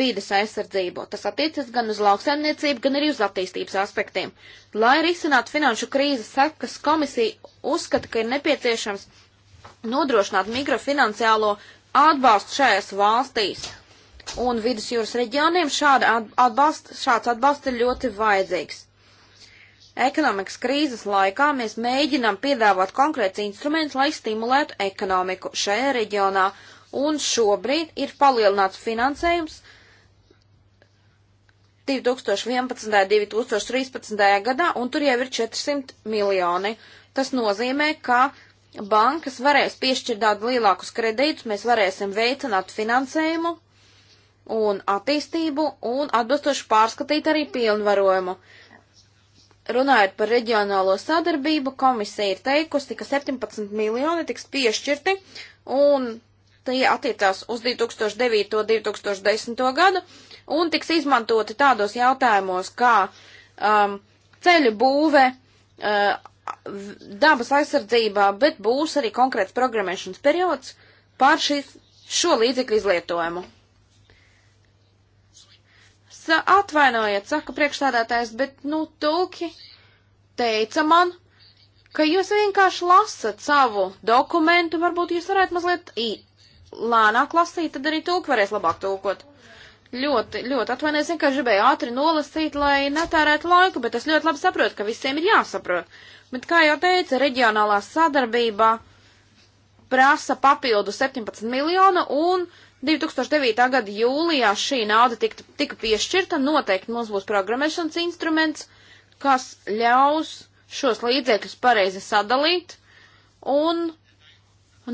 vides aizsardzību. Tas attiecas gan uz lauksaimniecību, gan arī uz attīstības aspektiem. Lai risinātu finanšu krīzes sekas, komisija uzskata, ka ir nepieciešams nodrošināt mikrofinanciālo atbalstu šajās valstīs un vidus jūras reģioniem šāda atbalsta, šāds atbalsts ir ļoti vajadzīgs. Ekonomikas krīzes laikā mēs mēģinām piedāvāt konkrēts instruments, lai stimulētu ekonomiku šajā reģionā, un šobrīd ir palielināts finansējums 2011. un 2013. gadā, un tur jau ir 400 miljoni. Tas nozīmē, ka bankas varēs piešķirt daudz lielākus kredītus, mēs varēsim veicināt finansējumu un attīstību un atbilstoši pārskatīt arī pilnvarojumu runājot par reģionālo sadarbību, komisija ir teikusi, ka 17 miljoni tiks piešķirti un tie attiecās uz 2009. un 2010. gadu un tiks izmantoti tādos jautājumos kā um, ceļu būve, uh, dabas aizsardzībā, bet būs arī konkrēts programmēšanas periods pār šis, šo līdzekļu izlietojumu atvainojiet, saka priekšstādātājs, bet, nu, tulki teica man, ka jūs vienkārši lasat savu dokumentu, varbūt jūs varētu mazliet i, lēnāk lasīt, tad arī tulki varēs labāk tulkot. Ļoti, ļoti atvainojos, vienkārši gribēju ātri nolasīt, lai netērētu laiku, bet es ļoti labi saprotu, ka visiem ir jāsaprot. Bet, kā jau teica, reģionālā sadarbība prasa papildu 17 miljonu un 2009. gada jūlijā šī nauda tika, tika piešķirta, noteikti mums būs programmēšanas instruments, kas ļaus šos līdzekļus pareizi sadalīt, un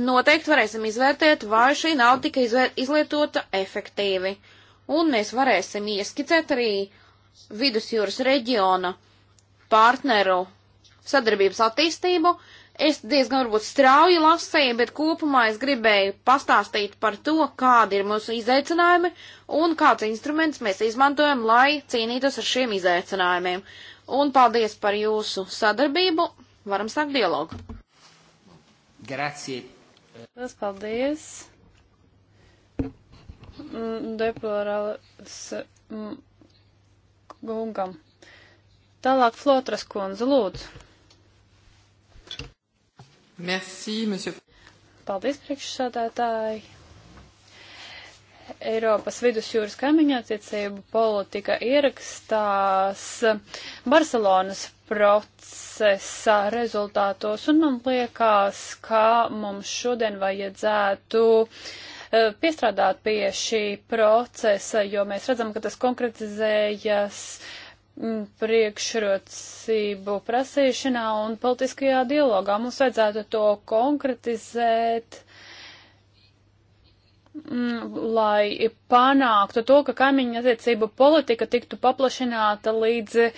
noteikti varēsim izvērtēt, vai šī nauda tika izvēr, izlietota efektīvi. Un mēs varēsim ieskicēt arī vidusjūras reģiona partneru sadarbības attīstību, Es diezgan varbūt strauji lasēju, bet kopumā es gribēju pastāstīt par to, kādi ir mūsu izaicinājumi un kāds instruments mēs izmantojam, lai cīnītos ar šiem izaicinājumiem. Un paldies par jūsu sadarbību. Varam sākt dialogu. Grazie. Lielas paldies. Mm, Deplorāls mm, gungam. Tālāk Flotras kundze, lūdzu. Merci, monsieur. Paldies, priekšsādātāji. Eiropas vidusjūras kaimiņātiecību politika ierakstās Barcelonas procesa rezultātos, un man liekas, ka mums šodien vajadzētu e, piestrādāt pie šī procesa, jo mēs redzam, ka tas konkretizējas uh, Mm, priekšrocību prasīšanā un politiskajā dialogā. Mums vajadzētu to konkretizēt Mm, lai panāktu to, ka kaimiņu attiecību politika tiktu paplašināta līdz e,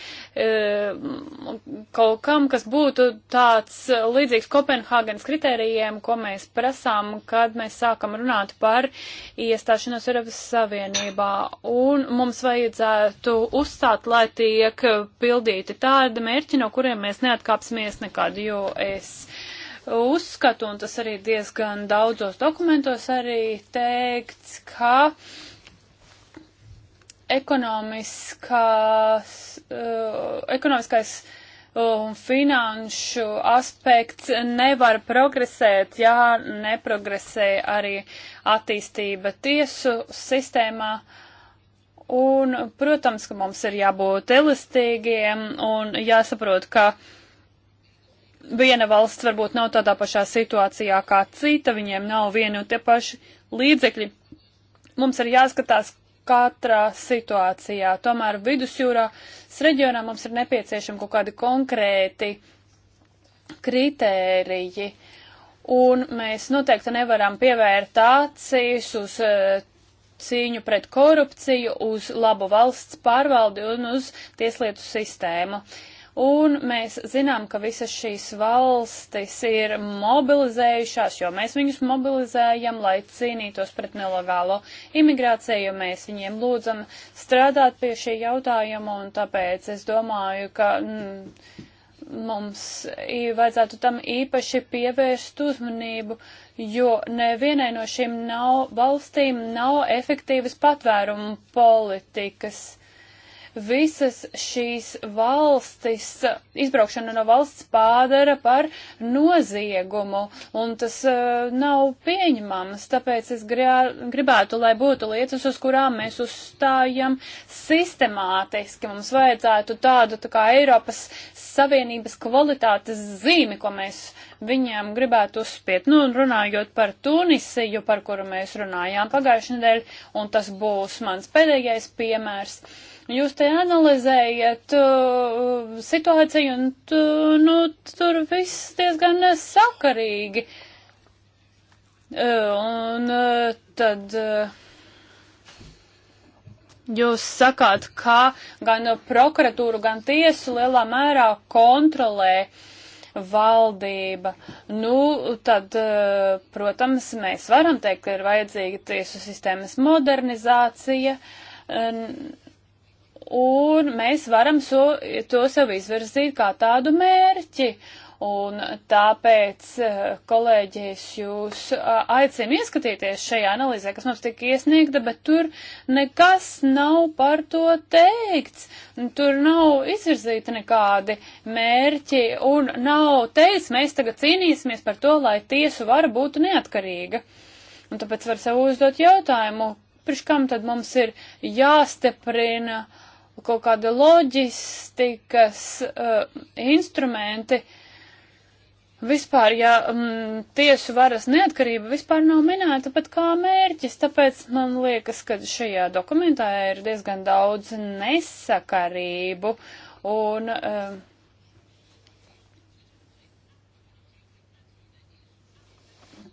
kaut kam, kas būtu tāds līdzīgs Kopenhāgenes kritērijiem, ko mēs prasām, kad mēs sākam runāt par iestāšanos Eiropas Savienībā. Un mums vajadzētu uzstāt, lai tiek pildīti tādi mērķi, no kuriem mēs neatkāpsimies nekad, jo es uzskatu, un tas arī diezgan daudzos dokumentos arī teikts, ka ekonomiskās, uh, ekonomiskais un um, finanšu aspekts nevar progresēt, ja neprogresē arī attīstība tiesu sistēmā. Un, protams, ka mums ir jābūt elastīgiem un jāsaprot, ka uh, viena valsts varbūt nav tādā pašā situācijā kā cita, viņiem nav vieni un tie paši līdzekļi. Mums ir jāskatās katrā situācijā. Tomēr vidusjūrās reģionā mums ir nepieciešami kaut kādi konkrēti kritēriji, un mēs noteikti nevaram pievērt acīs uz e, cīņu pret korupciju, uz labu valsts pārvaldi un uz tieslietu sistēmu. Uh, Un mēs zinām, ka visas šīs valstis ir mobilizējušās, jo mēs viņus mobilizējam, lai cīnītos pret nelegālo imigrāciju, jo mēs viņiem lūdzam strādāt pie šī jautājuma, un tāpēc es domāju, ka. Mm, mums vajadzētu tam īpaši pievērst uzmanību, jo nevienai no šīm nav, valstīm nav efektīvas patvērumu politikas visas šīs valstis, izbraukšana no valsts pādara par noziegumu, un tas uh, nav pieņemams. Tāpēc es gribētu, gribētu, lai būtu lietas, uz kurām mēs uzstājam sistemātiski. Mums vajadzētu tādu tā kā Eiropas Savienības kvalitātes zīmi, ko mēs viņiem gribētu uzspiet. Nu, runājot par Tunisiju, par kuru mēs runājām pagājušajā nedēļā, un tas būs mans pēdējais piemērs. Uh, Jūs te analizējat uh, situāciju un tu, nu, tur viss diezgan sakarīgi. Uh, un uh, tad. Uh, Jūs sakāt, ka gan prokuratūru, gan tiesu lielā mērā kontrolē valdība. Nu, tad, uh, protams, mēs varam teikt, ka ir vajadzīga tiesu sistēmas modernizācija un mēs varam so, to sev izvirzīt kā tādu mērķi. Un tāpēc, eh, kolēģi, es jūs aicinu ieskatīties šajā analīzē, kas mums tika iesniegta, bet tur nekas nav par to teikts. Tur nav izvirzīti nekādi mērķi un nav teicis, mēs tagad cīnīsimies par to, lai tiesu vara būtu neatkarīga. Un tāpēc var sev uzdot jautājumu, priekš kam tad mums ir jāstiprina uh, kaut kāda loģistikas uh, instrumenti. Vispār, ja mm, tiesu varas neatkarība vispār nav minēta pat kā mērķis, tāpēc man liekas, ka šajā dokumentā ir diezgan daudz nesakarību un uh,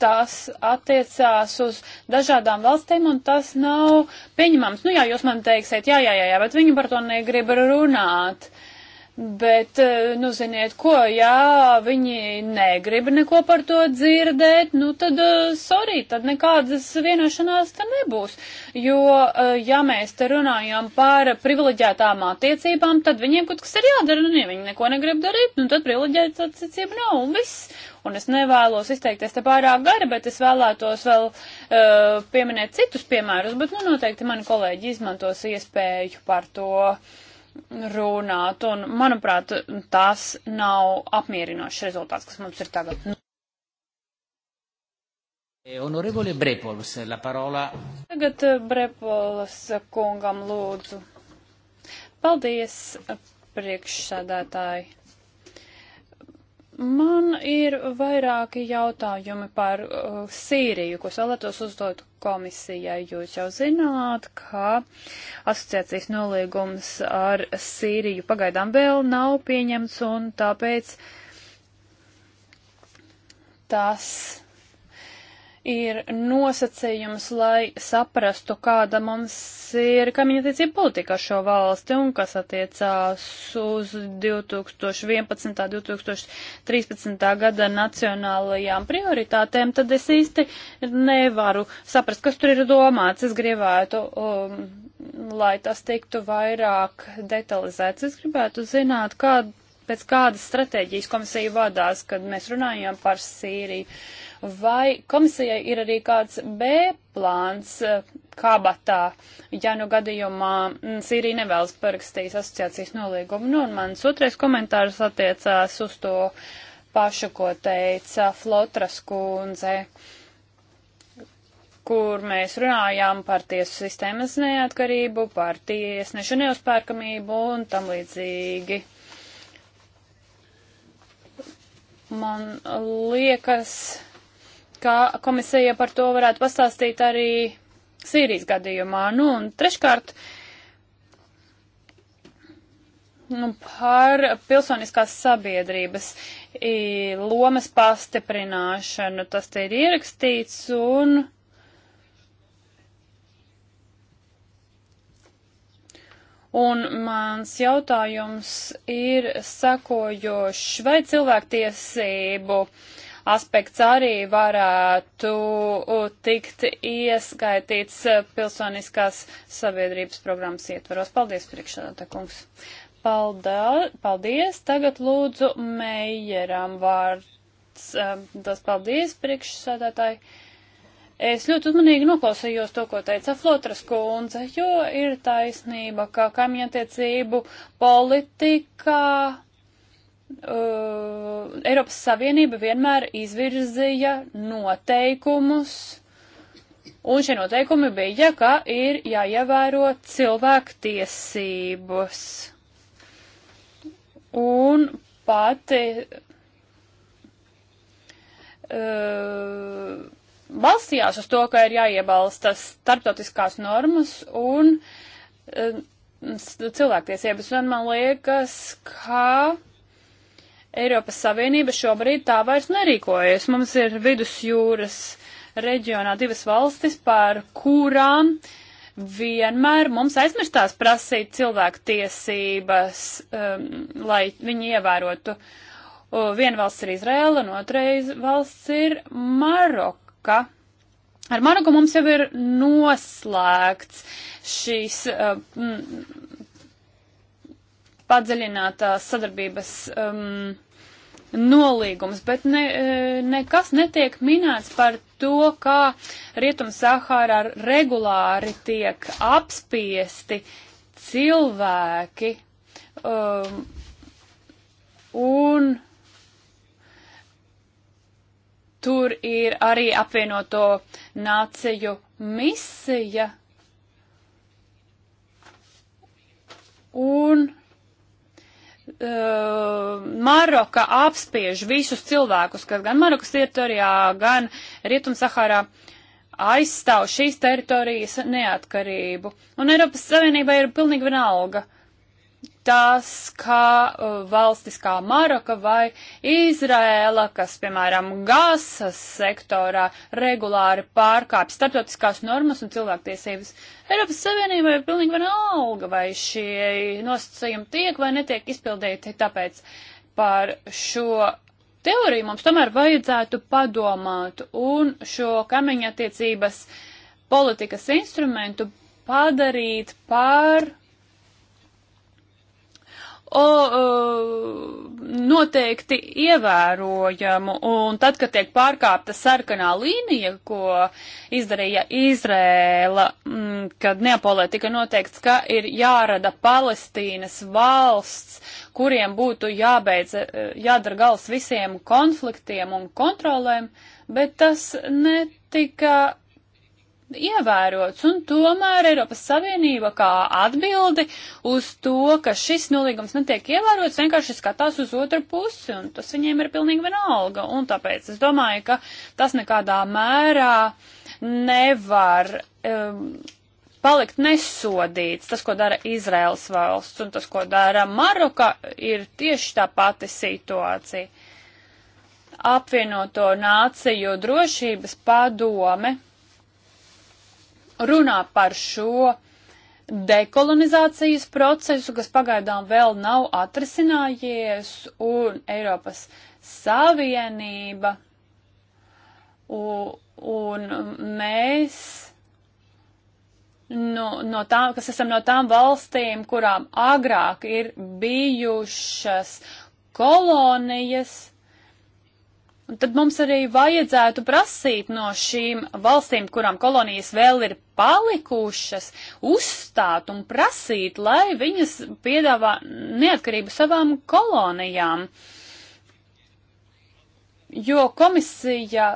tās attiecās uz dažādām valstīm, un tas nav pieņemams. Nu jā, jūs man teiksiet, jā, jā, jā, jā, bet viņi par to negrib runāt. Uh, Bet, eh, nu, ziniet, ko, ja viņi negrib neko par to dzirdēt, nu, tad, eh, sorry, tad nekādas vienošanās te nebūs. Jo, eh, ja mēs te runājam par privileģētām attiecībām, tad viņiem kaut kas ir jādara, un nu, ja viņi neko negrib darīt, nu, tad privileģēta attiecība nav, un viss. Un es nevēlos izteikties te pārāk gari, bet es vēlētos vēl uh, pieminēt citus piemērus, bet, nu, noteikti mani kolēģi izmantos iespēju par to. Uh, runāt, un, manuprāt, tas nav apmierinošs rezultāts, kas mums ir tagad. Nu, Honorevole Brepols, la parola. Tagad eh, Brepols kungam lūdzu. Paldies, eh, priekšsēdētāji. Man ir vairāki jautājumi par uh, Sīriju, ko vēlētos uzdot komisijai. Jūs jau zināt, ka asociācijas nolīgums ar Sīriju pagaidām vēl nav pieņemts un tāpēc tas ir nosacījums, lai saprastu, kāda mums ir kaimiņatiecība politika ar šo valsti un kas attiecās uz 2011. 2013. gada nacionālajām prioritātēm, tad es īsti nevaru saprast, kas tur ir domāts. Es gribētu, um, lai tas tiktu vairāk detalizēts. Es gribētu zināt, kāda pēc kādas stratēģijas komisija vadās, kad mēs runājām par Sīriju. Vai komisijai ir arī kāds B plāns e, kabatā, ja nu gadījumā mm, Sīrija nevēlas parakstīt asociācijas nolīgumu? Nu, un mans otrais komentārs attiecās uz to pašu, ko teica Flotras kundze kur mēs runājām par tiesu sistēmas neatkarību, par tiesnešu neuzpērkamību un tam līdzīgi. Man liekas, ka komisija par to varētu pastāstīt arī Sīrijas gadījumā. Nu, un treškārt, nu, par pilsoniskās sabiedrības i, lomas pastiprināšanu. Tas te ir ierakstīts un. Un mans jautājums ir sekojošs, vai cilvēktiesību aspekts arī varētu tikt ieskaitīts pilsoniskās sabiedrības programmas ietvaros. Paldies, priekšsēdētā kungs. Paldā, paldies. Tagad lūdzu Meijeram vārds. Tas paldies, priekšsēdētāji. Es ļoti uzmanīgi noklausījos to, ko teica Flotras kundze, jo ir taisnība, ka kaimiņattiecību politikā uh, Eiropas Savienība vienmēr izvirzīja noteikumus, un šie noteikumi bija, ka ir jāievēro cilvēku tiesības. Un pati uh, balstījās uz to, ka ir jāiebalstas starptautiskās normas un uh, cilvēktiesības. Un man liekas, ka Eiropas Savienība šobrīd tā vairs nerīkojas. Mums ir vidusjūras reģionā divas valstis, par kurām vienmēr mums aizmirstās prasīt cilvēku tiesības, um, lai viņi ievērotu. Viena valsts ir Izraela, un otrais valsts ir Maroka. Ar Maroku mums jau ir noslēgts šīs uh, um, padziļinātās uh, sadarbības um, nolīgums, bet ne, eh, nekas netiek minēts par to, kā Rietum-Sahārā regulāri tiek apspiesti cilvēki um, un tur ir arī apvienoto nāciju misija un Eh, Maroka apspiež visus cilvēkus, kas gan Marokas teritorijā, gan Rietumsahārā aizstāv šīs teritorijas neatkarību. Un Eiropas Savienībai ir pilnīgi vienalga, tas, kā uh, valstis kā Maroka vai Izrēla, kas, piemēram, gāzes sektorā regulāri pārkāpj starptautiskās normas un cilvēktiesības, Eiropas Savienībai ir pilnīgi vienalga, vai šie nosacījumi tiek vai netiek izpildīti, tāpēc par šo teoriju mums tomēr vajadzētu padomāt un šo kamiņa attiecības politikas instrumentu padarīt par o, noteikti ievērojamu. Un tad, kad tiek pārkāpta sarkanā līnija, ko izdarīja Izrēla, mm, kad Neapolē tika noteikts, ka ir jārada Palestīnas valsts, kuriem būtu jābeidz, jādara gals visiem konfliktiem un kontrolēm, bet tas netika ievērots, un tomēr Eiropas Savienība kā atbildi uz to, ka šis nolīgums netiek ievērots, vienkārši skatās uz otru pusi, un tas viņiem ir pilnīgi vienalga, un tāpēc es domāju, ka tas nekādā mērā nevar um, palikt nesodīts. Tas, ko dara Izraels valsts, un tas, ko dara Maroka, ir tieši tā pati situācija. Apvienoto nāciju drošības padome runā par šo dekolonizācijas procesu, kas pagaidām vēl nav atrisinājies, un Eiropas Savienība, un, un mēs no, no tām, kas esam no tām valstīm, kurām agrāk ir bijušas kolonijas, tad mums arī vajadzētu prasīt no šīm valstīm, kurām kolonijas vēl ir palikušas, uzstāt un prasīt, lai viņas piedāvā neatkarību savām kolonijām. Jo komisija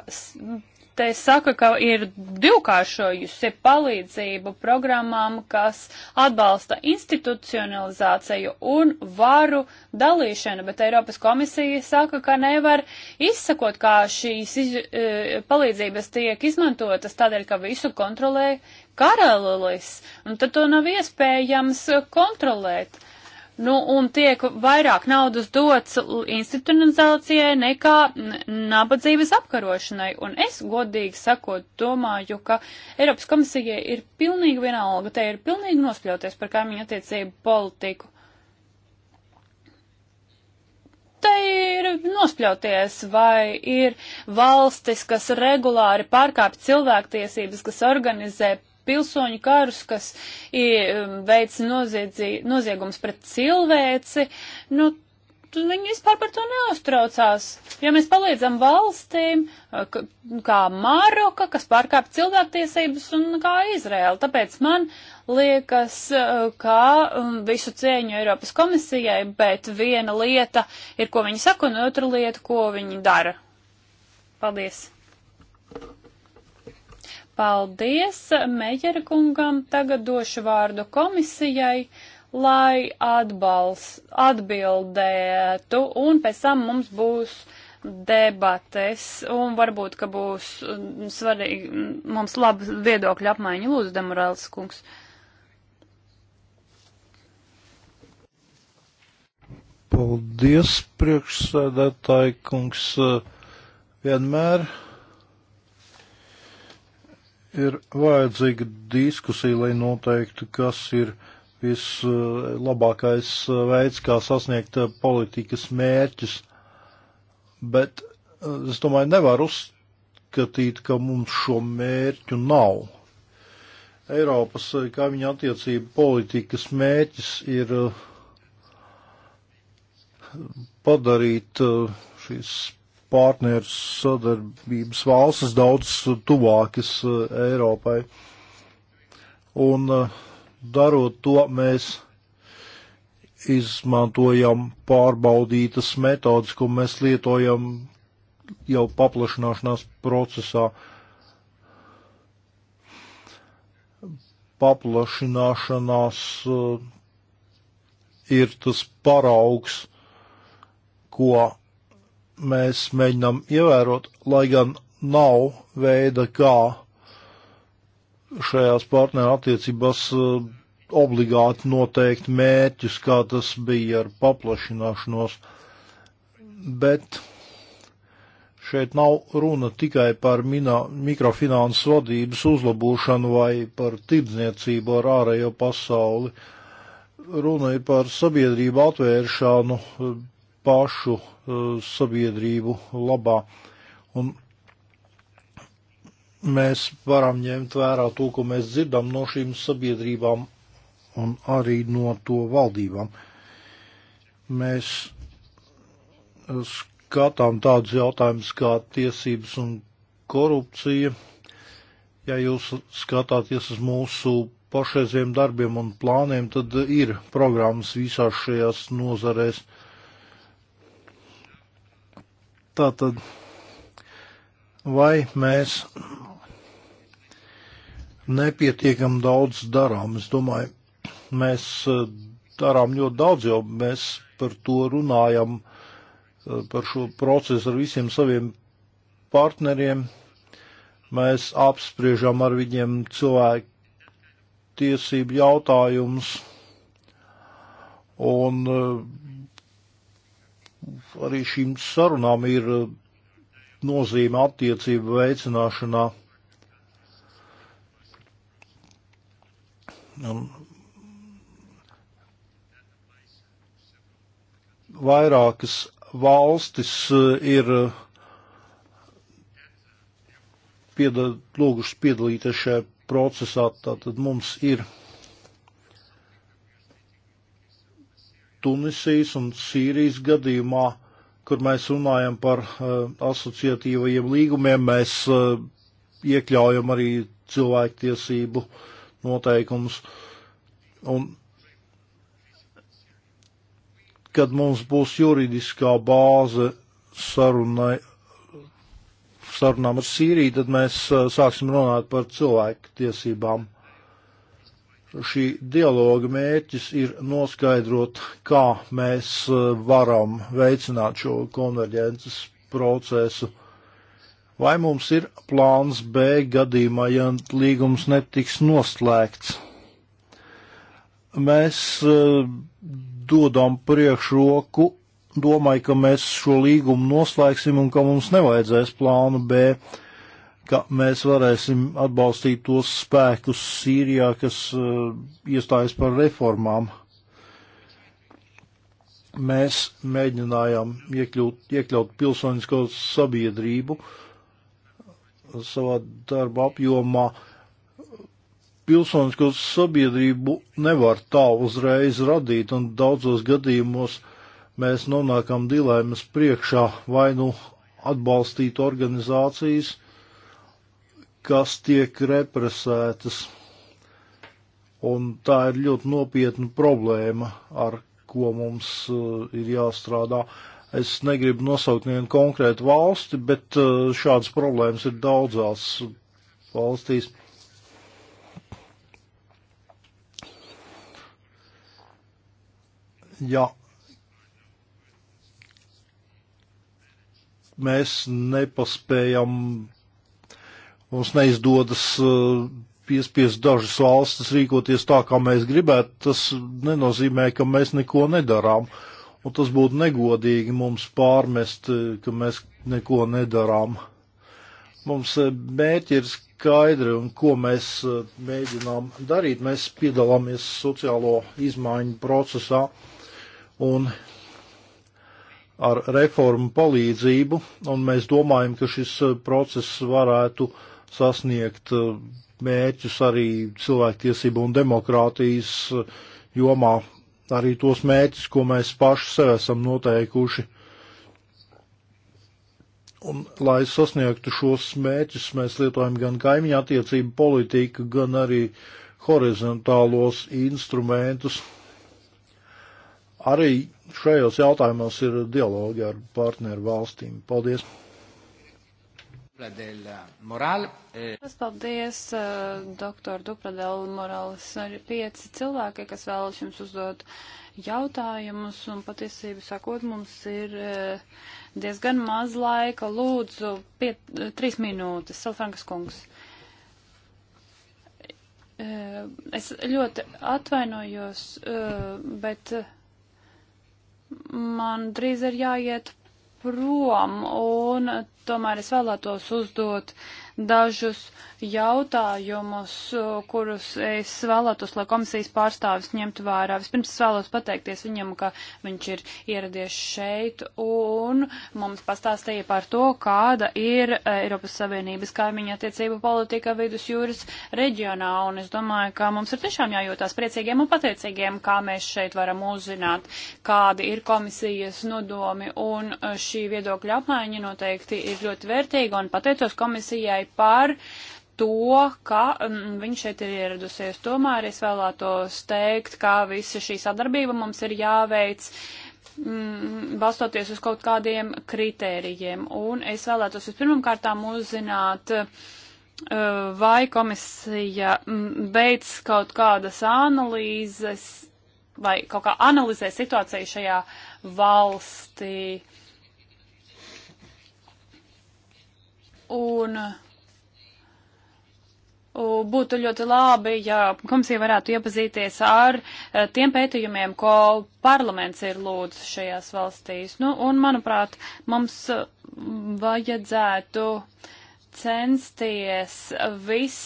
te saka, ka ir divkāršojusi palīdzību programmām, kas atbalsta institucionalizāciju un varu dalīšanu, bet Eiropas komisija saka, ka nevar izsakot, kā šīs iz, e, palīdzības tiek izmantotas tādēļ, ka visu kontrolē karalis, un tad to nav iespējams kontrolēt. Uh, Nu, un tiek vairāk naudas dots institucionalizācijai nekā nabadzības apkarošanai. Un es, godīgi sakot, domāju, ka Eiropas komisijai ir pilnīgi vienalga, te ir pilnīgi nospļauties par kaimiņu attiecību politiku. Te ir nospļauties, vai ir valstis, kas regulāri pārkāpj cilvēktiesības, kas organizē pilsoņu karus, kas um, veic noziegums pret cilvēci, nu, viņi vispār par to neuztraucās. Ja mēs palīdzam valstīm, uh, kā Maroka, kas pārkāp cilvēktiesības un kā Izraela, tāpēc man liekas, uh, ka um, visu cieņu Eiropas komisijai, bet viena lieta ir, ko viņi saka, un otra lieta, ko viņi dara. Paldies! Paldies Meijera kungam. Tagad došu vārdu komisijai, lai atbals, atbildētu, un pēc tam mums būs debates, un varbūt, ka būs mm, svarīgi mm, mums laba viedokļa apmaiņa. Lūdzu, Demorēls kungs. Paldies, priekšsēdētāji kungs. Vienmēr ir vajadzīga diskusija, lai noteiktu, kas ir vislabākais uh, veids, kā sasniegt uh, politikas mērķus. Bet uh, es domāju, nevar uzskatīt, ka mums šo mērķu nav. Eiropas kaimiņa attiecība politikas mērķis ir padarīt šīs partneru sadarbības valstis daudz tuvākas eh, Eiropai. Un eh, darot to, mēs izmantojam pārbaudītas metodas, ko mēs lietojam jau paplašināšanās procesā. Paplašināšanās eh, ir tas paraugs, ko mēs mēģinām ievērot, lai gan nav veida, kā šajās partnerattiecībās eh, obligāti noteikt mērķus, kā tas bija ar paplašināšanos, bet šeit nav runa tikai par minā, mikrofinanses vadības uzlabošanu vai par tirdzniecību ar ārējo pasauli. Runa ir par sabiedrību atvēršanu pašu eh, sabiedrību labā. Un mēs varam ņemt vērā to, ko mēs dzirdam no šīm sabiedrībām un arī no to valdībām. Mēs eh, skatām tādus jautājumus kā tiesības un korupcija. Ja jūs skatāties uz mūsu pašreiziem darbiem un plāniem, tad ir programmas visās šajās nozarēs. Tātad, vai mēs nepietiekam daudz darām? Es domāju, mēs eh, darām ļoti daudz, jo mēs par to runājam, eh, par šo procesu ar visiem saviem partneriem. Mēs apspriežam ar viņiem cilvēku tiesību jautājumus, un eh, arī šīm sarunām ir eh, nozīme attiecību veicināšanā. Un vairākas valstis eh, ir eh, piedal, lūgušas piedalīties šajā procesā, tātad mums ir Tunisijas un Sīrijas gadījumā, kur mēs runājam par eh, asociatīvajiem līgumiem, mēs eh, iekļaujam arī cilvēktiesību noteikumus. Un kad mums būs juridiskā bāze sarunai, sarunām ar Sīriju, tad mēs eh, sāksim runāt par cilvēku tiesībām šī dialoga mērķis ir noskaidrot, kā mēs eh, varam veicināt šo konverģences procesu. Vai mums ir plāns B gadījumā, ja līgums netiks noslēgts? Mēs eh, dodam priekšroku, domāju, ka mēs šo līgumu noslēgsim un ka mums nevajadzēs plānu B. Uh, ka mēs varēsim atbalstīt tos spēkus Sīrijā, kas uh, iestājas par reformām. Mēs mēģinājām iekļūt, iekļaut pilsonisko sabiedrību savā darba apjomā. Pilsonisko sabiedrību nevar tā uzreiz radīt, un daudzos gadījumos mēs nonākam dilēmas priekšā vai nu atbalstīt organizācijas, uh, kas tiek represētas. Un tā ir ļoti nopietna problēma, ar ko mums uh, ir jāstrādā. Es negribu nosaukt vienu konkrētu valsti, bet uh, šādas problēmas ir daudzās valstīs. Ja mēs nepaspējam mums neizdodas eh, piespiest dažas valstis rīkoties tā, kā mēs gribētu, tas nenozīmē, ka mēs neko nedarām. Un tas būtu negodīgi mums pārmest, eh, ka mēs neko nedarām. Mums eh, mērķi ir skaidri un ko mēs mēģinām darīt. Mēs piedalāmies sociālo izmaiņu procesā un ar reformu palīdzību, un mēs domājam, ka šis process varētu uh, sasniegt uh, mērķus arī cilvēktiesību un demokrātijas uh, jomā, arī tos mērķus, ko mēs paši sev esam noteikuši. Un, lai sasniegtu šos mērķus, mēs lietojam gan kaimiņa attiecību politiku, gan arī horizontālos instrumentus. Arī šajos jautājumos ir dialogi ar partneru valstīm. Paldies! Eh, eh, Tas paldies, eh, doktor Dupradel Morales. Ir pieci cilvēki, kas vēlas jums uzdot jautājumus, un patiesību sakot, mums ir diezgan maz laika. Lūdzu, pie, trīs minūtes, Salfrankas kungs. Es ļoti atvainojos, bet man drīz ir jāiet prom, un tomēr es vēlētos uzdot dažus jautājumus, kurus es vēlētos, lai komisijas pārstāvis ņemtu vērā. Vispirms es vēlos pateikties viņam, ka viņš ir ieradies šeit un mums pastāstīja par to, kāda ir eh, Eiropas Savienības kaimiņa attiecība politika vidus jūras reģionā. Un es domāju, ka mums ir tiešām jājūtās priecīgiem un pateicīgiem, kā mēs šeit varam uzzināt, kādi ir komisijas nodomi. Un eh, šī viedokļa apmaiņa noteikti ir ļoti vērtīga un pateicos komisijai par to, ka mm, viņš šeit ir ieradusies. Tomēr es vēlētos teikt, ka visa šī sadarbība mums ir jāveic mm, balstoties uz kaut kādiem kritērijiem. Un es vēlētos vispirmām kārtām uzzināt, eh, vai komisija mm, veic kaut kādas analīzes vai kaut kā analizē situāciju šajā valstī. Un uh, būtu ļoti labi, ja komisija varētu iepazīties ar eh, tiem pētījumiem, ko parlaments ir lūdzis šajās valstīs. Nu, un, manuprāt, mums mm, vajadzētu censties viss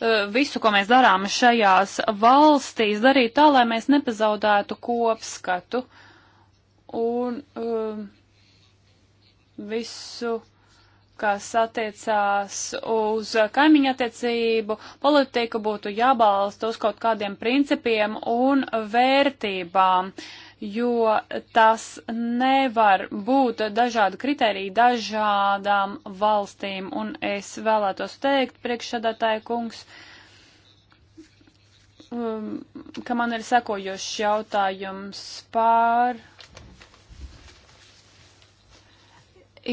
eh, visu, ko mēs darām šajās valstīs, darīt tā, lai mēs nepazaudētu kopskatu un um, visu uh, kas attiecās uz kaimiņu attiecību politiku, būtu jābalsta uz kaut kādiem principiem un vērtībām, jo tas nevar būt dažādu kriteriju dažādām valstīm. Un es vēlētos teikt, priekšsēdētāja kungs, um, ka man ir sekojošs jautājums par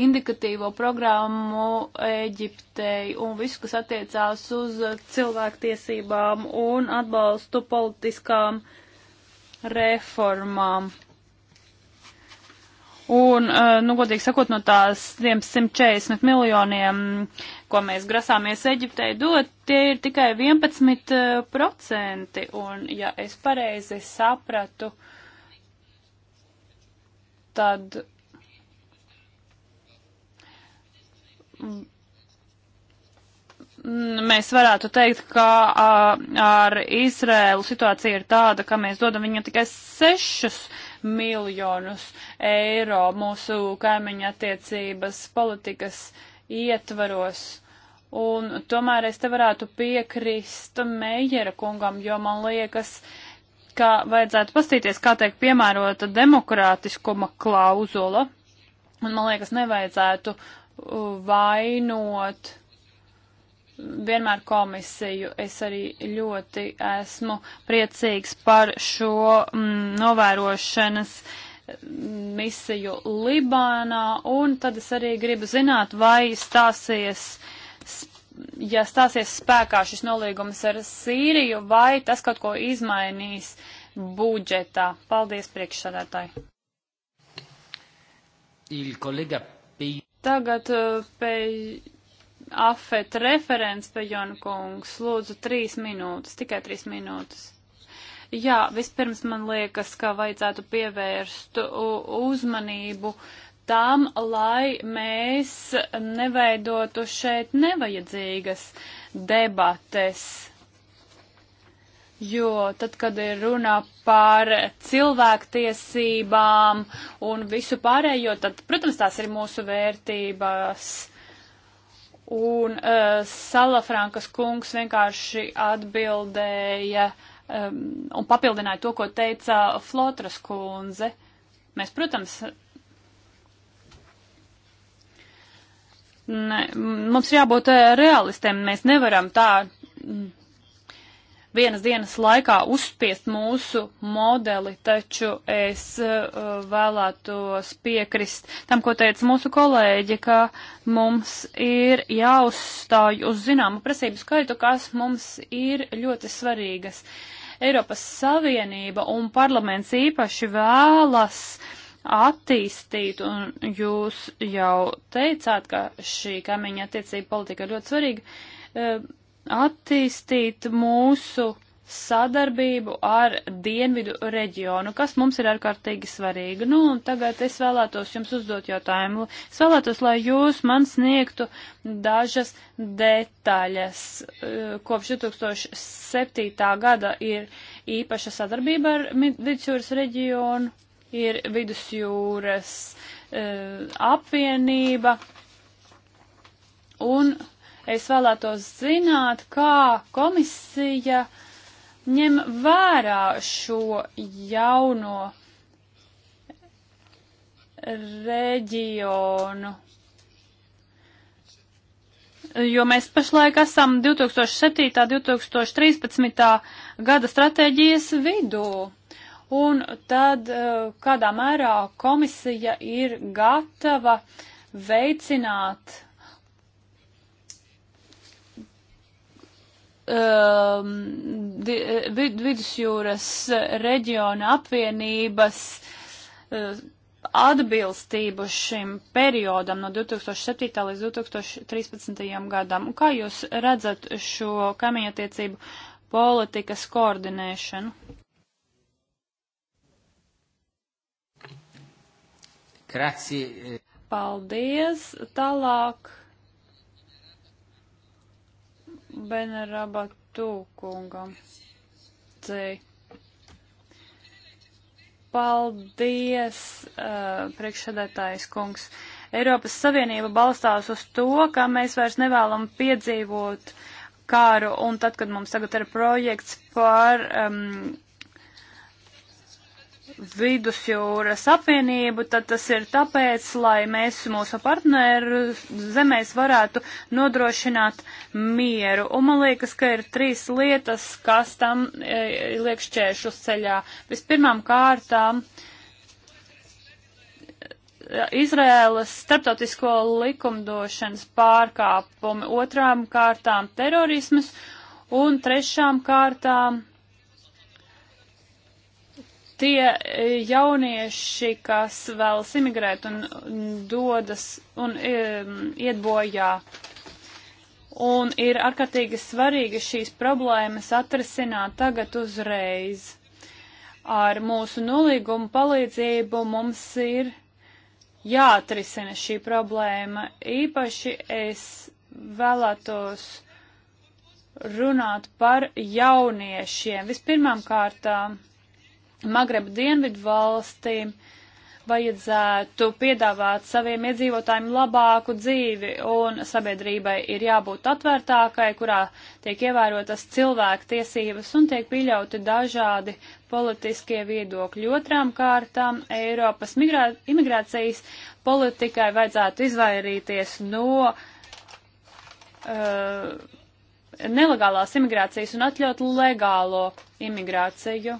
indikatīvo programmu Eģiptei un visu, kas attiecās uz cilvēktiesībām un atbalstu politiskām reformām. Un, eh, nu, godīgi sakot, no tās 140 miljoniem, ko mēs grasāmies Eģiptei dot, tie ir tikai 11%. Eh, un, ja es pareizi sapratu, tad Mm, mēs varētu teikt, ka ar Izrēlu situācija ir tāda, ka mēs dodam viņam tikai 6 miljonus eiro mūsu kaimiņa attiecības politikas ietvaros. Un tomēr es te varētu piekrist Meijera kungam, jo man liekas, ka vajadzētu pastīties, kā teikt, piemērota demokrātiskuma klauzula. Un man liekas, nevajadzētu uh, vainot vienmēr komisiju. Es arī ļoti esmu priecīgs par šo mm, novērošanas mm, misiju Libānā, un tad es arī gribu zināt, vai stāsies ja stāsies spēkā šis nolīgums ar Sīriju, vai tas kaut ko izmainīs budžetā? Paldies priekšsādātāji. Tagad uh, pie afet referents pie Jonkungs. Lūdzu, trīs minūtes, tikai trīs minūtes. Jā, vispirms man liekas, ka vajadzētu pievērst uzmanību tam, lai mēs neveidotu šeit nevajadzīgas debates Jo tad, kad ir runa par cilvēktiesībām un visu pārējo, tad, protams, tās ir mūsu vērtības. Un uh, Salafrankas kungs vienkārši atbildēja um, un papildināja to, ko teica Flotras kundze. Mēs, protams, ne, mums ir jābūt eh, realistiem. Mēs nevaram tā. Mm, vienas dienas laikā uzspiest mūsu modeli, taču es uh, vēlētos piekrist tam, ko teica mūsu kolēģi, ka mums ir jāuzstāj uz zināmu prasību skaitu, kas mums ir ļoti svarīgas. Eiropas Savienība un parlaments īpaši vēlas attīstīt, un jūs jau teicāt, ka šī kaimiņa attiecība politika ir ļoti svarīga. Uh, attīstīt mūsu sadarbību ar dienvidu reģionu, kas mums ir ārkārtīgi svarīgi. Nu, un tagad es vēlētos jums uzdot jautājumu. Es vēlētos, lai jūs man sniegtu dažas detaļas. Kopš 2007. gada ir īpaša sadarbība ar vidusjūras reģionu, ir vidusjūras apvienība un Es vēlētos zināt, kā komisija ņem vērā šo jauno reģionu. Jo mēs pašlaik esam 2007. 2013. gada stratēģijas vidū. Un tad eh, kādā mērā komisija ir gatava veicināt um, di, vid, vidusjūras reģiona apvienības uh, atbilstību šim periodam no 2007. līdz 2013. gadam. Un kā jūs redzat šo kaimiņattiecību politikas koordinēšanu? Grazie. Paldies. Tālāk Beneraba Tūkungam. Cik. Paldies, uh, priekšsēdētājs kungs. Eiropas Savienība balstās uz to, ka mēs vairs nevēlam piedzīvot karu, un tad, kad mums tagad ir projekts par um, vidusjūras apvienību, tad tas ir tāpēc, lai mēs mūsu partneru zemēs varētu nodrošināt mieru. Un man liekas, ka ir trīs lietas, kas tam e, liek šķēršus ceļā. Vispirmām kārtām. E, Izrēlas starptautisko likumdošanas pārkāpumi, otrām kārtām terorismas un trešām kārtām uh, tie eh, jaunieši, kas vēlas imigrēt un, un dodas un iet bojā. Un ir ārkārtīgi svarīgi šīs problēmas atrisināt tagad uzreiz. Ar mūsu nolīgumu palīdzību mums ir jāatrisina šī problēma. Īpaši es vēlētos runāt par jauniešiem. Vispirmām kārtām Magreba dienvidu valstīm vajadzētu piedāvāt saviem iedzīvotājiem labāku dzīvi, un sabiedrībai ir jābūt atvērtākai, kurā tiek ievērotas cilvēku tiesības un tiek pieļauti dažādi politiskie viedokļi. Otrām kārtām Eiropas migrā, imigrācijas politikai vajadzētu izvairīties no. Uh, nelegālās imigrācijas un atļaut legālo imigrāciju.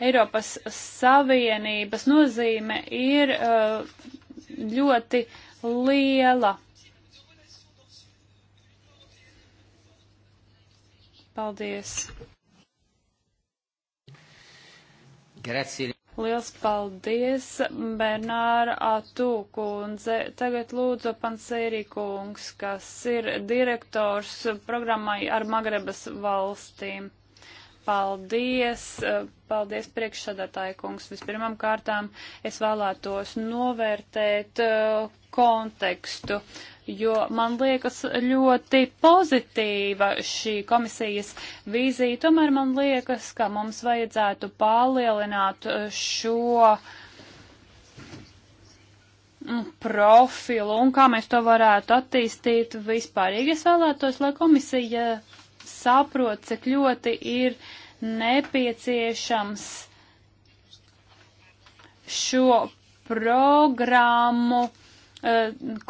Eiropas Savienības nozīme ir uh, ļoti liela. Paldies! Grazie. Liels paldies, Bernāra Atū kundze. Tagad lūdzu Pansērī kungs, kas ir direktors programmai ar Magrebas valstīm. Paldies, eh, paldies priekšsādātāja kungs. Vispirmām kārtām es vēlētos novērtēt eh, kontekstu, jo man liekas ļoti pozitīva šī komisijas vīzija. Tomēr man liekas, ka mums vajadzētu palielināt eh, šo mm, profilu un kā mēs to varētu attīstīt vispārīgi. Es vēlētos, lai komisija saprot, cik ļoti ir uh, nepieciešams šo programmu uh,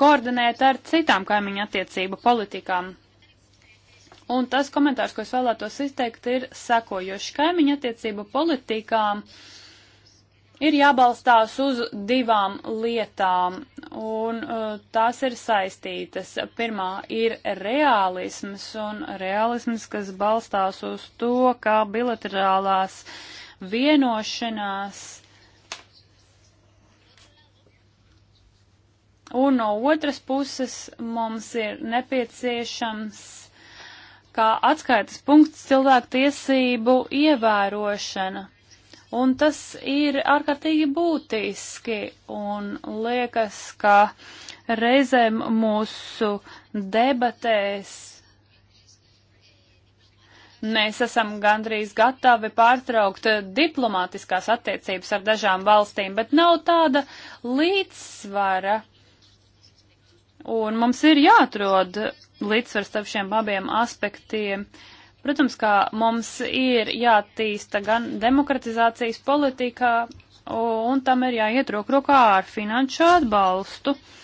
koordinēt ar citām kaimiņu attiecību politikām. Un tas komentārs, ko es vēlētos izteikt, ir sekojoši kaimiņu attiecību politikām. Uh, ir jābalstās uz divām lietām, un uh, tās ir saistītas. Pirmā ir realisms, un realisms, kas balstās uz to, kā bilaterālās vienošanās Un no otras puses mums ir nepieciešams kā atskaites punkts cilvēku tiesību ievērošana. Un tas ir ārkārtīgi būtiski un liekas, ka reizēm mūsu debatēs mēs esam gandrīz gatavi pārtraukt diplomātiskās attiecības ar dažām valstīm, bet nav tāda līdzsvara. Un mums ir jāatrod līdzsvars starp šiem abiem aspektiem. Uh, Protams, ka mums ir jātīsta gan demokratizācijas politikā, un tam ir jāiet roku rokā ar finanšu atbalstu. Uh,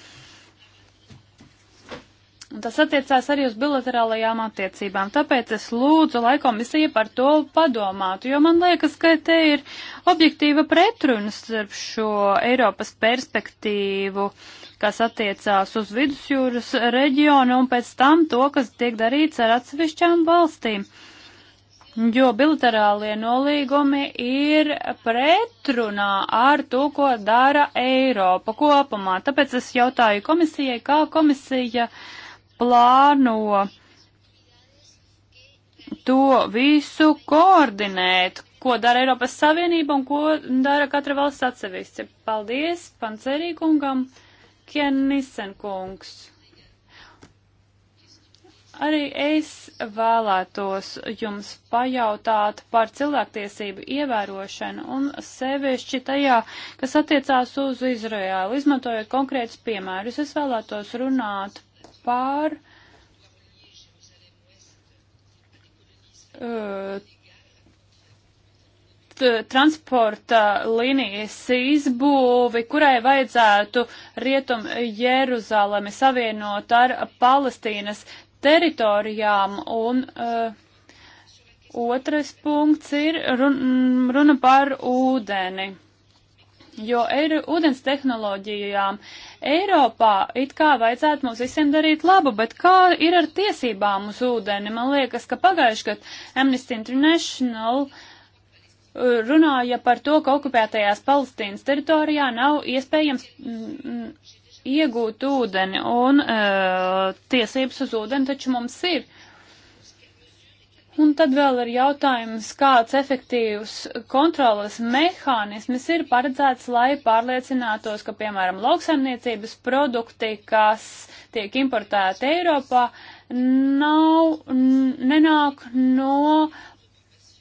Un tas attiecās arī uz bilaterālajām attiecībām. Tāpēc es lūdzu, lai komisija par to padomātu, jo man liekas, ka te ir objektīva pretruna starp šo Eiropas perspektīvu, kas attiecās uz vidusjūras reģionu un pēc tam to, kas tiek darīts ar atsevišķām valstīm. Jo bilaterālie nolīgumi ir pretrunā ar to, ko dara Eiropa kopumā. Tāpēc es jautāju komisijai, kā komisija uh, plāno to visu koordinēt, ko dara Eiropas Savienība un ko dara katra valsts atsevišķi. Paldies Pancerī kungam, Kienisen kungs. Arī es vēlētos jums pajautāt par cilvēktiesību ievērošanu un sevišķi tajā, kas attiecās uz Izraēlu, izmantojot konkrētus piemērus. Es vēlētos runāt par uh, transporta līnijas izbūvi, kurai vajadzētu Rietum Jeruzalemi savienot ar Palestīnas teritorijām. Un uh, otrais punkts ir runa par ūdeni jo eiro, ūdens tehnoloģijām Eiropā it kā vajadzētu mums visiem darīt labu, bet kā ir ar tiesībām uz ūdeni? Man liekas, ka pagājuši, kad Amnesty International uh, runāja par to, ka okupētajās Palestīnas teritorijā nav iespējams mm, mm, iegūt ūdeni, un uh, tiesības uz ūdeni taču mums ir. Un tad vēl ir jautājums, kāds efektīvs kontrolas mehānisms ir paredzēts, lai pārliecinātos, ka, piemēram, lauksaimniecības produkti, kas tiek importēti Eiropā, nav, nenāk no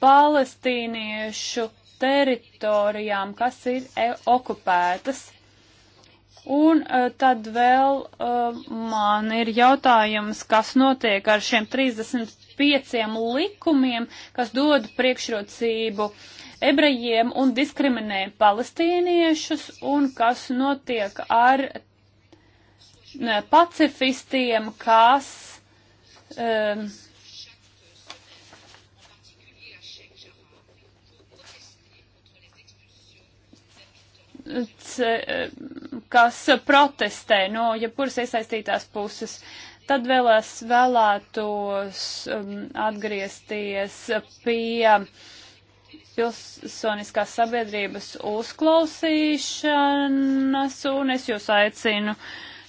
palestīniešu teritorijām, kas ir e okupētas. Un uh, tad vēl uh, man ir jautājums, kas notiek ar šiem 35 likumiem, kas dod priekšrocību ebrejiem un diskriminē palestīniešus, un kas notiek ar ne, pacifistiem, kas. Uh, kas protestē no jebkuras ja iesaistītās puses. Tad vēl es vēlētos um, atgriezties pie pilsoniskās sabiedrības uzklausīšanas, un es jūs aicinu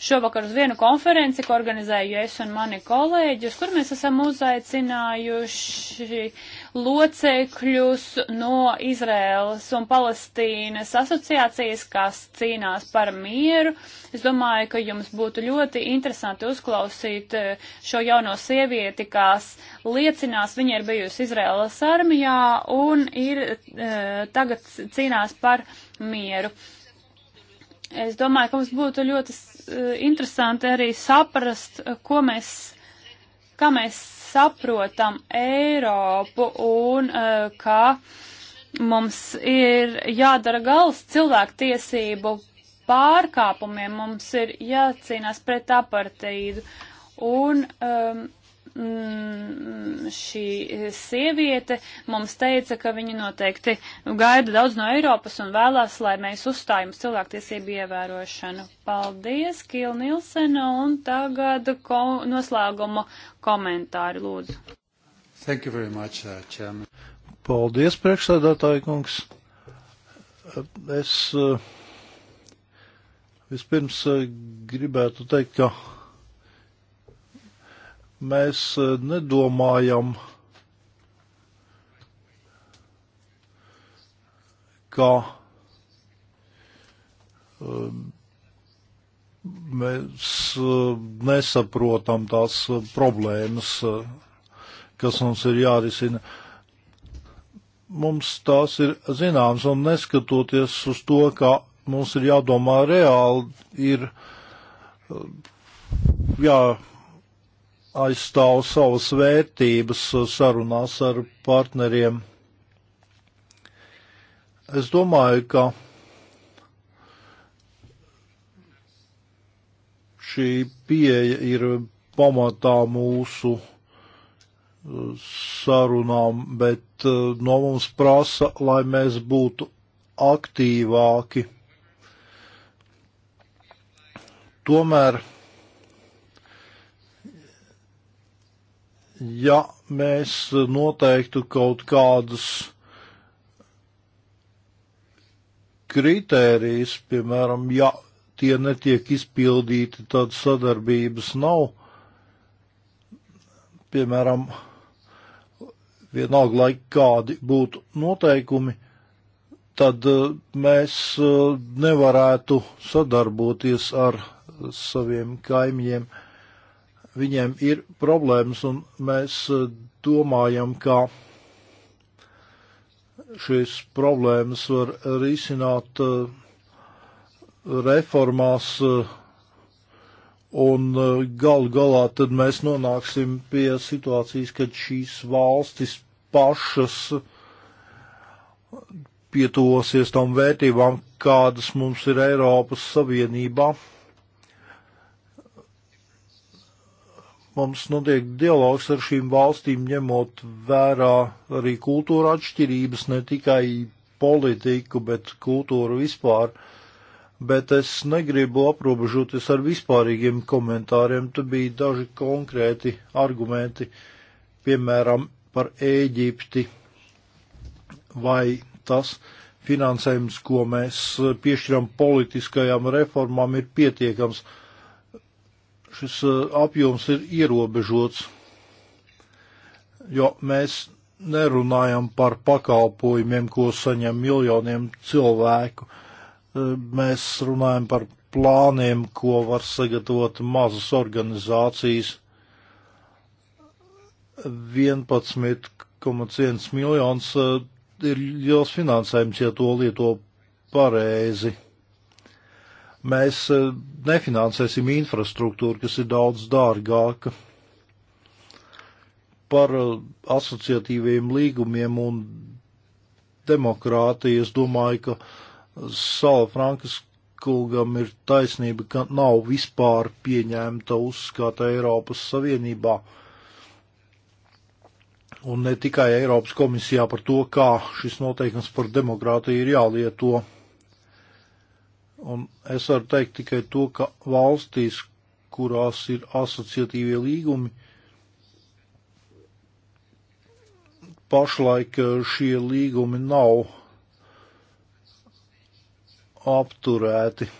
šovakar uz vienu konferenci, ko organizēju es un mani kolēģi, uz kur mēs esam uzaicinājuši uh, locekļus no Izraēlas un Palestīnas asociācijas, kas cīnās par mieru. Es domāju, ka jums būtu ļoti interesanti uzklausīt eh, šo jauno sievieti, kas liecinās, viņa ir bijusi Izraēlas armijā un ir e, tagad cīnās par mieru. Es domāju, ka mums būtu ļoti eh, interesanti arī saprast, ko mēs, kā mēs saprotam Eiropu un uh, ka mums ir jādara gals cilvēktiesību pārkāpumiem, mums ir jācīnās pret apartīdu. Un um, Mm, mm, šī sieviete mums teica, ka viņi noteikti gaida daudz no Eiropas un vēlās, lai mēs uzstājam cilvēktiesību ievērošanu. Paldies, Kīla Nilsena, un tagad ko, noslēguma komentāri lūdzu. Thank you very much, uh, Chairman. Paldies, priekšsēdētāji kungs. Es uh, vispirms uh, gribētu teikt, ka mēs e, nedomājam, ka e, mēs e, nesaprotam tās problēmas, kas mums ir jārisina. Mums tās ir zināmas, un neskatoties uz to, ka mums ir jādomā reāli, ir jā, aizstāv savas vērtības sarunās ar partneriem. Es domāju, ka šī pieeja ir pamatā mūsu uh, sarunām, bet uh, no mums prasa, lai mēs būtu aktīvāki. Tomēr ja mēs noteiktu kaut kādus kritērijus, piemēram, ja tie netiek izpildīti, tad sadarbības nav. Piemēram, vienalga, lai kādi būtu noteikumi, tad eh, mēs eh, nevarētu sadarboties ar saviem kaimiņiem. Uh, viņiem ir problēmas, un mēs eh, domājam, ka šīs problēmas var risināt eh, reformās, eh, un gal galā tad mēs nonāksim pie situācijas, kad šīs valstis pašas pietuvosies tam vērtībām, kādas mums ir Eiropas Savienībā. mums notiek dialogs ar šīm valstīm, ņemot vērā arī kultūra atšķirības, ne tikai politiku, bet kultūru vispār. Bet es negribu aprobežoties ar vispārīgiem komentāriem, te bija daži konkrēti argumenti, piemēram, par Ēģipti vai tas finansējums, ko mēs piešķiram politiskajām reformām, ir pietiekams. Uh, šis uh, apjoms ir ierobežots, jo mēs nerunājam par pakalpojumiem, ko saņem miljoniem cilvēku. Uh, mēs runājam par plāniem, ko var sagatavot mazas organizācijas. 11,1 miljons uh, ir liels finansējums, ja to lieto pareizi mēs eh, nefinansēsim infrastruktūru, kas ir daudz dārgāka. Par eh, asociatīviem līgumiem un demokrātiju es domāju, ka Sala Frankas kungam ir taisnība, ka nav vispār pieņemta uzskata Eiropas Savienībā un ne tikai Eiropas komisijā par to, kā šis noteikums par demokrātiju ir jālieto. Un es varu teikt tikai to, ka valstīs, kurās ir asociatīvie līgumi, pašlaik eh, šie līgumi nav apturēti.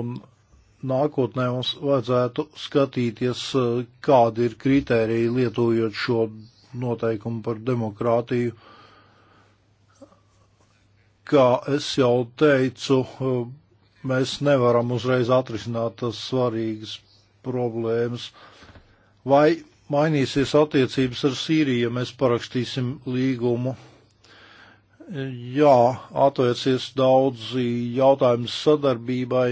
Un nākotnē mums vajadzētu skatīties, eh, kādi ir kritēriji lietojot šo noteikumu par demokrātiju. Uh, kā es jau teicu, mēs nevaram uzreiz atrisināt tas svarīgas problēmas. Vai mainīsies attiecības ar Sīriju, ja mēs parakstīsim līgumu? Jā, atvērsies daudzi jautājumi sadarbībai,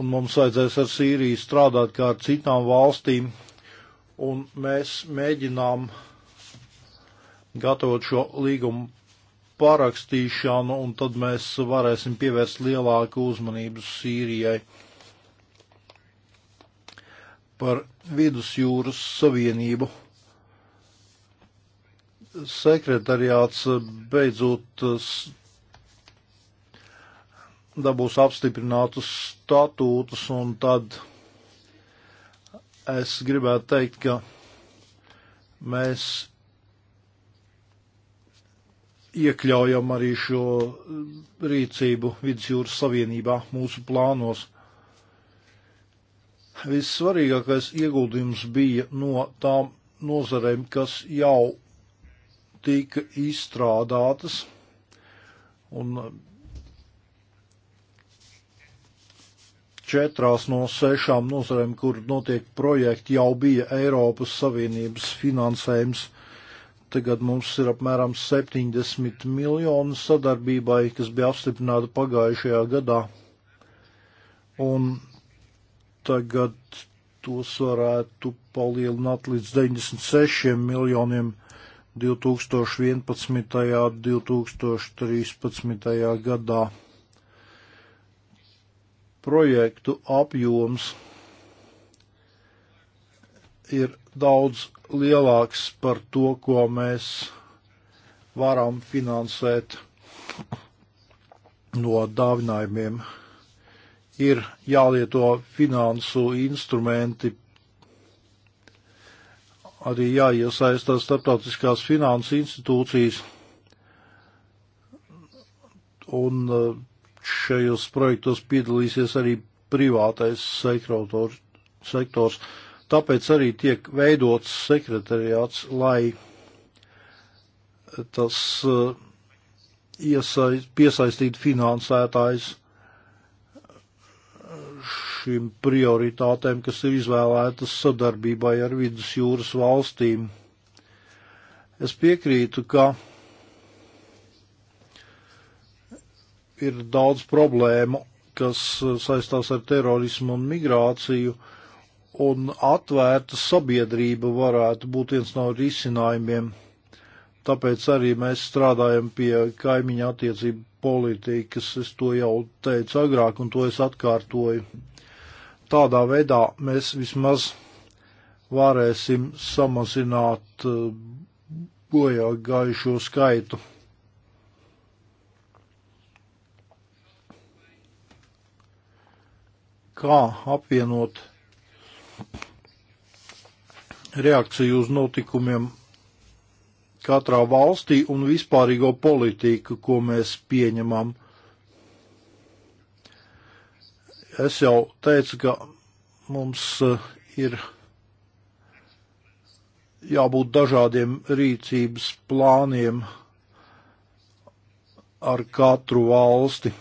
un mums vajadzēs ar Sīriju strādāt kā ar citām valstīm, un mēs mēģinām gatavot šo līgumu parakstīšanu, un tad mēs varēsim pievērst lielāku uzmanību Sīrijai. Par vidusjūras savienību sekretariāts beidzot dabūs apstiprinātus statūtus, un tad es gribētu teikt, ka mēs iekļaujam arī šo rīcību Vidusjūras Savienībā mūsu plānos. Vissvarīgākais ieguldījums bija no tām nozarēm, kas jau tika izstrādātas, un četrās no sešām nozarēm, kur notiek projekti, jau bija Eiropas Savienības finansējums. Tagad mums ir apmēram 70 miljoni sadarbībai, kas bija apstiprināta pagājušajā gadā. Un tagad tos varētu palielināt līdz 96 miljoniem 2011. un 2013. gadā. Projektu apjoms ir daudz lielāks par to, ko mēs varam finansēt no dāvinājumiem. Ir jālieto finansu instrumenti, arī jāiesaistās starptautiskās finansu institūcijas. Un eh, šajos projektos piedalīsies arī privātais sektors. sektors Tāpēc arī tiek veidots sekretariāts, lai tas eh, iesaist, piesaistītu finansētājs šīm prioritātēm, kas ir izvēlētas sadarbībai ar vidus jūras valstīm. Es piekrītu, ka ir daudz problēmu, kas saistās ar terorismu un migrāciju, uh, un atvērta sabiedrība varētu būt viens no risinājumiem. Tāpēc arī mēs strādājam pie kaimiņa attiecību politikas. Es to jau teicu agrāk, un to es atkārtoju. Tādā veidā mēs vismaz varēsim samazināt bojā eh, gājušo skaitu. Kā apvienot reakciju uz notikumiem katrā valstī un vispārīgo politiku, ko mēs pieņemam. Es jau teicu, ka mums eh, ir jābūt dažādiem rīcības plāniem ar katru valsti.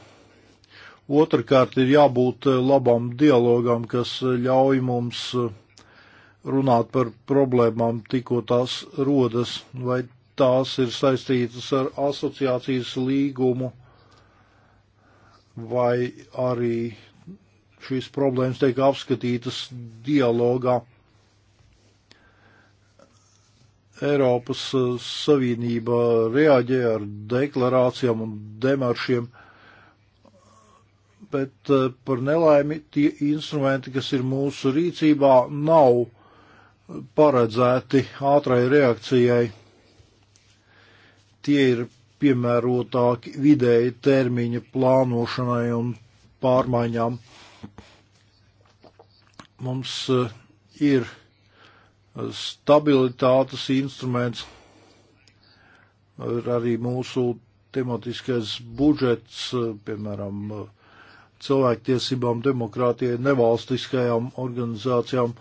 Otrakārt ir jābūt eh, labam dialogam, kas eh, ļauj mums eh, runāt par problēmām, tikko tās rodas, vai tās ir saistītas ar asociācijas līgumu, vai arī šīs problēmas tiek apskatītas dialogā. Eiropas Savienība reaģē ar deklarācijām un demaršiem bet eh, par nelaimi tie instrumenti, kas ir mūsu rīcībā, nav paredzēti ātrai reakcijai. Tie ir piemērotāki vidēji termiņa plānošanai un pārmaiņām. Mums eh, ir eh, stabilitātes instruments, ir arī mūsu tematiskais budžets, piemēram, cilvēktiesībām, demokrātijai, nevalstiskajām organizācijām.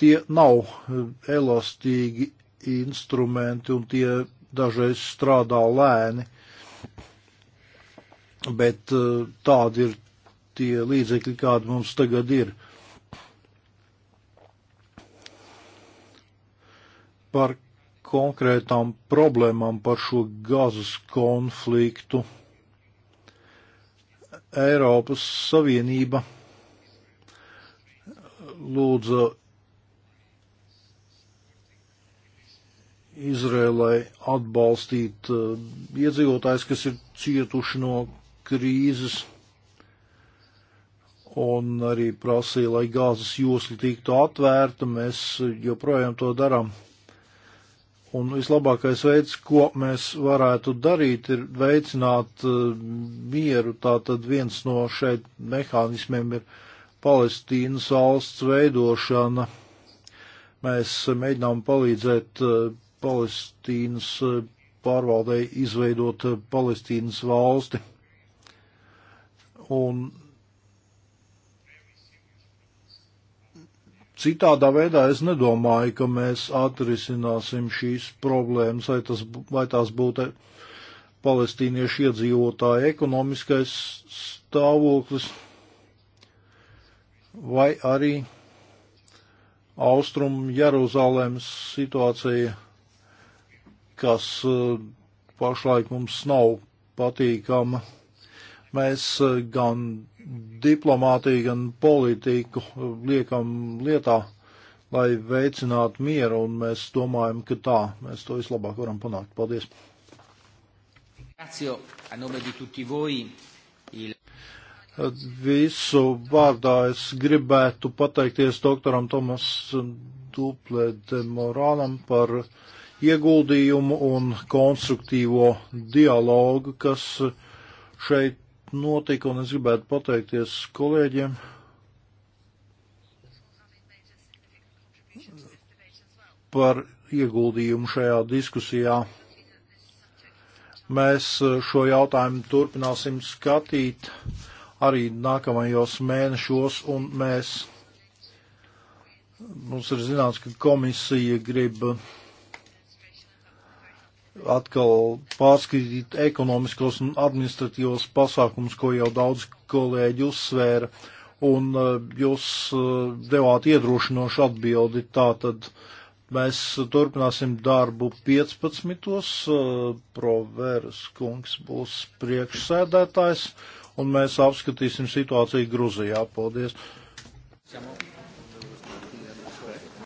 Tie nav eh, elastīgi instrumenti un tie dažreiz strādā lēni, bet eh, tādi ir tie līdzekļi, kādi mums tagad ir. Par konkrētām problēmām par šo gazas konfliktu. Eiropas Savienība lūdza Izrēlai atbalstīt uh, iedzīvotājs, kas ir cietuši no krīzes, un arī prasīja, lai gāzes josla tiktu atvērta. Mēs joprojām to darām. Un vislabākais veids, ko mēs varētu darīt, ir veicināt uh, mieru. Tātad viens no šeit mehānismiem ir Palestīnas valsts veidošana. Mēs mēģinām palīdzēt uh, Palestīnas uh, pārvaldei izveidot Palestīnas valsti. Un Citādā veidā es nedomāju, ka mēs atrisināsim šīs problēmas, vai, tas, vai tās būtu palestīniešu iedzīvotāju ekonomiskais stāvoklis, vai arī austrumu Jeruzalemes situācija, kas eh, pašlaik mums nav patīkama. Mēs e, gan diplomātiju, gan politiku e, liekam lietā, lai veicinātu mieru, un mēs domājam, ka tā mēs to vislabāk varam panākt. Paldies! E, visu vārdā es gribētu pateikties doktoram Tomas Duplē de Morānam par ieguldījumu un konstruktīvo dialogu, kas šeit notika, un es gribētu pateikties kolēģiem. par ieguldījumu šajā diskusijā. Mēs šo jautājumu turpināsim skatīt arī nākamajos mēnešos, un mēs, mums ir zināms, ka komisija grib uh, atkal pārskatīt ekonomiskos un administratīvos pasākums, ko jau daudz kolēģi uzsvēra, un e, jūs e, devāt iedrošinošu atbildi. Tātad mēs turpināsim darbu 15. E, Proveras kungs būs priekšsēdētājs, un mēs apskatīsim situāciju Gruzijā. Paldies! Siamo.